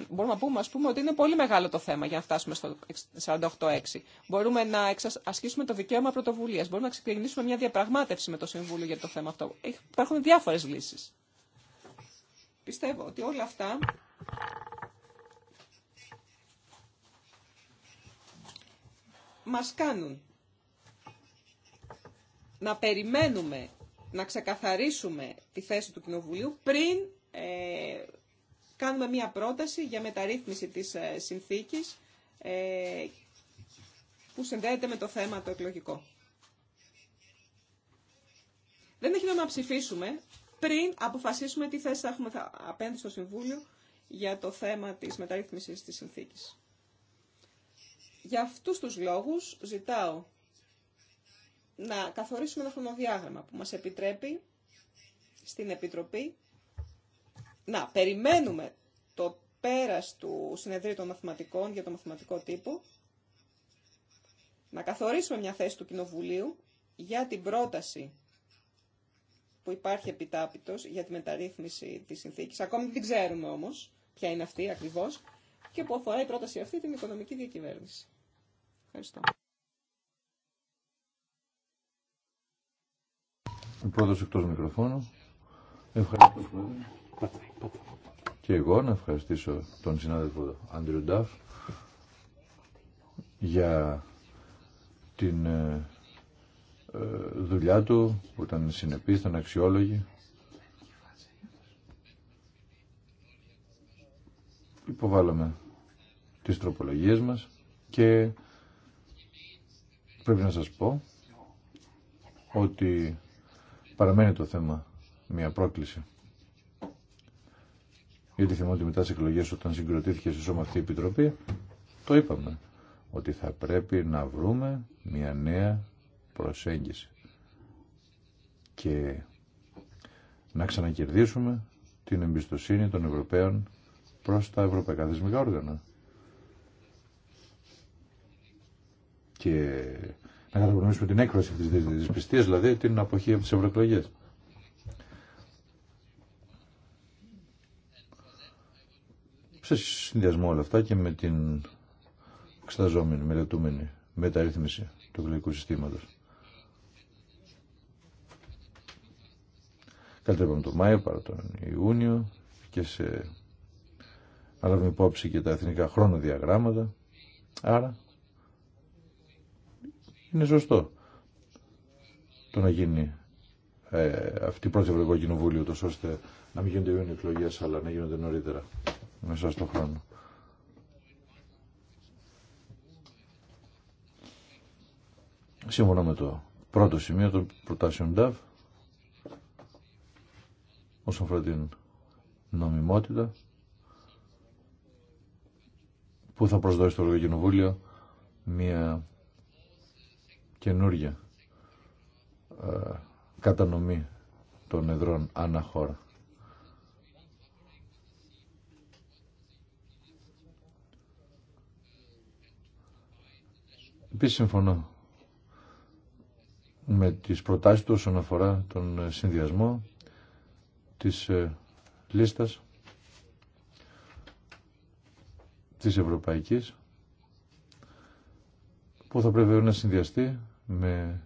Speaker 3: Μπορούμε να πούμε, πούμε ότι είναι πολύ μεγάλο το θέμα για να φτάσουμε στο 48-6. Μπορούμε να ασκήσουμε το δικαίωμα πρωτοβουλίας. Μπορούμε να ξεκινήσουμε μια διαπραγμάτευση με το Συμβούλιο για το θέμα αυτό. Υπάρχουν διάφορες λύσεις. Πιστεύω ότι όλα αυτά μας κάνουν να περιμένουμε να ξεκαθαρίσουμε τη θέση του Κοινοβουλίου πριν ε, κάνουμε μία πρόταση για μεταρρύθμιση της ε, συνθήκης ε, που συνδέεται με το θέμα το εκλογικό. Δεν έχει νόημα να ψηφίσουμε πριν αποφασίσουμε τι θέση θα έχουμε απέναντι στο Συμβούλιο για το θέμα της μεταρρύθμισης της συνθήκης. Για αυτούς τους λόγους ζητάω να καθορίσουμε ένα χρονοδιάγραμμα που μας επιτρέπει στην Επιτροπή να περιμένουμε το πέρας του συνεδρίου των μαθηματικών για το μαθηματικό τύπο, να καθορίσουμε μια θέση του Κοινοβουλίου για την πρόταση που υπάρχει επιτάπητος για τη μεταρρύθμιση της συνθήκης, ακόμη δεν ξέρουμε όμως ποια είναι αυτή ακριβώς, και που αφορά η πρόταση αυτή την οικονομική διακυβέρνηση. Ευχαριστώ.
Speaker 1: Ο πρώτος εκτός μικροφώνου. Ευχαριστώ. Και εγώ να ευχαριστήσω τον συνάδελφο Άντριου Νταφ για την ε, ε, δουλειά του που ήταν συνεπής, ήταν αξιόλογη. Υποβάλαμε τις τροπολογίες μας και πρέπει να σας πω ότι παραμένει το θέμα μια πρόκληση. Γιατί θυμώ ότι μετά τι εκλογέ όταν συγκροτήθηκε σε σώμα αυτή η Επιτροπή, το είπαμε ότι θα πρέπει να βρούμε μια νέα προσέγγιση και να ξανακερδίσουμε την εμπιστοσύνη των Ευρωπαίων προς τα ευρωπαϊκά θεσμικά όργανα. Και να καταπονήσουμε την έκφραση της δυσπιστίας, δηλαδή την αποχή από τις ευρωεκλογές. Σε συνδυασμό όλα αυτά και με την εξεταζόμενη, μελετούμενη μεταρρύθμιση του εκλογικού συστήματος. Καλύτερα είπαμε τον Μάιο παρά τον Ιούνιο και σε άλλα με υπόψη και τα εθνικά χρονοδιαγράμματα. Άρα είναι σωστό το να γίνει ε, αυτή η πρώτη Ευρωπαϊκή Κοινοβούλιο, ώστε να μην γίνονται Ιούνιο εκλογέ, αλλά να γίνονται νωρίτερα μέσα στον χρόνο. Σύμφωνα με το πρώτο σημείο των προτάσεων ΝΤΑΒ, όσον αφορά την νομιμότητα που θα προσδώσει το Ευρωκοινοβούλιο μια καινούργια ε, κατανομή των εδρών ανά χώρα. Επίσης συμφωνώ με τις προτάσεις του όσον αφορά τον συνδυασμό της ε, λίστας της Ευρωπαϊκής που θα πρέπει να συνδυαστεί με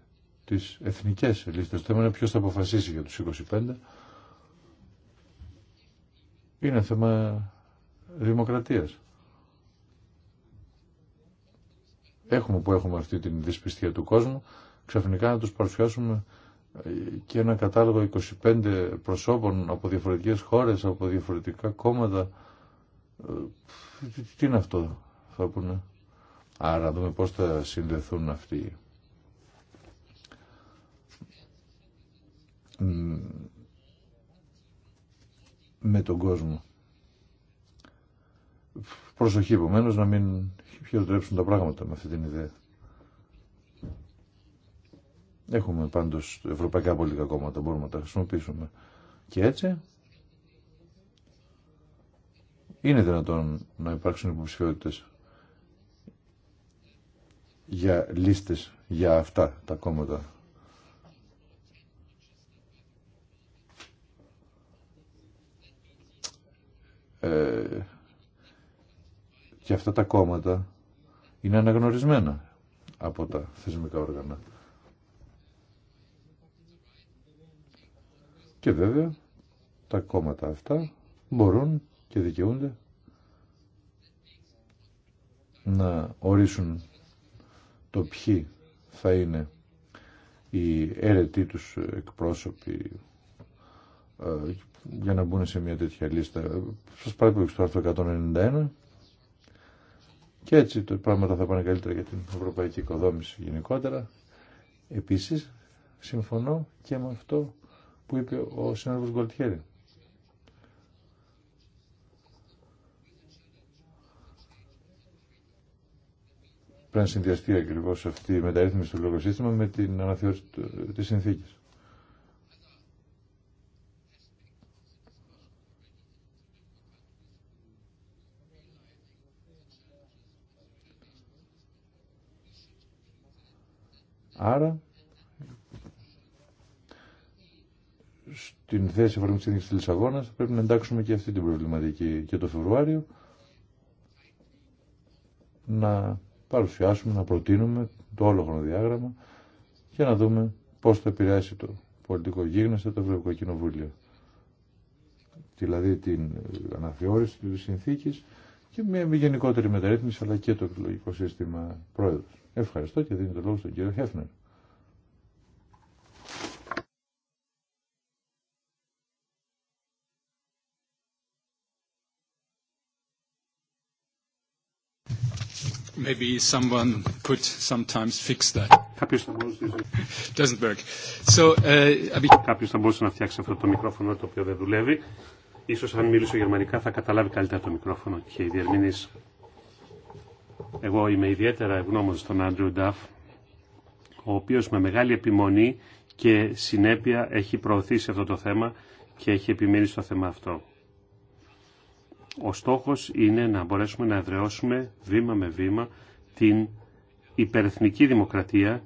Speaker 1: τις εθνικές λίστες. Το θέμα είναι ποιος θα αποφασίσει για τους 25. Είναι θέμα δημοκρατίας. Έχουμε που έχουμε αυτή την δυσπιστία του κόσμου, ξαφνικά να τους παρουσιάσουμε και ένα κατάλογο 25 προσώπων από διαφορετικές χώρες, από διαφορετικά κόμματα. Ε, τι είναι αυτό θα πούνε. Άρα να δούμε πώς θα συνδεθούν αυτοί. με τον κόσμο. Προσοχή επομένω να μην χειροτρέψουν τα πράγματα με αυτή την ιδέα. Έχουμε πάντως ευρωπαϊκά πολιτικά κόμματα, μπορούμε να τα χρησιμοποιήσουμε. Και έτσι είναι δυνατόν να υπάρξουν υποψηφιότητες για λίστες για αυτά τα κόμματα. Ε, και αυτά τα κόμματα είναι αναγνωρισμένα από τα θεσμικά όργανα. Και βέβαια τα κόμματα αυτά μπορούν και δικαιούνται να ορίσουν το ποιοι θα είναι οι αίρετοί τους εκπρόσωποι ε, για να μπουν σε μια τέτοια λίστα. Σας παρέπω στο το 191 και έτσι τα πράγματα θα πάνε καλύτερα για την ευρωπαϊκή οικοδόμηση γενικότερα. Επίσης, συμφωνώ και με αυτό που είπε ο συνάδελφος Γκολτιέρη. Πρέπει να συνδυαστεί ακριβώ αυτή η μεταρρύθμιση του λογοσύστημα με την αναθεώρηση τη συνθήκη. Άρα στην θέση εφαρμογή της της πρέπει να εντάξουμε και αυτή την προβληματική και το Φεβρουάριο να παρουσιάσουμε, να προτείνουμε το όλο χρονοδιάγραμμα και να δούμε πώς θα επηρεάσει το πολιτικό γίγνεσθε το Ευρωπαϊκό Κοινοβούλιο. Δηλαδή την αναθεώρηση τη συνθήκη και μια γενικότερη μεταρρύθμιση αλλά και το εκλογικό σύστημα πρόεδρος. Ευχαριστώ και δίνω το λόγο στον κύριο Χέφνερ.
Speaker 3: Maybe
Speaker 2: Κάποιος θα μπορούσε... να φτιάξει αυτό το μικρόφωνο το οποίο δεν δουλεύει. Ίσως αν μιλήσω γερμανικά θα καταλάβει καλύτερα το μικρόφωνο και οι διερμηνείς. Εγώ είμαι ιδιαίτερα ευγνώμων στον Άντριου Νταφ, ο οποίος με μεγάλη επιμονή και συνέπεια έχει προωθήσει αυτό το θέμα και έχει επιμείνει στο θέμα αυτό. Ο στόχος είναι να μπορέσουμε να εδραιώσουμε βήμα με βήμα την υπερεθνική δημοκρατία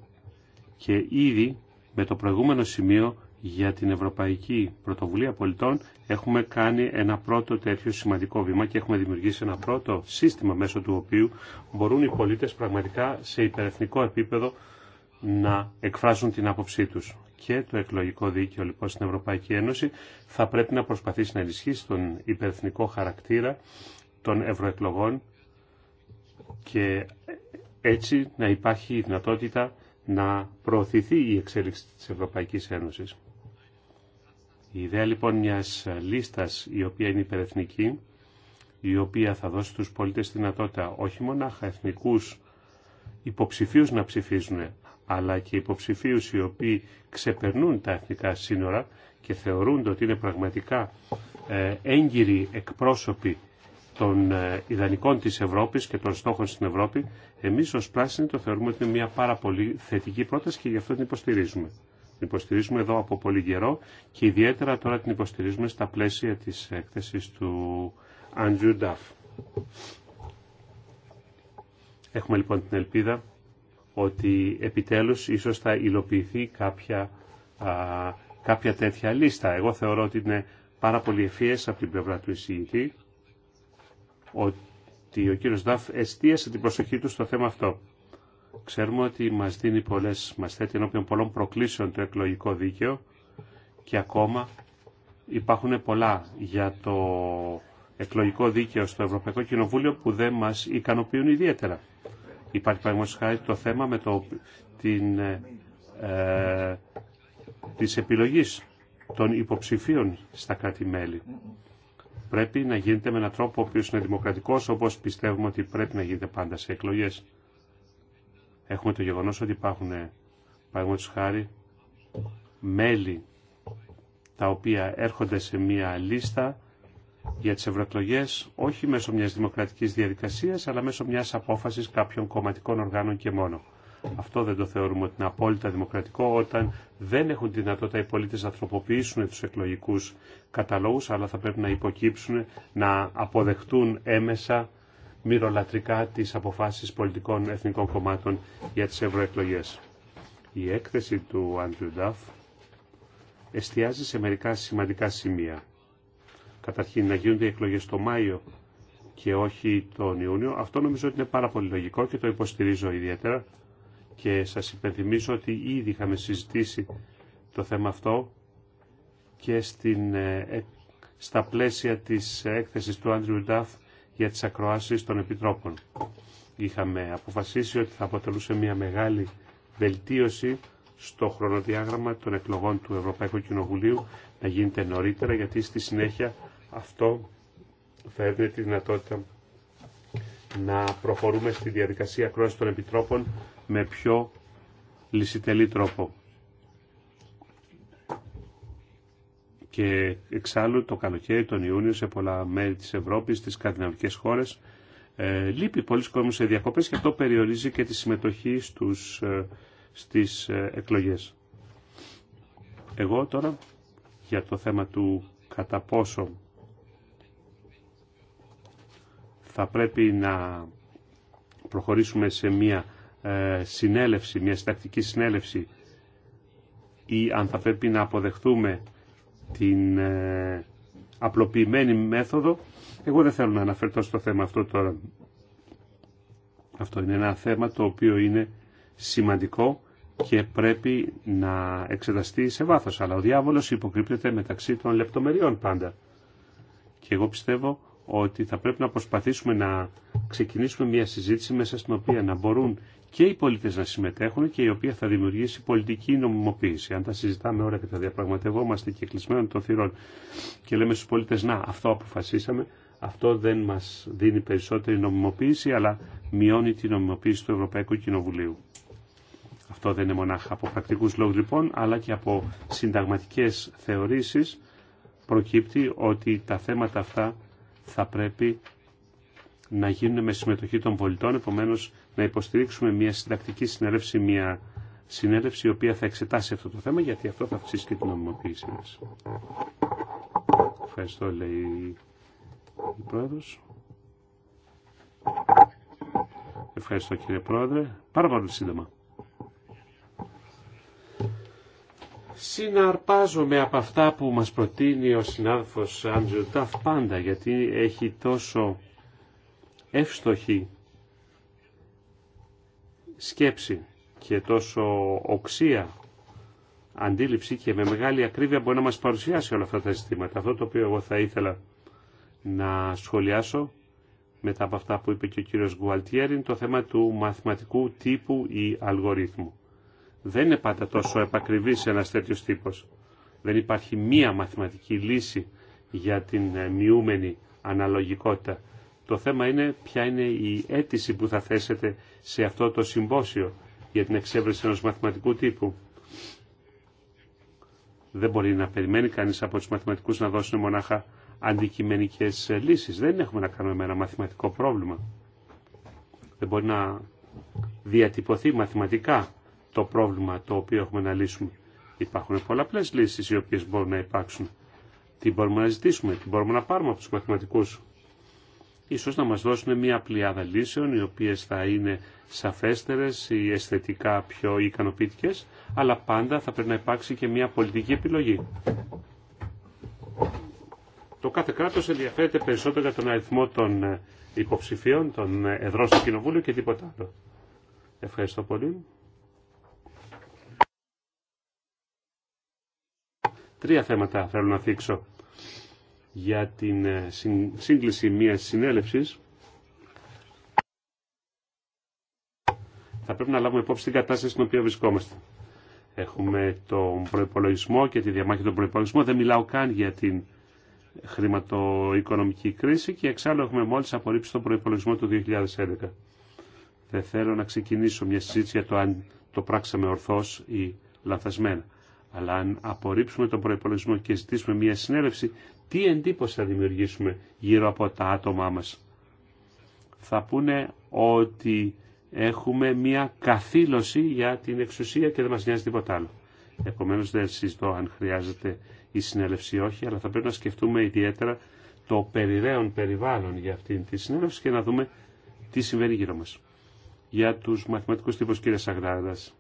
Speaker 2: και ήδη με το προηγούμενο σημείο για την Ευρωπαϊκή Πρωτοβουλία Πολιτών έχουμε κάνει ένα πρώτο τέτοιο σημαντικό βήμα και έχουμε δημιουργήσει ένα πρώτο σύστημα μέσω του οποίου μπορούν οι πολίτες πραγματικά σε υπερεθνικό επίπεδο να εκφράσουν την άποψή τους και το εκλογικό δίκαιο λοιπόν στην Ευρωπαϊκή Ένωση θα πρέπει να προσπαθήσει να ενισχύσει τον υπερεθνικό χαρακτήρα των ευρωεκλογών και έτσι να υπάρχει η δυνατότητα να προωθηθεί η εξέλιξη της Ευρωπαϊκής Ένωσης. Η ιδέα λοιπόν μιας λίστας η οποία είναι υπερεθνική, η οποία θα δώσει στους πολίτες δυνατότητα όχι μονάχα εθνικούς υποψηφίους να ψηφίζουν, αλλά και υποψηφίους οι οποίοι ξεπερνούν τα εθνικά σύνορα και θεωρούνται ότι είναι πραγματικά ε, έγκυροι εκπρόσωποι των ε, ιδανικών της Ευρώπης και των στόχων στην Ευρώπη, εμείς ως πράσινοι το θεωρούμε ότι είναι μια πάρα πολύ θετική πρόταση και γι' αυτό την υποστηρίζουμε. Την υποστηρίζουμε εδώ από πολύ καιρό και ιδιαίτερα τώρα την υποστηρίζουμε στα πλαίσια της έκθεσης του Andrew Duff. Έχουμε λοιπόν την ελπίδα ότι επιτέλους ίσως θα υλοποιηθεί κάποια, κάποια τέτοια λίστα. Εγώ θεωρώ ότι είναι πάρα πολύ ευφύες από την πλευρά του εισηγητή ότι ο κύριος Νταφ εστίασε την προσοχή του στο θέμα αυτό. Ξέρουμε ότι μας δίνει πολλές, μας θέτει ενώπιον πολλών προκλήσεων το εκλογικό δίκαιο και ακόμα υπάρχουν πολλά για το εκλογικό δίκαιο στο Ευρωπαϊκό Κοινοβούλιο που δεν μας ικανοποιούν ιδιαίτερα. Υπάρχει παραδείγματο χάρη το θέμα με το, την, ε, ε, της επιλογής των υποψηφίων στα κράτη-μέλη. Πρέπει να γίνεται με έναν τρόπο ο οποίος είναι δημοκρατικός, όπως πιστεύουμε ότι πρέπει να γίνεται πάντα σε εκλογές. Έχουμε το γεγονός ότι υπάρχουν, ε, παραδείγματο χάρη, μέλη τα οποία έρχονται σε μία λίστα για τις ευρωεκλογέ όχι μέσω μιας δημοκρατικής διαδικασίας αλλά μέσω μιας απόφασης κάποιων κομματικών οργάνων και μόνο. Αυτό δεν το θεωρούμε ότι είναι απόλυτα δημοκρατικό όταν δεν έχουν δυνατότητα οι πολίτες να ανθρωποποιήσουν τους εκλογικούς καταλόγους αλλά θα πρέπει να υποκύψουν, να αποδεχτούν έμεσα μυρολατρικά τις αποφάσεις πολιτικών εθνικών κομμάτων για τις ευρωεκλογέ. Η έκθεση του Άντριου Νταφ εστιάζει σε μερικά σημαντικά σημεία καταρχήν να γίνονται οι εκλογές το Μάιο και όχι τον Ιούνιο. Αυτό νομίζω ότι είναι πάρα πολύ λογικό και το υποστηρίζω ιδιαίτερα και σας υπενθυμίζω ότι ήδη είχαμε συζητήσει το θέμα αυτό και στην, ε, ε, στα πλαίσια της έκθεσης του Άντριου Νταφ για τις ακροάσεις των Επιτρόπων. Είχαμε αποφασίσει ότι θα αποτελούσε μια μεγάλη βελτίωση στο χρονοδιάγραμμα των εκλογών του Ευρωπαϊκού Κοινοβουλίου να γίνεται νωρίτερα γιατί στη συνέχεια αυτό θα τη δυνατότητα να προχωρούμε στη διαδικασία κρόσης των επιτρόπων με πιο λυσιτελή τρόπο. Και εξάλλου το καλοκαίρι, τον Ιούνιο, σε πολλά μέρη της Ευρώπης, στις σκανδιναβικές χώρες, ε, λείπει πολλοί κόσμοι σε διακοπές και αυτό περιορίζει και τη συμμετοχή στους, ε, στις ε, εκλογές. Εγώ τώρα για το θέμα του κατά πόσο θα πρέπει να προχωρήσουμε σε μια ε, συνέλευση, μια συντακτική συνέλευση ή αν θα πρέπει να αποδεχτούμε την ε, απλοποιημένη μέθοδο. Εγώ δεν θέλω να αναφερθώ στο θέμα αυτό τώρα. Αυτό είναι ένα θέμα το οποίο είναι σημαντικό και πρέπει να εξεταστεί σε βάθος. Αλλά ο διάβολος υποκρύπτεται μεταξύ των λεπτομεριών πάντα. Και εγώ πιστεύω ότι θα πρέπει να προσπαθήσουμε να ξεκινήσουμε μια συζήτηση μέσα στην οποία να μπορούν και οι πολίτε να συμμετέχουν και η οποία θα δημιουργήσει πολιτική νομιμοποίηση. Αν τα συζητάμε ώρα και τα διαπραγματευόμαστε και κλεισμένο των θυρών και λέμε στου πολίτε να αυτό αποφασίσαμε, αυτό δεν μα δίνει περισσότερη νομιμοποίηση αλλά μειώνει την νομιμοποίηση του Ευρωπαϊκού Κοινοβουλίου. Αυτό δεν είναι μονάχα από πρακτικού λόγου λοιπόν αλλά και από συνταγματικέ θεωρήσει προκύπτει ότι τα θέματα αυτά θα πρέπει να γίνουν με συμμετοχή των πολιτών, επομένως να υποστηρίξουμε μια συντακτική συνέλευση, μια συνέλευση η οποία θα εξετάσει αυτό το θέμα, γιατί αυτό θα αυξήσει και την νομιμοποίησή μας. Ευχαριστώ, λέει η Πρόεδρος. Ευχαριστώ κύριε Πρόεδρε. Πάρα πολύ σύντομα. συναρπάζομαι από αυτά που μας προτείνει ο συνάδελφος Άντζου Ταφ πάντα γιατί έχει τόσο εύστοχη σκέψη και τόσο οξία αντίληψη και με μεγάλη ακρίβεια μπορεί να μας παρουσιάσει όλα αυτά τα ζητήματα. Αυτό το οποίο εγώ θα ήθελα να σχολιάσω μετά από αυτά που είπε και ο κύριος Γκουαλτιέρη το θέμα του μαθηματικού τύπου ή αλγορίθμου. Δεν είναι πάντα τόσο σε ένας τέτοιο τύπος. Δεν υπάρχει μία μαθηματική λύση για την ε, μειούμενη αναλογικότητα. Το θέμα είναι ποια είναι η αίτηση που θα θέσετε σε αυτό το συμπόσιο για την εξέβρεση ενός μαθηματικού τύπου. Δεν μπορεί να περιμένει κανείς από τους μαθηματικούς να δώσουν μονάχα αντικειμενικές ε, λύσεις. Δεν έχουμε να κάνουμε με ένα μαθηματικό πρόβλημα. Δεν μπορεί να διατυπωθεί μαθηματικά το πρόβλημα το οποίο έχουμε να λύσουμε. Υπάρχουν πολλαπλέ λύσει οι οποίε μπορούν να υπάρξουν. Τι μπορούμε να ζητήσουμε, τι μπορούμε να πάρουμε από του μαθηματικού. Σω να μα δώσουν μια πλειάδα λύσεων οι οποίε θα είναι σαφέστερε ή αισθητικά πιο ικανοποιητικές, αλλά πάντα θα πρέπει να υπάρξει και μια πολιτική επιλογή. Το κάθε κράτο ενδιαφέρεται περισσότερο για τον αριθμό των ε, υποψηφίων, των ε, εδρών στο Κοινοβούλιο και τίποτα άλλο. Ευχαριστώ πολύ. Τρία θέματα θέλω να θίξω για την ε, σύγκληση μιας συνέλευσης. Θα πρέπει να λάβουμε υπόψη την κατάσταση στην οποία βρισκόμαστε. Έχουμε τον προπολογισμό και τη διαμάχη των προπολογισμών. Δεν μιλάω καν για την χρηματοοικονομική κρίση και εξάλλου έχουμε μόλις απορρίψει τον προπολογισμό του 2011. Δεν θέλω να ξεκινήσω μια συζήτηση για το αν το πράξαμε ορθώς ή λανθασμένα. Αλλά αν απορρίψουμε τον προπολογισμό και ζητήσουμε μια συνέλευση, τι εντύπωση θα δημιουργήσουμε γύρω από τα άτομά μας. Θα πούνε ότι έχουμε μια καθήλωση για την εξουσία και δεν μας νοιάζει τίποτα άλλο. Επομένως δεν συζητώ αν χρειάζεται η συνέλευση ή όχι, αλλά θα πρέπει να σκεφτούμε ιδιαίτερα το περιραίον περιβάλλον για αυτή τη συνέλευση και να δούμε τι συμβαίνει γύρω μας. Για τους μαθηματικούς τύπους κύριε Σαγράδας,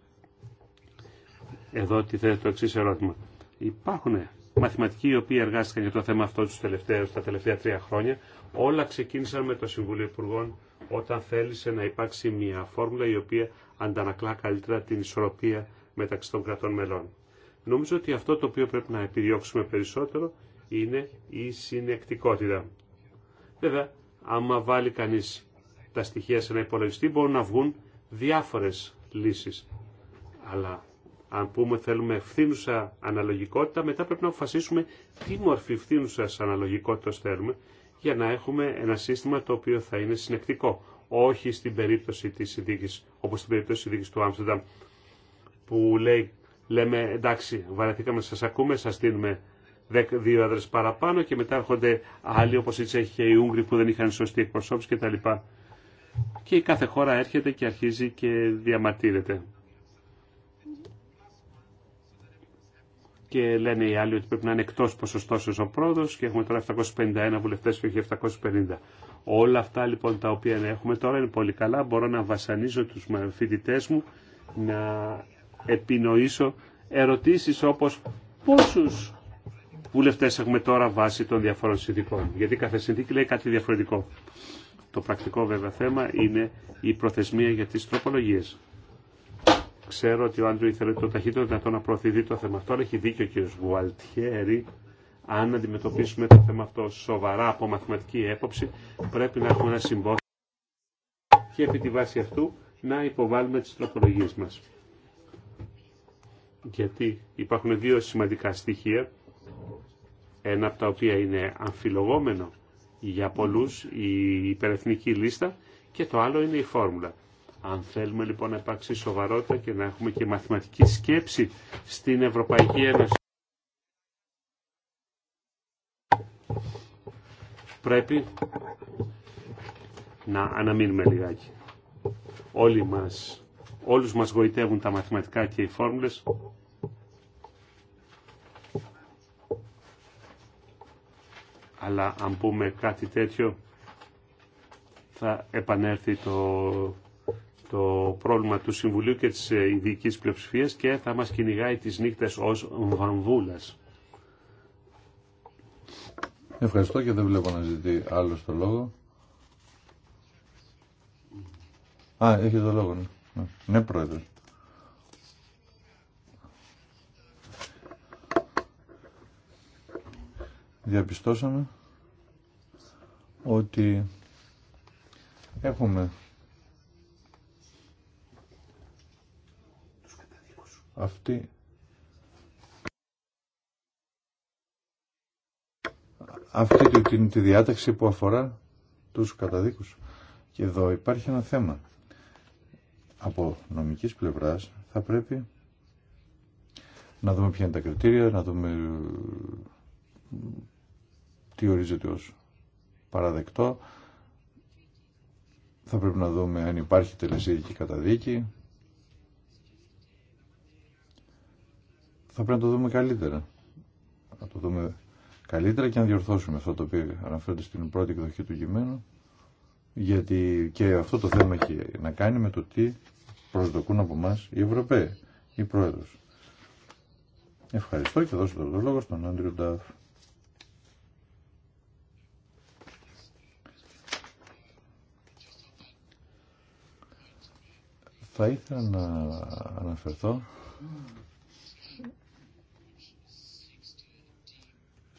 Speaker 2: εδώ θέλετε το εξή ερώτημα. Υπάρχουν μαθηματικοί οι οποίοι εργάστηκαν για το θέμα αυτό τους τελευταίους, τα τελευταία τρία χρόνια. Όλα ξεκίνησαν με το Συμβούλιο Υπουργών όταν θέλησε να υπάρξει μια φόρμουλα η οποία αντανακλά καλύτερα την ισορροπία μεταξύ των κρατών μελών. Νομίζω ότι αυτό το οποίο πρέπει να επιδιώξουμε περισσότερο είναι η συνεκτικότητα. Βέβαια, άμα βάλει κανείς τα στοιχεία σε ένα υπολογιστή μπορούν να βγουν διάφορες λύσεις. Αλλά αν πούμε θέλουμε ευθύνουσα αναλογικότητα, μετά πρέπει να αποφασίσουμε τι μορφή ευθύνουσα αναλογικότητα θέλουμε για να έχουμε ένα σύστημα το οποίο θα είναι συνεκτικό. Όχι στην περίπτωση της συνθήκης, όπως στην περίπτωση της συνθήκης του Άμστερνταμ, που λέει, λέμε εντάξει, βαρεθήκαμε, σας ακούμε, σας δίνουμε δύο άντρε παραπάνω και μετά έρχονται άλλοι όπως έτσι έχει και οι Ούγγροι που δεν είχαν σωστή εκπροσώπηση κτλ. Και η κάθε χώρα έρχεται και αρχίζει και διαμαρτύρεται. και λένε οι άλλοι ότι πρέπει να είναι εκτός ποσοστώσεως ο πρόοδο και έχουμε τώρα 751 βουλευτές και όχι 750. Όλα αυτά λοιπόν τα οποία έχουμε τώρα είναι πολύ καλά. Μπορώ να βασανίζω τους φοιτητέ μου να επινοήσω ερωτήσεις όπως πόσους βουλευτές έχουμε τώρα βάσει των διαφορών συνθήκων. Γιατί κάθε συνθήκη λέει κάτι διαφορετικό. Το πρακτικό βέβαια θέμα είναι η προθεσμία για τις τροπολογίες. Ξέρω ότι ο Άντρου ήθελε το ταχύτερο δυνατό να προωθηθεί το θέμα αυτό, αλλά έχει δίκιο ο κ. Αν αντιμετωπίσουμε το θέμα αυτό σοβαρά από μαθηματική έποψη, πρέπει να έχουμε ένα συμπόσιο και επί τη βάση αυτού να υποβάλουμε τις τροπολογίες μας. Γιατί υπάρχουν δύο σημαντικά στοιχεία, ένα από τα οποία είναι αμφιλογόμενο για πολλούς η υπερεθνική λίστα και το άλλο είναι η φόρμουλα. Αν θέλουμε λοιπόν να υπάρξει σοβαρότητα και να έχουμε και μαθηματική σκέψη στην Ευρωπαϊκή Ένωση, πρέπει να αναμείνουμε λιγάκι. Όλοι μας, όλους μας γοητεύουν τα μαθηματικά και οι φόρμουλες. Αλλά αν πούμε κάτι τέτοιο θα επανέλθει το το πρόβλημα του Συμβουλίου και της ε, ειδική πλειοψηφίας και θα μας κυνηγάει τις νύχτες ως βαμβούλας.
Speaker 1: Ευχαριστώ και δεν βλέπω να ζητεί άλλο το λόγο. Α, έχει το λόγο. Ναι. ναι, ναι πρόεδρε. Διαπιστώσαμε ότι έχουμε αυτή αυτή την, τη διάταξη που αφορά τους καταδίκους. Και εδώ υπάρχει ένα θέμα. Από νομικής πλευράς θα πρέπει να δούμε ποια είναι τα κριτήρια, να δούμε τι ορίζεται ως παραδεκτό. Θα πρέπει να δούμε αν υπάρχει τελεσίδικη καταδίκη, θα πρέπει να το δούμε καλύτερα. Να το δούμε καλύτερα και να διορθώσουμε αυτό το οποίο αναφέρεται στην πρώτη εκδοχή του κειμένου, γιατί και αυτό το θέμα έχει να κάνει με το τι προσδοκούν από εμά οι Ευρωπαίοι, οι Πρόεδρος. Ευχαριστώ και δώσω το λόγο στον Άντριο Ντάφ. Θα ήθελα να αναφερθώ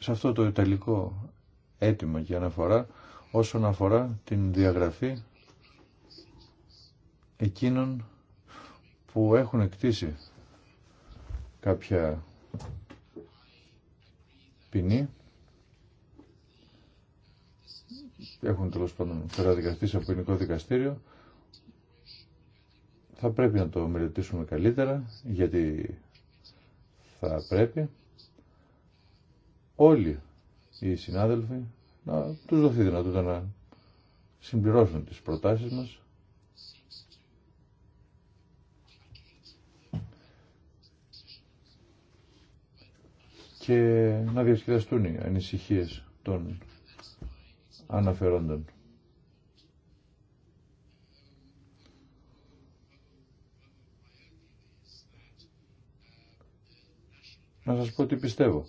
Speaker 1: σε αυτό το ιταλικό αίτημα και αναφορά όσον αφορά την διαγραφή εκείνων που έχουν εκτίσει κάποια ποινή έχουν τέλο πάντων καταδικαστεί σε ποινικό δικαστήριο θα πρέπει να το μελετήσουμε καλύτερα γιατί θα πρέπει όλοι οι συνάδελφοι να τους δοθεί δυνατότητα να συμπληρώσουν τις προτάσεις μας και να διασκεδαστούν οι ανησυχίες των αναφερόντων. Να σας πω τι πιστεύω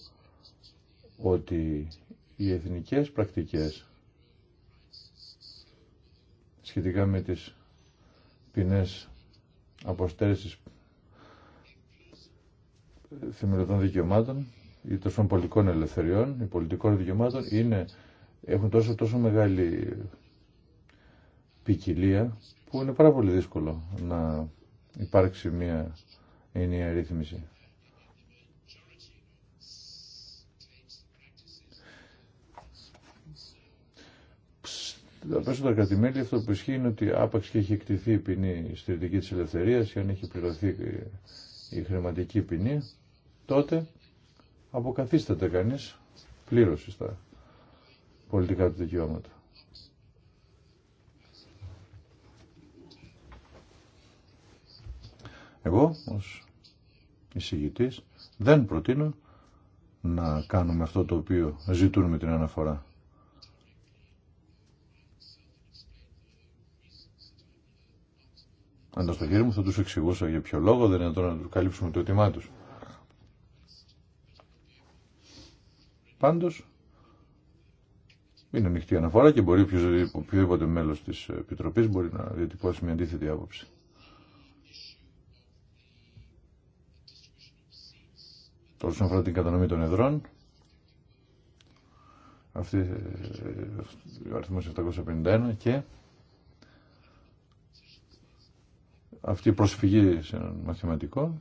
Speaker 1: ότι οι εθνικές πρακτικές σχετικά με τις ποινές αποστέρησης θεμελιωτών δικαιωμάτων ή των πολιτικών ελευθεριών ή πολιτικών δικαιωμάτων είναι, έχουν τόσο, τόσο μεγάλη ποικιλία που είναι πάρα πολύ δύσκολο να υπάρξει μια ενιαία ρύθμιση. τα περισσότερα κρατημέλη αυτό που ισχύει είναι ότι άπαξ και έχει εκτιθεί η ποινή στη δική της ελευθερίας και αν έχει πληρωθεί η χρηματική ποινή, τότε αποκαθίσταται κανείς πλήρωση στα πολιτικά του δικαιώματα. Εγώ ως εισηγητής δεν προτείνω να κάνουμε αυτό το οποίο ζητούν με την αναφορά. αν στο χέρι μου θα τους εξηγούσα για ποιο λόγο δεν είναι τώρα να του καλύψουμε το αιτήμά τους. Πάντως, είναι ανοιχτή αναφορά και μπορεί οποιοδήποτε μέλος της Επιτροπής μπορεί να διατυπώσει μια αντίθετη άποψη. Τώρα όσον αφορά την κατανομή των εδρών, αυτή ε, ε, ο αριθμός 751 και αυτή η προσφυγή σε μαθηματικό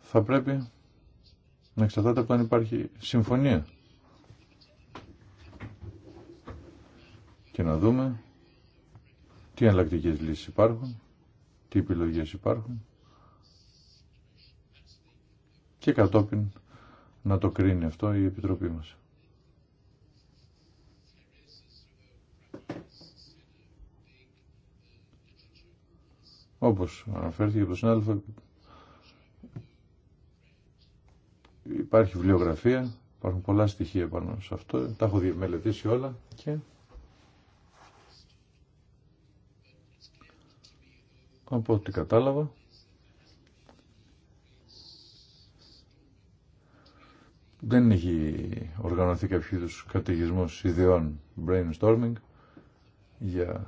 Speaker 1: θα πρέπει να εξαρτάται από αν υπάρχει συμφωνία και να δούμε τι εναλλακτικέ λύσεις υπάρχουν, τι επιλογές υπάρχουν και κατόπιν να το κρίνει αυτό η Επιτροπή μας. Όπως αναφέρθηκε από το συνάδελφο, υπάρχει βιβλιογραφία, υπάρχουν πολλά στοιχεία πάνω σε αυτό, τα έχω μελετήσει όλα και... Από ό,τι κατάλαβα, δεν έχει οργανωθεί κάποιο είδου ιδεών brainstorming για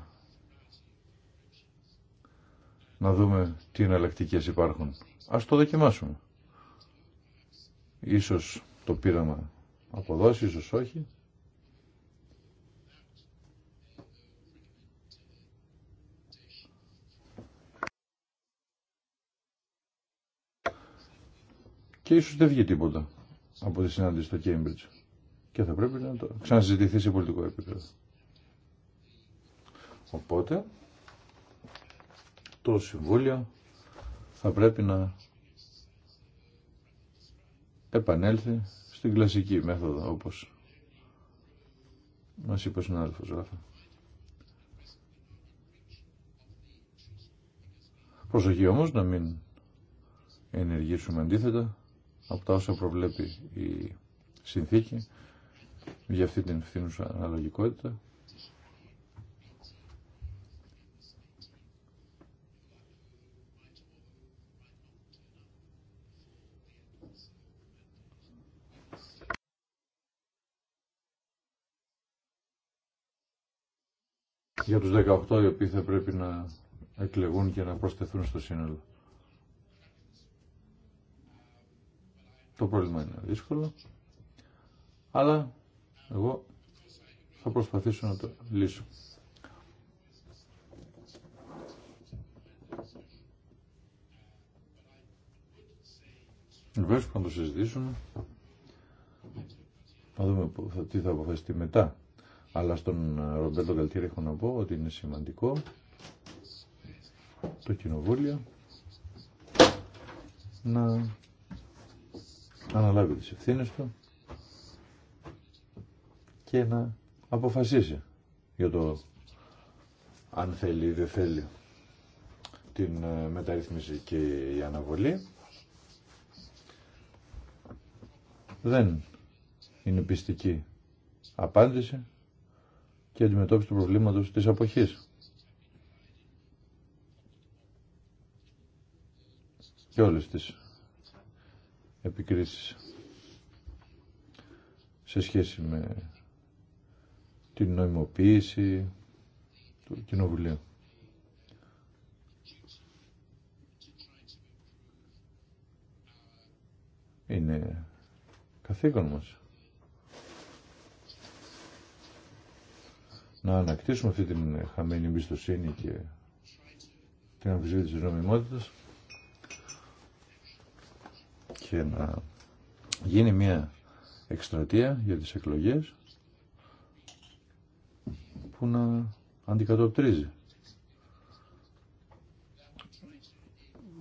Speaker 1: να δούμε τι εναλλακτικέ υπάρχουν. Ας το δοκιμάσουμε. Ίσως το πείραμα αποδώσει, ίσως όχι. Και ίσως δεν βγει τίποτα από τη συνάντηση στο Κέμπριτζ. Και θα πρέπει να το ξαναζητηθεί σε πολιτικό επίπεδο. Οπότε, το Συμβούλιο θα πρέπει να επανέλθει στην κλασική μέθοδο όπως μας είπε ο συνάδελφος Ράφα. Προσοχή όμως να μην ενεργήσουμε αντίθετα από τα όσα προβλέπει η συνθήκη για αυτή την φθήνουσα αναλογικότητα για τους 18 οι οποίοι θα πρέπει να εκλεγούν και να προσθεθούν στο σύνολο. Το πρόβλημα είναι δύσκολο, αλλά εγώ θα προσπαθήσω να το λύσω. Βέβαια, να το συζητήσουμε. Να δούμε τι θα αποφασιστεί μετά αλλά στον Ρομπέρτο Καλτήρη έχω να πω ότι είναι σημαντικό το κοινοβούλιο να αναλάβει τις ευθύνες του και να αποφασίσει για το αν θέλει ή δεν θέλει την ε, μεταρρύθμιση και η αναβολή. Δεν είναι πιστική απάντηση και αντιμετώπιση του προβλήματος της αποχής. Και όλες τις επικρίσεις σε σχέση με την νοημοποίηση του Κοινοβουλίου. Είναι καθήκον μας να ανακτήσουμε αυτή την χαμένη εμπιστοσύνη και την αμφισβήτηση της νομιμότητας και να γίνει μια εκστρατεία για τις εκλογές που να αντικατοπτρίζει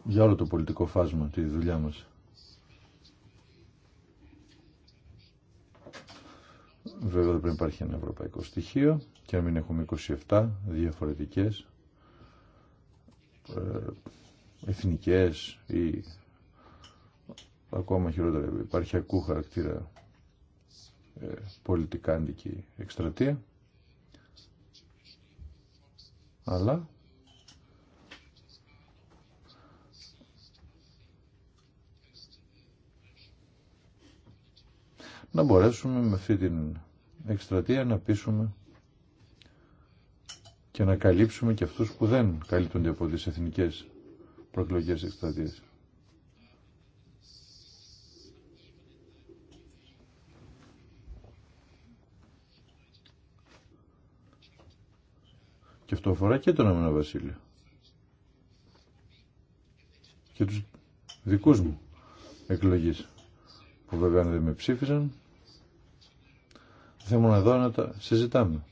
Speaker 1: για όλο το πολιτικό φάσμα τη δουλειά μας. Βέβαια πρέπει να υπάρχει ένα ευρωπαϊκό στοιχείο και να μην έχουμε 27 διαφορετικές ε, εθνικές ή ακόμα χειρότερα υπάρχει ακού χαρακτήρα ε, πολιτικάντικη εκστρατεία αλλά να μπορέσουμε με αυτή την εκστρατεία να πείσουμε και να καλύψουμε και αυτούς που δεν καλύπτονται από τις εθνικές προεκλογές εκστρατείες. Και αυτό αφορά και τον Αμένα Βασίλειο. Και τους δικούς μου εκλογής που βέβαια δεν με ψήφισαν θέλουμε εδώ να τα συζητάμε.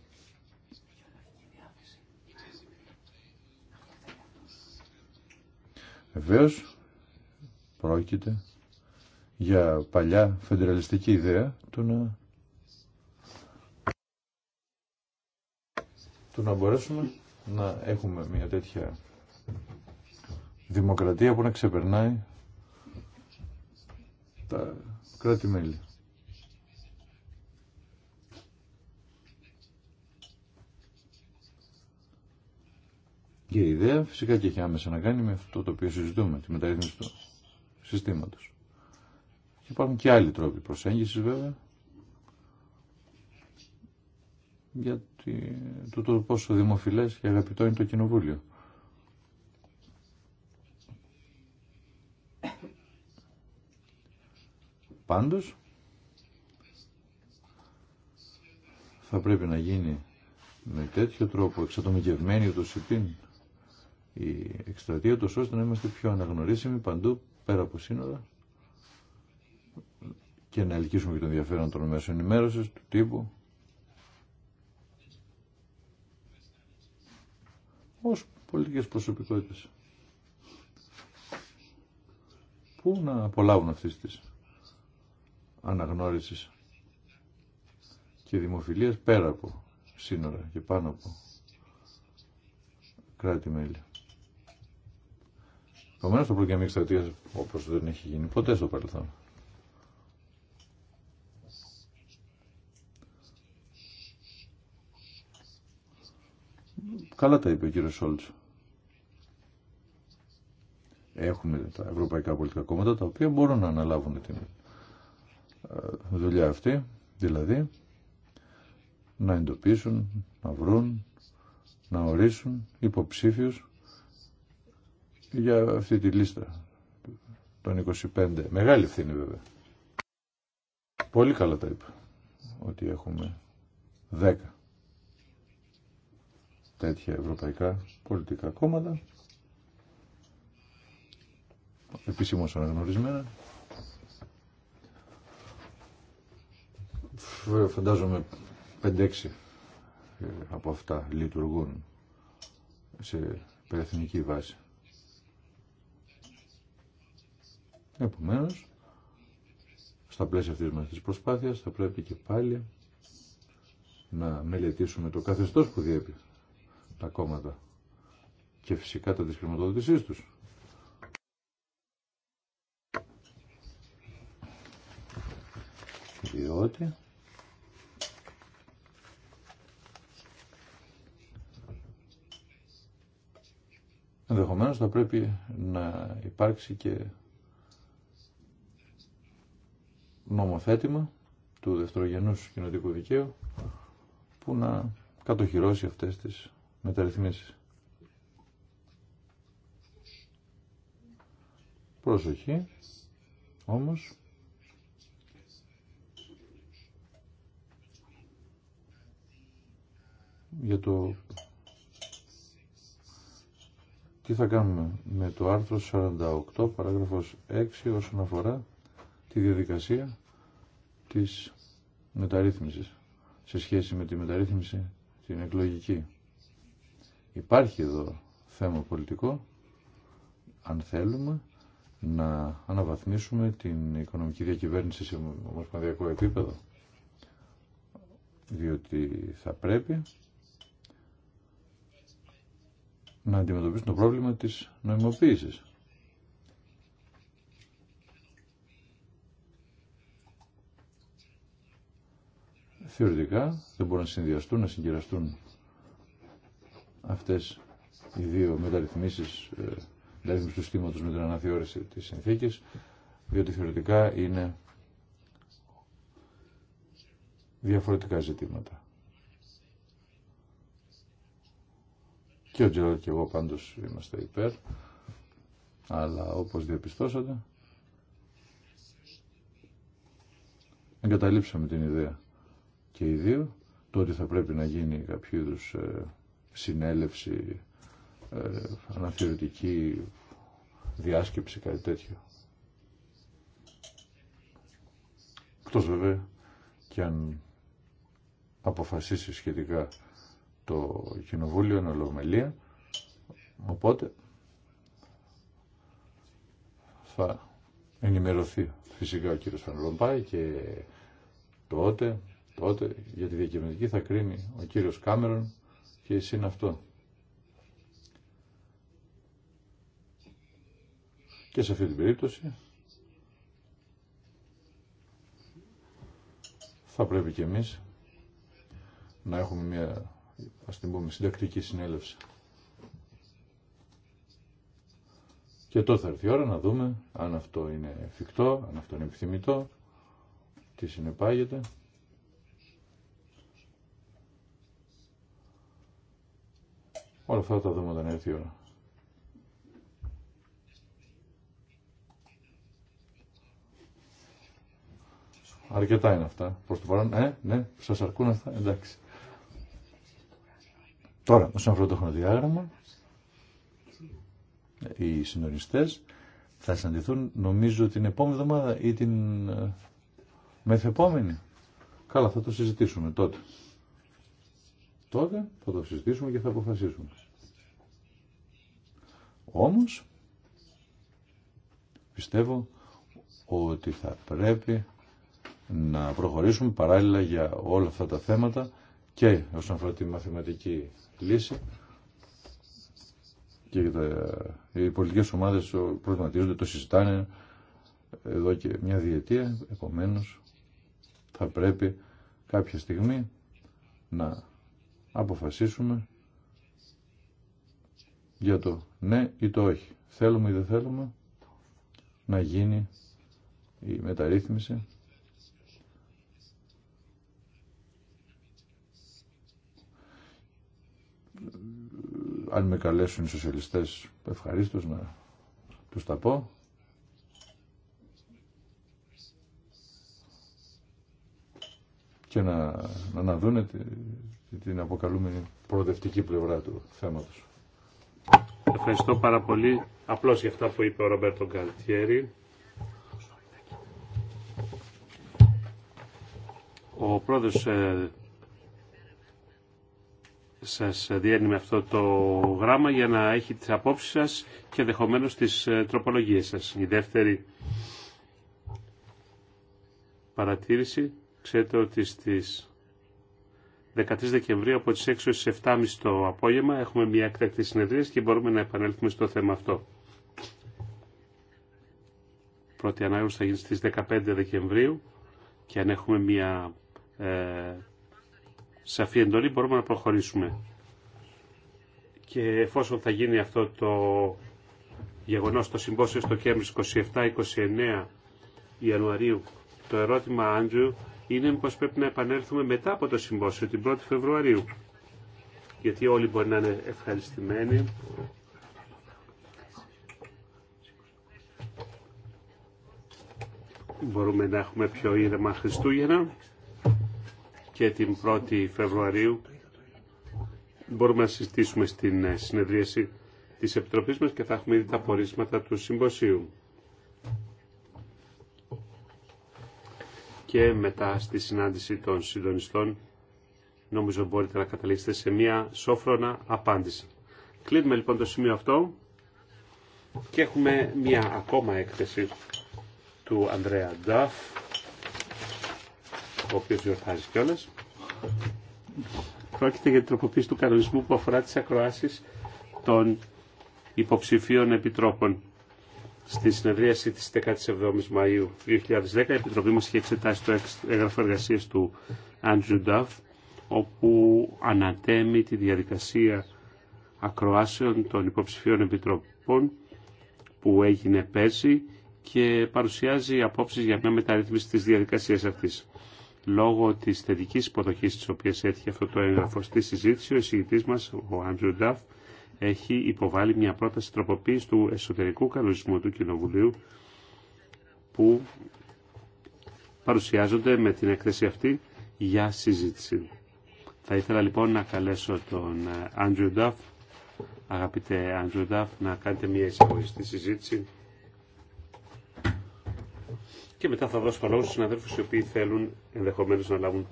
Speaker 1: Βεβαίω πρόκειται για παλιά φεντεραλιστική ιδέα του να, του να μπορέσουμε να έχουμε μια τέτοια δημοκρατία που να ξεπερνάει τα κράτη-μέλη. Και η ιδέα φυσικά και έχει άμεσα να κάνει με αυτό το οποίο συζητούμε, τη μεταρρύθμιση του συστήματος. Και υπάρχουν και άλλοι τρόποι προσέγγισης βέβαια, για το, πόσο δημοφιλές και αγαπητό είναι το κοινοβούλιο. Πάντως, θα πρέπει να γίνει με τέτοιο τρόπο εξατομικευμένη ούτως υπήν η εκστρατεία του ώστε να είμαστε πιο αναγνωρίσιμοι παντού πέρα από σύνορα και να ελκύσουμε και τον ενδιαφέρον των μέσων ενημέρωση του τύπου. ως πολιτικές προσωπικότητες που να απολάβουν αυτή τη αναγνώριση και δημοφιλίας πέρα από σύνορα και πάνω από κράτη-μέλη. Επομένω το πρόγραμμα εκστρατεία όπω δεν έχει γίνει ποτέ στο παρελθόν. Καλά τα είπε ο κύριο Σόλτ. Έχουμε τα ευρωπαϊκά πολιτικά κόμματα τα οποία μπορούν να αναλάβουν την ε, δουλειά αυτή, δηλαδή να εντοπίσουν, να βρουν, να ορίσουν υποψήφιους για αυτή τη λίστα των 25. Μεγάλη ευθύνη βέβαια. Πολύ καλά τα είπα ότι έχουμε 10 τέτοια ευρωπαϊκά πολιτικά κόμματα επίσημως αναγνωρισμένα φαντάζομαι 5-6 ε, από αυτά λειτουργούν σε περιεθνική βάση. Επομένως, στα πλαίσια αυτής μας της προσπάθειας θα πρέπει και πάλι να μελετήσουμε το καθεστώς που διέπει τα κόμματα και φυσικά τα της χρηματοδοτησής τους. Διότι ενδεχομένως θα πρέπει να υπάρξει και νομοθέτημα του δευτερογενούς κοινοτικού δικαίου που να κατοχυρώσει αυτές τις μεταρρυθμίσεις. Προσοχή, όμως, για το τι θα κάνουμε με το άρθρο 48 παράγραφος 6 όσον αφορά τη διαδικασία της μεταρρύθμισης σε σχέση με τη μεταρρύθμιση την εκλογική. Υπάρχει εδώ θέμα πολιτικό, αν θέλουμε, να αναβαθμίσουμε την οικονομική διακυβέρνηση σε ομοσπονδιακό επίπεδο. Διότι θα πρέπει να αντιμετωπίσουμε το πρόβλημα της νοημοποίησης. θεωρητικά δεν μπορούν να συνδυαστούν, να συγκυραστούν αυτές οι δύο μεταρρυθμίσεις ε, του στήματος με την αναθεώρηση της συνθήκης, διότι θεωρητικά είναι διαφορετικά ζητήματα. Και ο Τζερόλ και εγώ πάντως είμαστε υπέρ, αλλά όπως διαπιστώσατε, εγκαταλείψαμε την ιδέα και οι δύο, τότε θα πρέπει να γίνει κάποιο είδου ε, συνέλευση, ε, αναθεωρητική διάσκεψη, κάτι τέτοιο. Εκτός βέβαια και αν αποφασίσει σχετικά το Κοινοβούλιο εν ολομελία, οπότε θα ενημερωθεί φυσικά ο κύριος Φανρομπάη και τότε τότε για τη διακυβερνητική θα κρίνει ο κύριος Κάμερον και εσύ είναι αυτό. Και σε αυτή την περίπτωση θα πρέπει και εμείς να έχουμε μια, ας την πούμε, συντακτική συνέλευση. Και τότε θα έρθει η ώρα να δούμε αν αυτό είναι εφικτό, αν αυτό είναι επιθυμητό, τι συνεπάγεται. Όλα αυτά τα δούμε όταν έρθει η ώρα. Αρκετά είναι αυτά. Προς το παρόν, ε, ναι, σας αρκούν αυτά, εντάξει. Τώρα, όσον αφορά το χρονοδιάγραμμα, οι συνοριστές θα συναντηθούν νομίζω την επόμενη εβδομάδα ή την ε, μεθεπόμενη. Καλά, θα το συζητήσουμε τότε. Τότε θα το συζητήσουμε και θα αποφασίσουμε. Όμως, πιστεύω ότι θα πρέπει να προχωρήσουμε παράλληλα για όλα αυτά τα θέματα και όσον αφορά τη μαθηματική λύση και οι πολιτικές ομάδες προβληματίζονται, το συζητάνε εδώ και μια διετία, επομένως θα πρέπει κάποια στιγμή να αποφασίσουμε για το ναι ή το όχι. Θέλουμε ή δεν θέλουμε να γίνει η μεταρρύθμιση. Αν με καλέσουν οι σοσιαλιστές, ευχαρίστως να τους τα πω. και να, να, δούνε την, την αποκαλούμενη προοδευτική πλευρά του θέματος.
Speaker 2: Ευχαριστώ πάρα πολύ. Απλώς για αυτά που είπε ο Ρομπέρτο Γκαλτιέρη. Ο πρόεδρος ε, σας διένει με αυτό το γράμμα για να έχει τις απόψεις σας και δεχομένω τις ε, τροπολογίες σας. Η δεύτερη παρατήρηση, ξέρετε ότι στις 13 Δεκεμβρίου από τις 6 έως τις 7.30 το απόγευμα έχουμε μια εκτακτή συνεδρία και μπορούμε να επανέλθουμε στο θέμα αυτό. Πρώτη ανάγνωση θα γίνει στις 15 Δεκεμβρίου και αν έχουμε μια ε, σαφή εντολή μπορούμε να προχωρήσουμε. Και εφόσον θα γίνει αυτό το γεγονός το συμπόσιο στο Κέμπρις 27-29 Ιανουαρίου το ερώτημα Άντζου είναι πως πρέπει να επανέλθουμε μετά από το συμπόσιο, την 1η Φεβρουαρίου. Γιατί όλοι μπορεί να είναι ευχαριστημένοι. Μπορούμε να έχουμε πιο ήρεμα Χριστούγεννα και την 1η Φεβρουαρίου μπορούμε να συστήσουμε στην ε, συνεδρίαση της Επιτροπής μας και θα έχουμε ήδη τα πορίσματα του συμποσίου. και μετά στη συνάντηση των συντονιστών νομίζω μπορείτε να καταλήξετε σε μια σόφρονα απάντηση. Κλείνουμε λοιπόν το σημείο αυτό και έχουμε μια ακόμα έκθεση του Ανδρέα Νταφ ο οποίος γιορτάζει κιόλας. Πρόκειται για την τροποποίηση του κανονισμού που αφορά τις ακροάσεις των υποψηφίων επιτρόπων. Στη συνεδρίαση της 17ης Μαΐου 2010 η Επιτροπή μας είχε εξετάσει το έγγραφο εργασία του Άντζου Νταφ όπου ανατέμει τη διαδικασία ακροάσεων των υποψηφίων επιτροπών που έγινε πέρσι και παρουσιάζει απόψεις για μια μεταρρύθμιση της διαδικασίας αυτής. Λόγω της θετικής υποδοχής της οποίας έτυχε αυτό το έγγραφο στη συζήτηση, ο εισηγητής μας, ο Άντζου Νταφ, έχει υποβάλει μια πρόταση τροποποίηση του εσωτερικού κανονισμού του Κοινοβουλίου που παρουσιάζονται με την έκθεση αυτή για συζήτηση. Θα ήθελα λοιπόν να καλέσω τον Άντριου Νταφ, αγαπητέ Άντριου Νταφ, να κάνετε μια εισαγωγή στη συζήτηση και μετά θα δώσω το λόγο στους συναδέλφους οι οποίοι θέλουν ενδεχομένως να λάβουν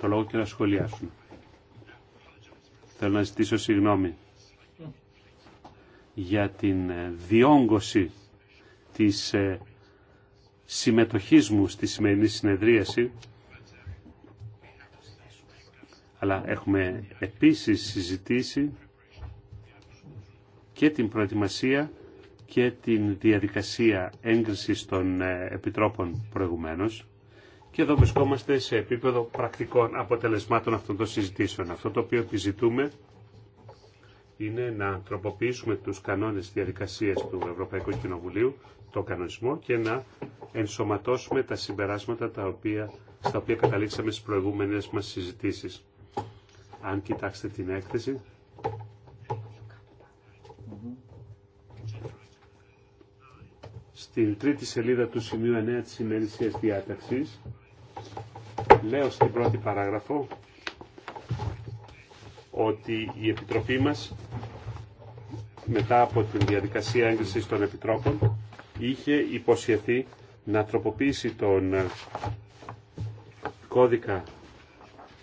Speaker 2: το λόγο και να σχολιάσουν. Θέλω να ζητήσω συγγνώμη για την ε, διόγκωση της ε, συμμετοχής μου στη σημερινή συνεδρίαση αλλά έχουμε επίσης συζητήσει και την προετοιμασία και την διαδικασία έγκρισης των ε, επιτρόπων προηγουμένως και εδώ βρισκόμαστε σε επίπεδο πρακτικών αποτελεσμάτων αυτών των συζητήσεων. Αυτό το οποίο επιζητούμε είναι να τροποποιήσουμε τους κανόνες διαδικασίας του Ευρωπαϊκού Κοινοβουλίου, το κανονισμό και να ενσωματώσουμε τα συμπεράσματα τα οποία, στα οποία καταλήξαμε στις προηγούμενες μας συζητήσεις. Αν κοιτάξετε την έκθεση, στην τρίτη σελίδα του σημείου 9 της ημερησίας διάταξης, λέω στην πρώτη παράγραφο ότι η Επιτροπή μας μετά από την διαδικασία έγκρισης των Επιτρόπων είχε υποσχεθεί να τροποποιήσει τον ε, κώδικα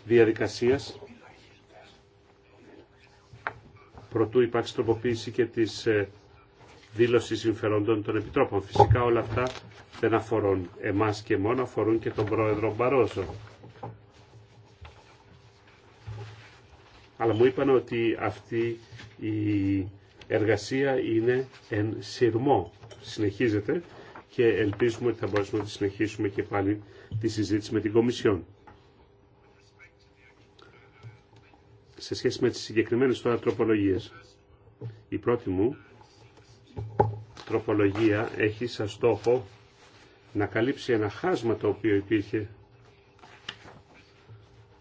Speaker 2: διαδικασίας προτού υπάρξει τροποποίηση και της ε, δήλωση συμφερόντων των Επιτρόπων. Φυσικά όλα αυτά δεν αφορούν εμάς και μόνο, αφορούν και τον Πρόεδρο Μπαρόζο. αλλά μου είπαν ότι αυτή η εργασία είναι εν σειρμό. Συνεχίζεται και ελπίζουμε ότι θα μπορέσουμε να συνεχίσουμε και πάλι τη συζήτηση με την Κομισιόν. Σε σχέση με τις συγκεκριμένες τώρα τροπολογίες. Η πρώτη μου τροπολογία έχει σαν στόχο να καλύψει ένα χάσμα το οποίο υπήρχε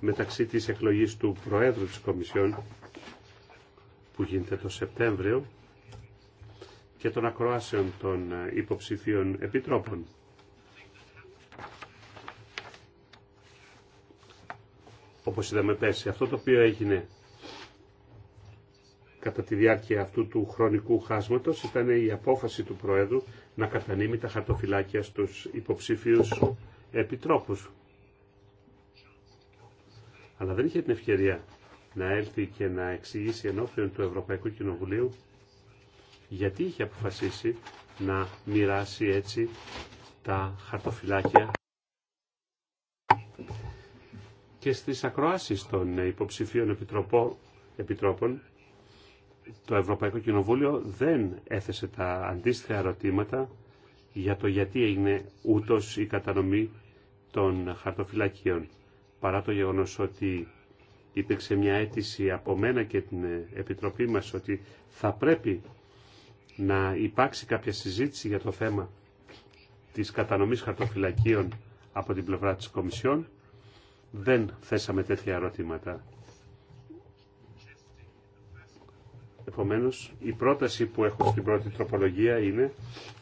Speaker 2: μεταξύ της εκλογής του Προέδρου της Κομισιόν που γίνεται το Σεπτέμβριο και των ακροάσεων των ε, υποψηφίων επιτρόπων. Όπως είδαμε πέρσι, αυτό το οποίο έγινε κατά τη διάρκεια αυτού του χρονικού χάσματος ήταν η απόφαση του Προέδρου να κατανείμει τα χαρτοφυλάκια στους υποψήφιους επιτρόπους αλλά δεν είχε την ευκαιρία να έλθει και να εξηγήσει ενώπιον του Ευρωπαϊκού Κοινοβουλίου γιατί είχε αποφασίσει να μοιράσει έτσι τα χαρτοφυλάκια και στις ακροάσεις των υποψηφίων επιτρόπων το Ευρωπαϊκό Κοινοβούλιο δεν έθεσε τα αντίστοιχα ερωτήματα για το γιατί έγινε ούτως η κατανομή των χαρτοφυλακίων παρά το γεγονός ότι υπήρξε μια αίτηση από μένα και την Επιτροπή μας ότι θα πρέπει να υπάρξει κάποια συζήτηση για το θέμα της κατανομής χαρτοφυλακίων από την πλευρά της Κομισιόν, δεν θέσαμε τέτοια ερωτήματα. Επομένως, η πρόταση που έχω στην πρώτη τροπολογία είναι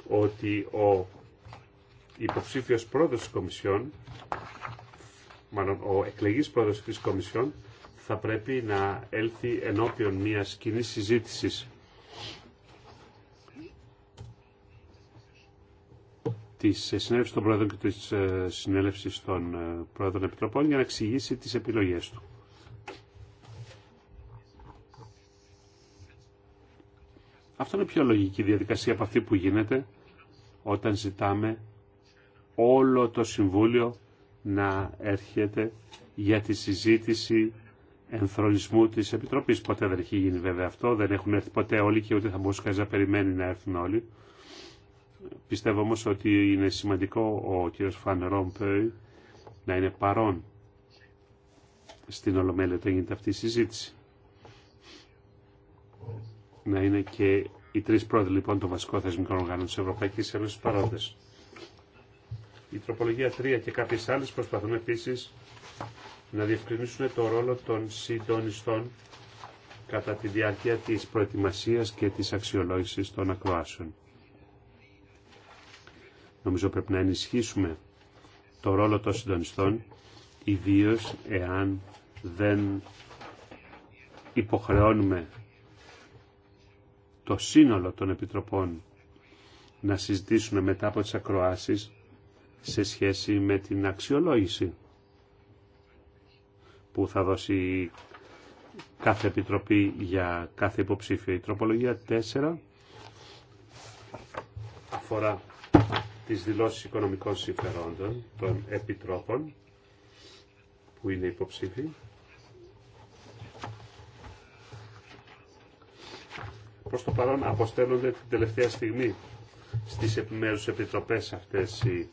Speaker 2: ότι ο υποψήφιος πρόεδρος της Κομισιόν μάλλον ο εκλεγής πρόεδρος της Κομισιόν θα πρέπει να έλθει ενώπιον μια κοινή συζήτηση τη ε, συνέλευση των Πρόεδρων και τη ε, συνέλευση των ε, Πρόεδρων Επιτροπών για να εξηγήσει τι επιλογέ του. Αυτό είναι πιο λογική διαδικασία από αυτή που γίνεται όταν ζητάμε όλο το Συμβούλιο να έρχεται για τη συζήτηση ενθρονισμού της Επιτροπής. Ποτέ δεν έχει γίνει βέβαια αυτό, δεν έχουν έρθει ποτέ όλοι και ούτε θα μπορούσε κανείς να περιμένει να έρθουν όλοι. Πιστεύω όμως ότι είναι σημαντικό ο κ. Φαν Ρόμπεϊ να είναι παρόν στην Ολομέλεια όταν γίνεται αυτή η συζήτηση. Να είναι και οι τρεις πρόεδροι λοιπόν των βασικών θεσμικών οργάνων της Ευρωπαϊκής Ένωσης παρόντες. Η τροπολογία 3 και κάποιε άλλες προσπαθούν επίσης να διευκρινίσουν το ρόλο των συντονιστών κατά τη διάρκεια της προετοιμασίας και της αξιολόγησης των ακροάσεων. Νομίζω πρέπει να ενισχύσουμε το ρόλο των συντονιστών, ιδίω εάν δεν υποχρεώνουμε το σύνολο των επιτροπών να συζητήσουν μετά από τις ακροάσεις σε σχέση με την αξιολόγηση που θα δώσει κάθε επιτροπή για κάθε υποψήφιο. Η τροπολογία 4 αφορά τις δηλώσεις οικονομικών συμφερόντων των επιτρόπων που είναι υποψήφιοι. Προς το παρόν αποστέλλονται την τελευταία στιγμή στις επιμέρους επιτροπές αυτές οι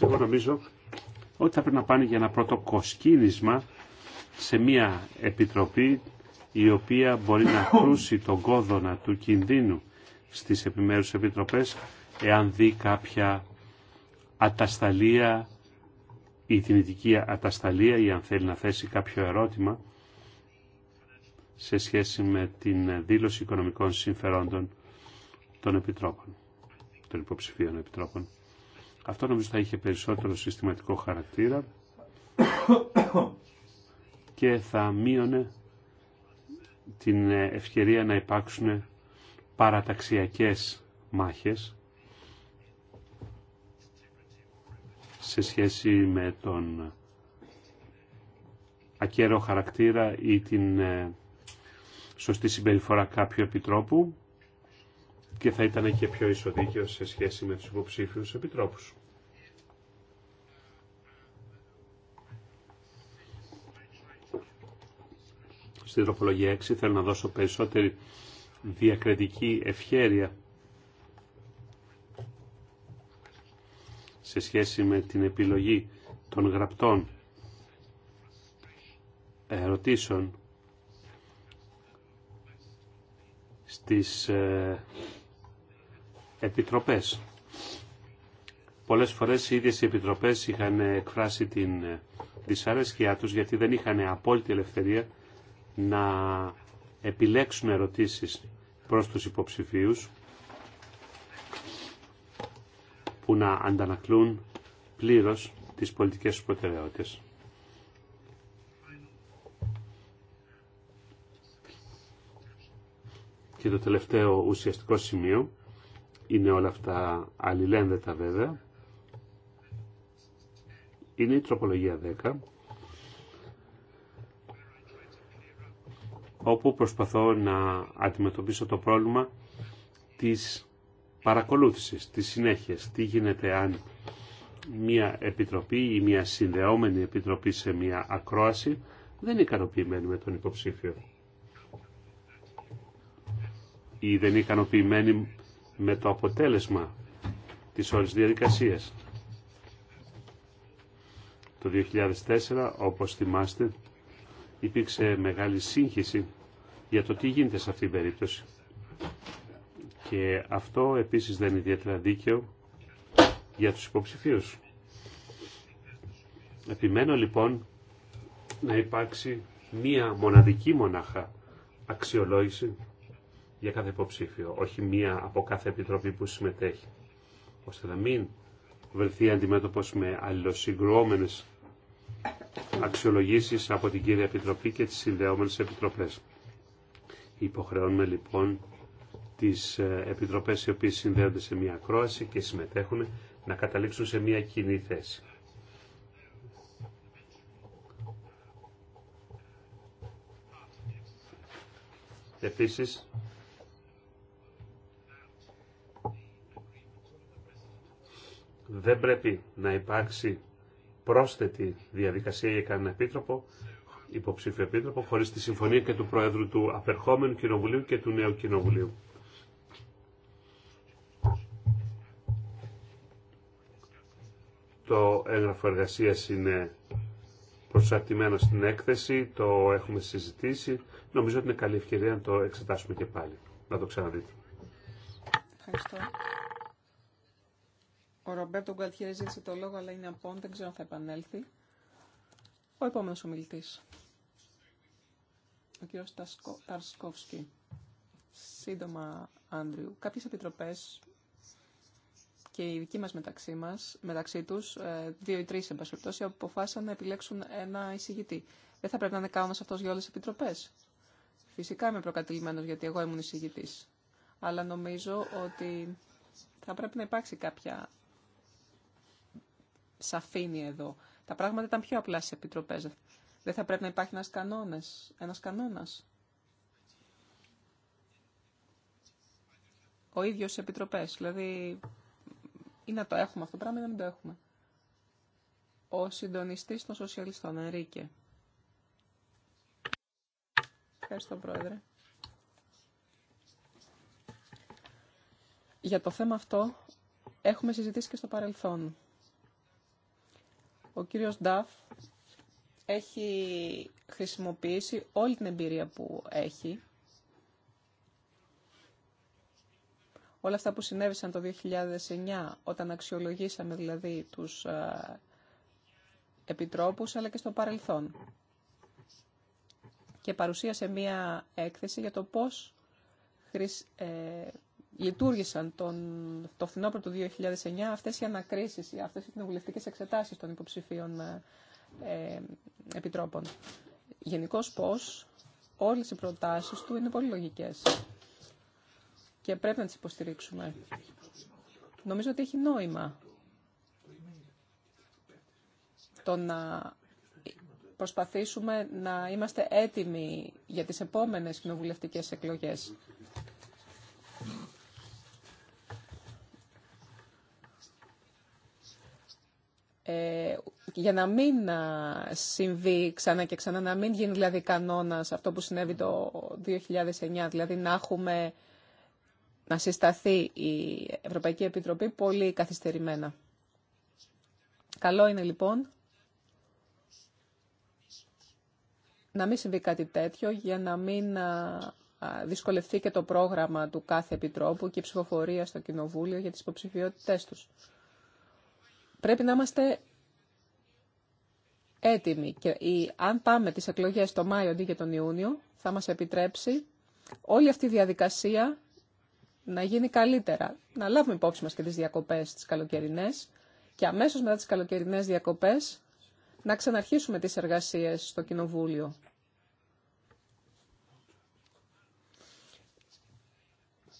Speaker 2: εγώ νομίζω ότι θα πρέπει να πάνε για ένα πρώτο κοσκίνισμα σε μια επιτροπή η οποία μπορεί να κρούσει τον κόδωνα του κινδύνου στις επιμέρους επιτροπές εάν δει κάποια ατασταλία ή τιμητική ατασταλία ή αν θέλει να θέσει κάποιο ερώτημα σε σχέση με την δήλωση οικονομικών συμφερόντων των επιτρόπων, των υποψηφίων επιτρόπων. Αυτό νομίζω θα είχε περισσότερο συστηματικό χαρακτήρα και θα μείωνε την ε, ευκαιρία να υπάρξουν παραταξιακές μάχες σε σχέση με τον ακέραιο χαρακτήρα ή την ε, σωστή συμπεριφορά κάποιου επιτρόπου και θα ήταν και πιο ισοδίκαιο σε σχέση με τους υποψήφιους επιτρόπους. Στην τροπολογία 6 θέλω να δώσω περισσότερη διακριτική ευχέρεια σε σχέση με την επιλογή των γραπτών ερωτήσεων στις ε, επιτροπές. Πολλές φορές οι ίδιες οι επιτροπές είχαν εκφράσει την ε, δυσαρέσκειά τους γιατί δεν είχαν απόλυτη ελευθερία να επιλέξουν ερωτήσεις προς τους υποψηφίους που να αντανακλούν πλήρως τις πολιτικές προτεραιότητες. Και το τελευταίο ουσιαστικό σημείο είναι όλα αυτά αλληλένδετα βέβαια. Είναι η τροπολογία 10 όπου προσπαθώ να αντιμετωπίσω το πρόβλημα της παρακολούθησης, της συνέχειας. Τι γίνεται αν μια επιτροπή ή μια συνδεόμενη επιτροπή σε μια ακρόαση δεν είναι ικανοποιημένη με τον υποψήφιο ή δεν είναι ικανοποιημένη με το αποτέλεσμα της όλης διαδικασίας. Το 2004, όπως θυμάστε, υπήρξε μεγάλη σύγχυση για το τι γίνεται σε αυτήν την περίπτωση. Και αυτό επίσης δεν είναι ιδιαίτερα δίκαιο για τους υποψηφίους. Επιμένω λοιπόν να υπάρξει μία μοναδική μονάχα αξιολόγηση για κάθε υποψήφιο, όχι μία από κάθε επιτροπή που συμμετέχει, ώστε να μην βρεθεί αντιμέτωπο με αλληλοσυγκρουόμενε αξιολογήσεις από την κύρια επιτροπή και τις συνδεόμενες επιτροπέ. Υποχρεώνουμε λοιπόν τις ε, επιτροπές οι οποίες συνδέονται σε μία ακρόαση και συμμετέχουν να καταλήξουν σε μία κοινή θέση. Επίσης, δεν πρέπει να υπάρξει πρόσθετη διαδικασία για κανένα επίτροπο, υποψήφιο επίτροπο, χωρίς τη συμφωνία και του Προέδρου του Απερχόμενου Κοινοβουλίου και του Νέου Κοινοβουλίου. Το έγγραφο εργασίας είναι προσαρτημένο στην έκθεση, το έχουμε συζητήσει. Νομίζω ότι είναι καλή ευκαιρία να το εξετάσουμε και πάλι, να το
Speaker 3: ξαναδείτε. Ευχαριστώ. Ο Ρομπέρτο Γκουαλτιέρη ζήτησε το λόγο, αλλά είναι απόν, δεν ξέρω αν θα επανέλθει. Ο επόμενο ομιλητή. Ο κ. Ταρσκόφσκι. Σύντομα, Άντριου. Κάποιε επιτροπέ και οι δικοί μα μεταξύ, μα, μεταξύ του, ε, δύο ή τρεις περιπτώσει, αποφάσισαν να επιλέξουν ένα εισηγητή. Δεν θα πρέπει να είναι κάνοντα αυτό για όλε τι επιτροπέ. Φυσικά είμαι προκατηλημένο γιατί εγώ ήμουν εισηγητή. Αλλά νομίζω ότι θα πρέπει να υπάρξει κάποια σαφήνει εδώ. Τα πράγματα ήταν πιο απλά σε επιτροπές. Δεν θα πρέπει να υπάρχει ένας κανόνας. Ένας κανόνας. Ο ίδιος στις επιτροπές. Δηλαδή, ή να το έχουμε αυτό το πράγμα ή να μην το έχουμε. Ο συντονιστής των σοσιαλιστών, Ερίκε. Ευχαριστώ, Πρόεδρε. Για το θέμα αυτό έχουμε συζητήσει και στο παρελθόν. Ο κύριος Νταφ έχει χρησιμοποιήσει όλη την εμπειρία που έχει. Όλα αυτά που συνέβησαν το 2009, όταν αξιολογήσαμε δηλαδή τους ε, επιτρόπους, αλλά και στο παρελθόν. Και παρουσίασε μία έκθεση για το πώς ε, λειτουργήσαν τον, το φθινόπωρο του 2009 αυτές οι ανακρίσεις, αυτές οι κοινοβουλευτικές εξετάσεις των υποψηφίων ε, ε επιτρόπων. Γενικώ πώς όλες οι προτάσεις του είναι πολύ λογικές και πρέπει να τις υποστηρίξουμε. Νομίζω ότι έχει νόημα το να προσπαθήσουμε να είμαστε έτοιμοι για τις επόμενες κοινοβουλευτικές εκλογές. Για να μην συμβεί ξανά και ξανά, να μην γίνει δηλαδή αυτό που συνέβη το 2009, δηλαδή να έχουμε να συσταθεί η Ευρωπαϊκή Επιτροπή πολύ καθυστερημένα. Καλό είναι λοιπόν να μην συμβεί κάτι τέτοιο για να μην δυσκολευτεί και το πρόγραμμα του κάθε επιτρόπου και η ψηφοφορία στο Κοινοβούλιο για τις υποψηφιότητές τους. Πρέπει να είμαστε έτοιμοι. Και η, αν πάμε τις εκλογές το Μάιο αντί και τον Ιούνιο, θα μας επιτρέψει όλη αυτή η διαδικασία να γίνει καλύτερα. Να λάβουμε υπόψη μας και τις διακοπές τις καλοκαιρινές και αμέσως μετά τις καλοκαιρινές διακοπές να ξαναρχίσουμε τις εργασίες στο Κοινοβούλιο.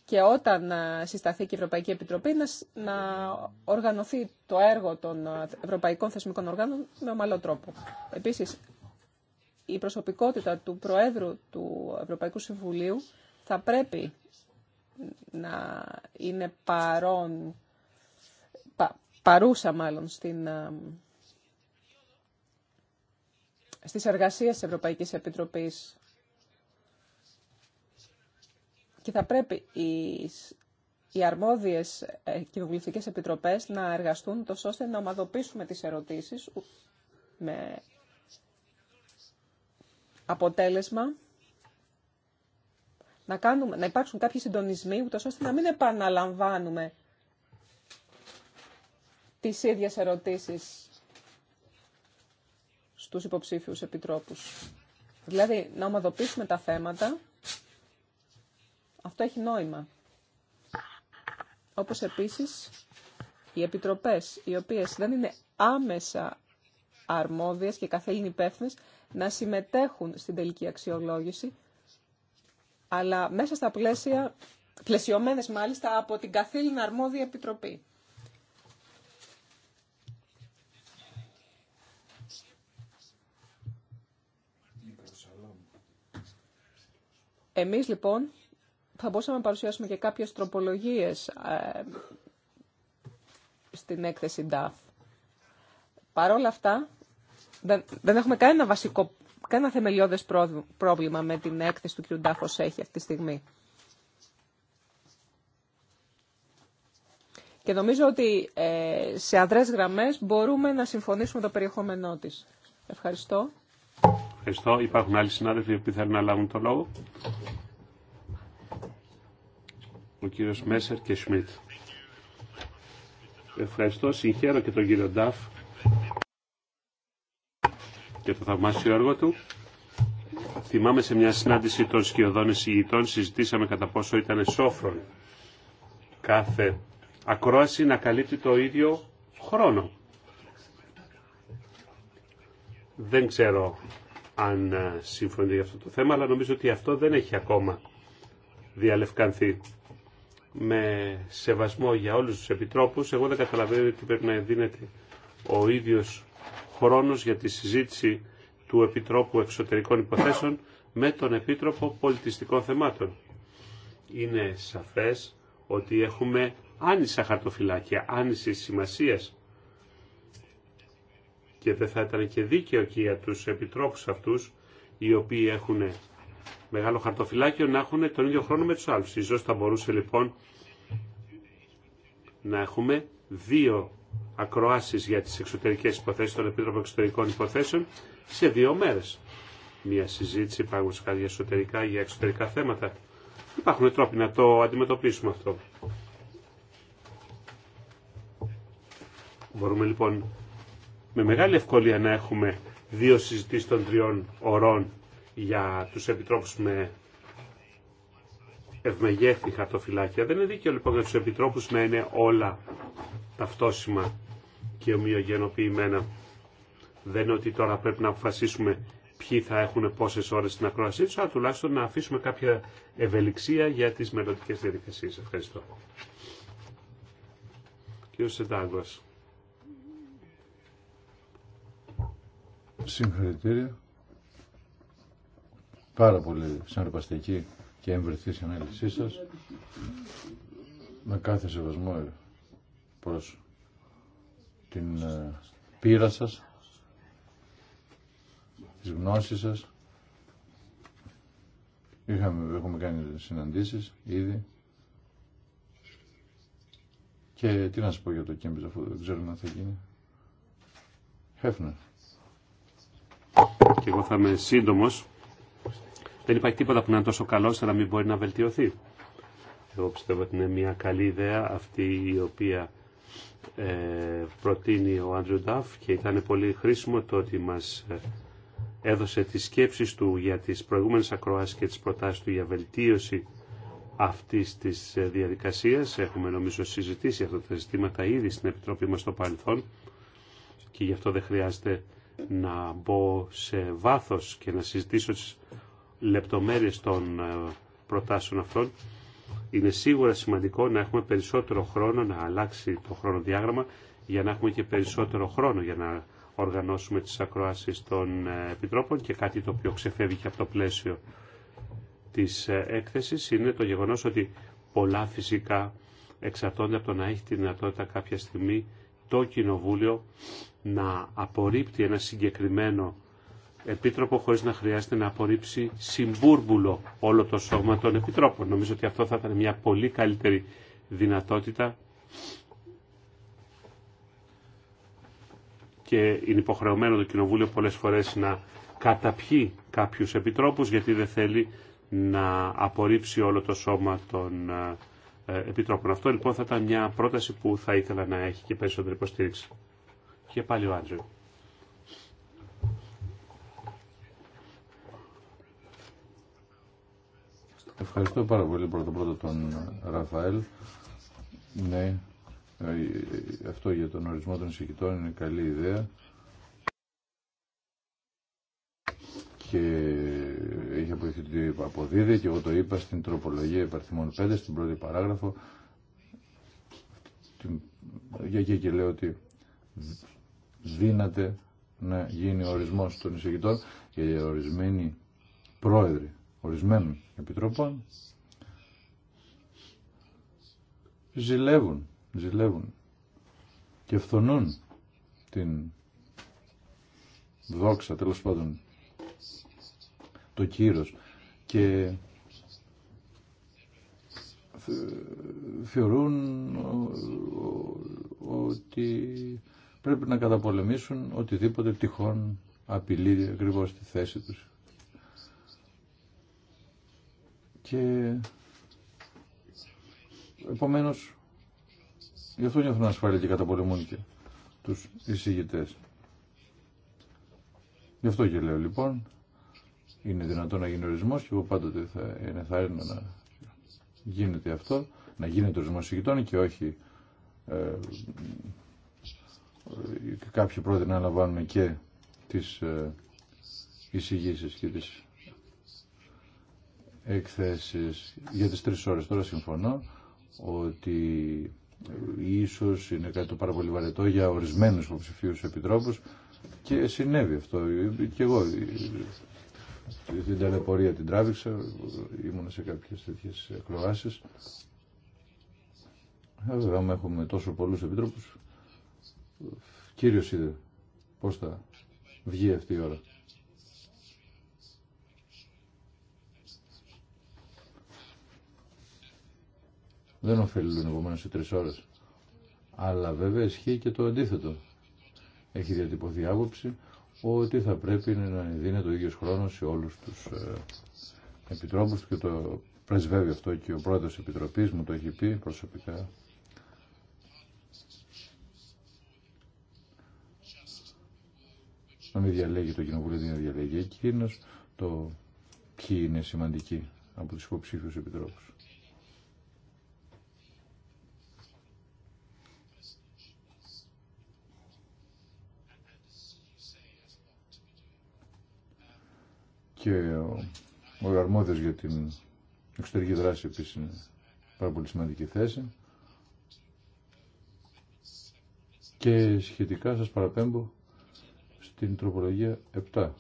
Speaker 3: και όταν ε, συσταθεί και η Ευρωπαϊκή Επιτροπή να οργανωθεί το έργο των ε, ευρωπαϊκών θεσμικών οργάνων με ομαλό τρόπο. Επίσης, η προσωπικότητα του Προέδρου του Ευρωπαϊκού Συμβουλίου θα πρέπει να είναι παρόν, παρούσα μάλλον στην, ε, στις εργασίες της Ευρωπαϊκής Επιτροπής και θα πρέπει οι, οι αρμόδιες ε, κοινοβουλευτικές επιτροπές να εργαστούν τόσο ώστε να ομαδοποιήσουμε τις ερωτήσεις με αποτέλεσμα να, κάνουμε, να υπάρξουν κάποιοι συντονισμοί ούτως ώστε να μην επαναλαμβάνουμε τις ίδιες ερωτήσεις στους υποψήφιους επιτρόπους. Δηλαδή, να ομαδοποιήσουμε τα θέματα αυτό έχει νόημα. Όπως επίσης οι επιτροπές οι οποίες δεν είναι άμεσα αρμόδιες και καθέλην υπεύθυνε να συμμετέχουν στην τελική αξιολόγηση, αλλά μέσα στα πλαίσια, πλαισιωμένες μάλιστα από την καθήλυνα αρμόδια επιτροπή. Εμείς λοιπόν θα μπορούσαμε να παρουσιάσουμε και κάποιες τροπολογίες ε, στην έκθεση DAF. Παρ' όλα αυτά, δεν, έχουμε κανένα βασικό, κανένα θεμελιώδες πρόβλημα με την έκθεση του κ. DAF έχει αυτή τη στιγμή. Και νομίζω ότι ε, σε αδρές γραμμές μπορούμε να συμφωνήσουμε το περιεχόμενό της. Ευχαριστώ.
Speaker 2: Ευχαριστώ. Υπάρχουν άλλοι συνάδελφοι που θέλουν να λάβουν το λόγο ο κύριος Μέσερ και Σμιτ. Ευχαριστώ, συγχαίρω και τον κύριο Νταφ και το θαυμάσιο έργο του. Θυμάμαι σε μια συνάντηση των σκιωδών εισηγητών συζητήσαμε κατά πόσο ήταν σόφρον κάθε ακρόαση να καλύπτει το ίδιο χρόνο. Δεν ξέρω αν ε, συμφωνείτε για αυτό το θέμα, αλλά νομίζω ότι αυτό δεν έχει ακόμα διαλευκανθεί με σεβασμό για όλους τους επιτρόπους, εγώ δεν καταλαβαίνω ότι πρέπει να δίνεται ο ίδιος χρόνος για τη συζήτηση του Επιτρόπου Εξωτερικών Υποθέσεων με τον Επίτροπο Πολιτιστικών Θεμάτων. Είναι σαφές ότι έχουμε άνισα χαρτοφυλάκια, άνιση σημασίας και δεν θα ήταν και δίκαιο και για τους επιτρόπους αυτούς οι οποίοι έχουν μεγάλο χαρτοφυλάκιο να έχουν τον ίδιο χρόνο με τους άλλους. Ίσως θα μπορούσε λοιπόν να έχουμε δύο ακροάσεις για τις εξωτερικές υποθέσεις των Επίτροπων Εξωτερικών Υποθέσεων σε δύο μέρες. Μία συζήτηση υπάρχουν για εσωτερικά, για εξωτερικά θέματα. Υπάρχουν τρόποι να το αντιμετωπίσουμε αυτό. Μπορούμε λοιπόν με μεγάλη ευκολία να έχουμε δύο συζητήσεις των τριών ωρών για τους επιτρόπους με ευμεγέθη χαρτοφυλάκια. Δεν είναι δίκαιο λοιπόν για τους επιτρόπους να είναι όλα ταυτόσιμα και ομοιογενοποιημένα. Δεν είναι ότι τώρα πρέπει να αποφασίσουμε ποιοι θα έχουν πόσε ώρε στην ακρόασή του, αλλά τουλάχιστον να αφήσουμε κάποια ευελιξία για τι μελλοντικέ διαδικασίε. Ευχαριστώ. Κύριο Σεντάγκο.
Speaker 1: Συγχαρητήρια πάρα πολύ συναρπαστική και εμβριθή ανάλυση σα Με κάθε σεβασμό προς την ε, πείρα σας, τις γνώσεις σας. Είχαμε, έχουμε κάνει συναντήσεις ήδη. Και τι να σας πω για το κέμπιζο, αφού δεν ξέρουμε αν θα γίνει. Χέφνερ.
Speaker 2: Και εγώ θα είμαι σύντομος. Δεν υπάρχει τίποτα που να είναι τόσο καλό ώστε να μην μπορεί να βελτιωθεί. Εγώ πιστεύω ότι είναι μια καλή ιδέα αυτή η οποία ε, προτείνει ο Άντριου Νταφ και ήταν πολύ χρήσιμο το ότι μας ε, έδωσε τις σκέψεις του για τις προηγούμενες ακροάσεις και τις προτάσεις του για βελτίωση αυτής της ε, διαδικασίας. Έχουμε νομίζω συζητήσει αυτά τα ζητήματα ήδη στην Επιτροπή μας στο παρελθόν και γι' αυτό δεν χρειάζεται να μπω σε βάθος και να συζητήσω λεπτομέρειες των ε, προτάσεων αυτών. Είναι σίγουρα σημαντικό να έχουμε περισσότερο χρόνο, να αλλάξει το χρονοδιάγραμμα για να έχουμε και περισσότερο χρόνο για να οργανώσουμε τις ακροάσεις των ε, επιτρόπων και κάτι το οποίο ξεφεύγει και από το πλαίσιο της ε, έκθεσης είναι το γεγονός ότι πολλά φυσικά εξαρτώνται από το να έχει τη δυνατότητα κάποια στιγμή το Κοινοβούλιο να απορρίπτει ένα συγκεκριμένο επίτροπο χωρίς να χρειάζεται να απορρίψει συμπούρμπουλο όλο το σώμα των επιτρόπων. Νομίζω ότι αυτό θα ήταν μια πολύ καλύτερη δυνατότητα και είναι υποχρεωμένο το Κοινοβούλιο πολλές φορές να καταπιεί κάποιους επιτρόπους γιατί δεν θέλει να απορρίψει όλο το σώμα των ε, επιτρόπων. Αυτό λοιπόν θα ήταν μια πρόταση που θα ήθελα να έχει και περισσότερη υποστήριξη. Και πάλι ο Άντζελ.
Speaker 1: Ευχαριστώ πάρα πολύ πρώτα πρώτα τον Ραφαέλ. Ναι, ε, αυτό για τον ορισμό των εισηγητών είναι καλή ιδέα. και είχε αποδειχθεί αποδίδει και εγώ το είπα στην τροπολογία υπαρθυμών 5 στην πρώτη παράγραφο για εκεί και λέω ότι δύναται να γίνει ορισμός των εισηγητών και ορισμένοι πρόεδροι ορισμένων επιτροπών ζηλεύουν, ζηλεύουν και φθονούν την δόξα, τέλος πάντων, το κύρος και θεωρούν ότι πρέπει να καταπολεμήσουν οτιδήποτε τυχόν απειλεί ακριβώ τη θέση τους. Και επομένω, γι' αυτό νιώθουν ασφαλή και καταπολεμούν και τους εισηγητέ. Γι' αυτό και λέω λοιπόν, είναι δυνατόν να γίνει ορισμός και εγώ πάντοτε θα θα να γίνεται αυτό, να γίνεται ορισμός εισηγητών και όχι ε, κάποιοι πρώτοι να λαμβάνουν και τις ε, και τις εκθέσεις για τις τρεις ώρες. Τώρα συμφωνώ ότι ίσως είναι κάτι το πάρα πολύ βαρετό για ορισμένους υποψηφίου επιτρόπους και συνέβη αυτό. Και εγώ την ταλαιπωρία την τράβηξα, ήμουν σε κάποιες τέτοιες εκλογάσεις. Ε, βέβαια, άμα έχουμε τόσο πολλούς επιτρόπους, κύριος είδε πώς θα βγει αυτή η ώρα. δεν ωφελούν επομένω σε τρεις ώρες. Αλλά βέβαια ισχύει και το αντίθετο. Έχει διατυπωθεί άποψη ότι θα πρέπει να δίνεται το ίδιο χρόνο σε όλους τους ε, επιτρόπους και το πρεσβεύει αυτό και ο πρόεδρο τη Επιτροπής μου το έχει πει προσωπικά. Να μην διαλέγει το κοινοβούλιο, δεν διαλέγει εκείνο το ποιοι είναι σημαντικοί από του υποψήφιου επιτρόπου. και ο αρμόδιος για την εξωτερική δράση επίσης είναι πάρα πολύ σημαντική θέση. Και σχετικά σας παραπέμπω στην τροπολογία 7.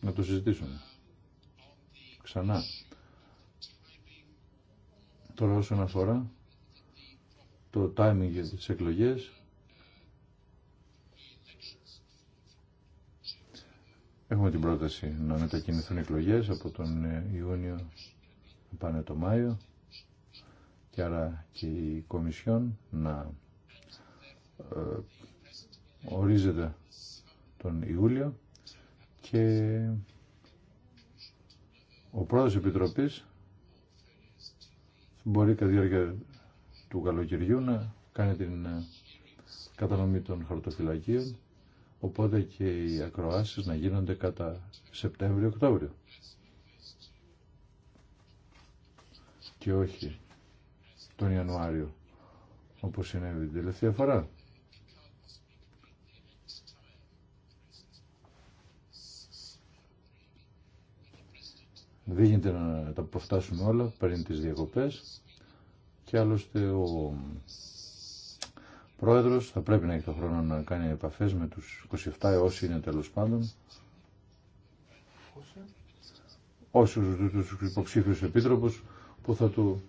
Speaker 1: Να το συζητήσουμε. Ξανά. Τώρα όσον αφορά το timing για τις εκλογές, Έχουμε την πρόταση να μετακινηθούν εκλογές από τον ε, Ιούνιο πάνε το Μάιο και άρα και η Κομισιόν να ε, ορίζεται τον Ιούλιο και ο πρόεδρος Επιτροπής μπορεί κατά διάρκεια του καλοκαιριού να κάνει την ε, κατανομή των χαρτοφυλακίων Οπότε και οι ακροάσεις να γίνονται κατά Σεπτέμβριο-Οκτώβριο. Και όχι τον Ιανουάριο, όπως συνέβη την τελευταία φορά. Δεν γίνεται να τα αποφτάσουμε όλα πριν τις διακοπές και άλλωστε ο πρόεδρος, θα πρέπει να έχει το χρόνο να κάνει επαφές με τους 27 όσοι είναι τέλος πάντων. Όσους τους υποψήφιους επίτροπους που θα του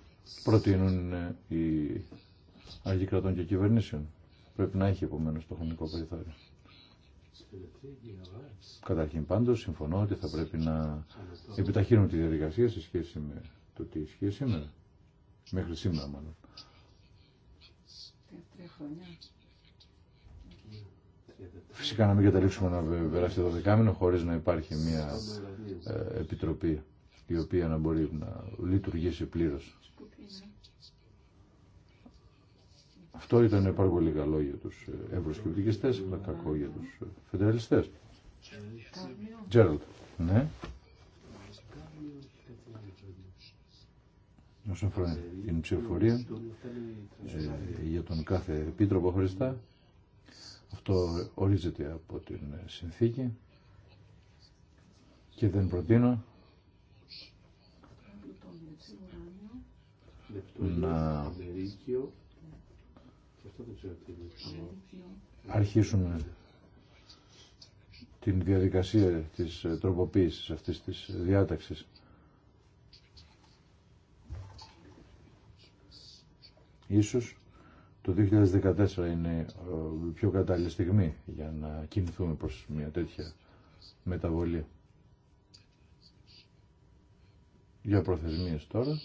Speaker 1: προτείνουν ε, οι αρχικοί κρατών και κυβερνήσεων. Πρέπει να έχει επομένω το χρονικό περιθώριο. Καταρχήν πάντως συμφωνώ ότι θα πρέπει να επιταχύνουμε τη διαδικασία σε σχέση με το τι ισχύει σήμερα. Μέχρι σήμερα μάλλον. Φυσικά να μην καταλήξουμε να περάσει το δεκάμινο χωρίς να υπάρχει μια ε, επιτροπή η οποία να μπορεί να λειτουργήσει πλήρω. Αυτό ήταν πάρα πολύ καλό για του ε, ευρωσκεπτικιστέ, αλλά κακό για του ε, φεντεραλιστέ.
Speaker 3: Τζέραλτ, ναι.
Speaker 1: όσον αφορά την ψηφοφορία ε, για τον κάθε επίτροπο χωριστά. Αυτό ορίζεται από την συνθήκη και δεν προτείνω να αρχίσουμε την διαδικασία της τροποποίησης αυτής της διάταξης. Ίσως το 2014 είναι ε, η πιο κατάλληλη στιγμή για να κινηθούμε προς μια τέτοια μεταβολή. Για προθεσμίες τώρα.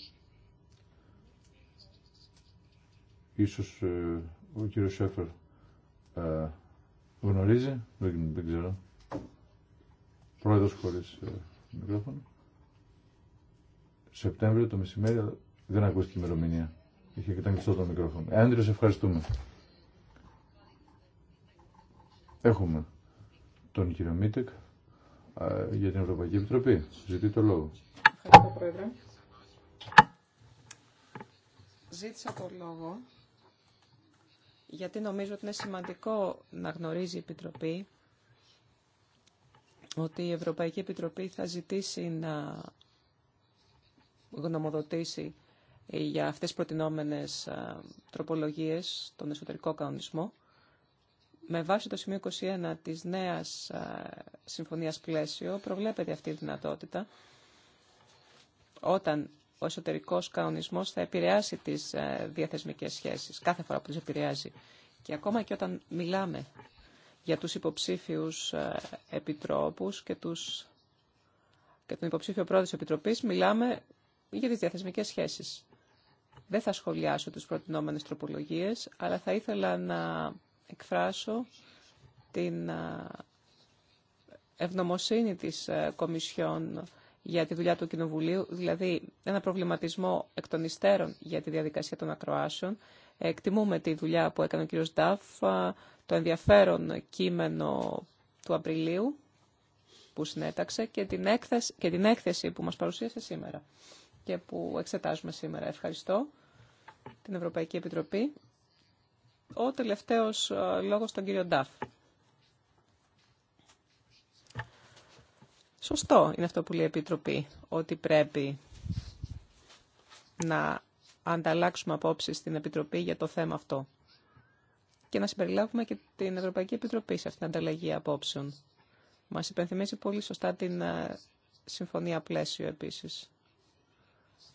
Speaker 1: Ίσως ε, ο κύριος Σέφερ ε, γνωρίζει, δεν, ξέρω. Πρόεδρος χωρίς μικρόφωνο. Σεπτέμβριο το μεσημέρι δεν ακούστηκε η ημερομηνία. Είχε και το το μικρόφωνο. Ε, Άντριο, ευχαριστούμε. Έχουμε τον κύριο Μίτεκ για την Ευρωπαϊκή Επιτροπή. Ζητεί το λόγο.
Speaker 3: Ευχαριστώ, Πρόεδρε. Ζήτησα το λόγο γιατί νομίζω ότι είναι σημαντικό να γνωρίζει η Επιτροπή ότι η Ευρωπαϊκή Επιτροπή θα ζητήσει να γνωμοδοτήσει για αυτές τις προτινόμενες τροπολογίες τον εσωτερικό κανονισμό. Με βάση το σημείο 21 της νέας συμφωνίας πλαίσιο προβλέπεται αυτή η δυνατότητα όταν ο εσωτερικός κανονισμός θα επηρεάσει τις διαθεσμικές σχέσεις, κάθε φορά που τις επηρεάζει. Και ακόμα και όταν μιλάμε για τους υποψήφιους επιτρόπους και, τους, και τον υποψήφιο πρόεδρο της Επιτροπής, μιλάμε για τις διαθεσμικές σχέσεις. Δεν θα σχολιάσω τις προτινόμενες τροπολογίες, αλλά θα ήθελα να εκφράσω την ευνομοσύνη της Κομισιόν για τη δουλειά του Κοινοβουλίου, δηλαδή ένα προβληματισμό εκ των υστέρων για τη διαδικασία των ακροάσεων. Εκτιμούμε τη δουλειά που έκανε ο κ. Νταφ, το ενδιαφέρον κείμενο του Απριλίου που συνέταξε και την έκθεση, και την έκθεση που μας παρουσίασε σήμερα και που εξετάζουμε σήμερα. Ευχαριστώ την Ευρωπαϊκή Επιτροπή. Ο τελευταίος ε, λόγος τον κύριο Ντάφ. Σωστό είναι αυτό που λέει η Επιτροπή, ότι πρέπει να ανταλλάξουμε απόψεις στην Επιτροπή για το θέμα αυτό και να συμπεριλάβουμε και την Ευρωπαϊκή Επιτροπή σε αυτήν την ανταλλαγή απόψεων. Μας υπενθυμίζει πολύ σωστά την ε, Συμφωνία Πλαίσιο επίσης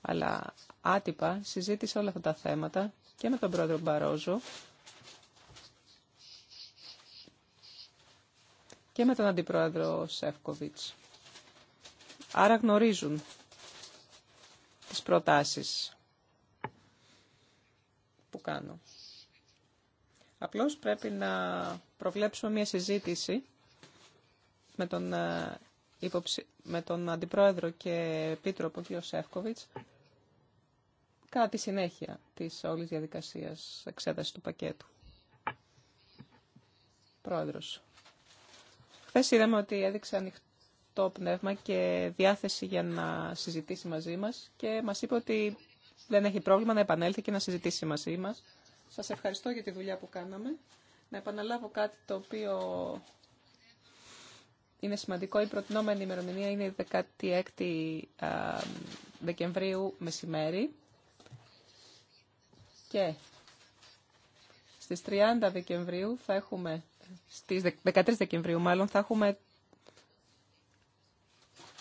Speaker 3: αλλά άτυπα συζήτησα όλα αυτά τα θέματα και με τον πρόεδρο Μπαρόζο και με τον αντιπρόεδρο Σεύκοβιτς. Άρα γνωρίζουν τις προτάσεις που κάνω. Απλώς πρέπει να προβλέψουμε μια συζήτηση με τον, ε, υποψη... με τον Αντιπρόεδρο και Επίτροπο κ. Σεύκοβιτς κατά τη συνέχεια της όλης διαδικασίας εξέτασης του πακέτου. Πρόεδρος. Χθες είδαμε ότι έδειξε ανοιχτό πνεύμα και διάθεση για να συζητήσει μαζί μας και μας είπε ότι δεν έχει πρόβλημα να επανέλθει και να συζητήσει μαζί μας. Σας ευχαριστώ για τη δουλειά που κάναμε. Να επαναλάβω κάτι το οποίο είναι σημαντικό. Η προτινόμενη ημερομηνία είναι η 16η Δεκεμβρίου μεσημέρι. Και στις 30 Δεκεμβρίου θα έχουμε, στις 13 Δεκεμβρίου μάλλον, θα έχουμε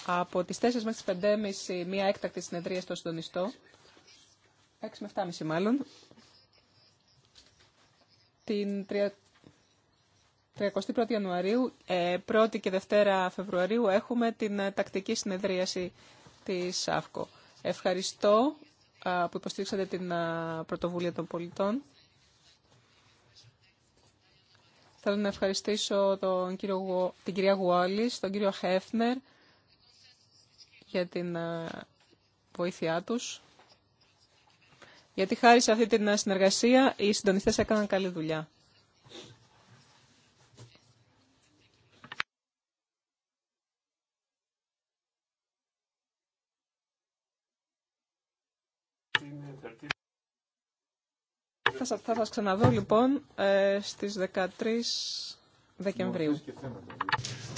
Speaker 3: από τις 4 μέχρι τις 5.30 μία έκτακτη συνεδρία στο Συντονιστό, 6 με 7.30 μάλλον, την 31 Ιανουαρίου, 1η ε, και 2 Φεβρουαρίου έχουμε την ε, τακτική συνεδρίαση της ΑΦΚΟ. Ευχαριστώ που υποστήριξατε την πρωτοβουλία των πολιτών. Θέλω να ευχαριστήσω τον κύριο, την κυρία Γουάλης, τον κύριο Χέφνερ για την βοήθειά τους. Γιατί χάρη σε αυτή την συνεργασία οι συντονιστές έκαναν καλή δουλειά. Θα, θα σας ξαναδώ λοιπόν ε, στις 13 Δεκεμβρίου.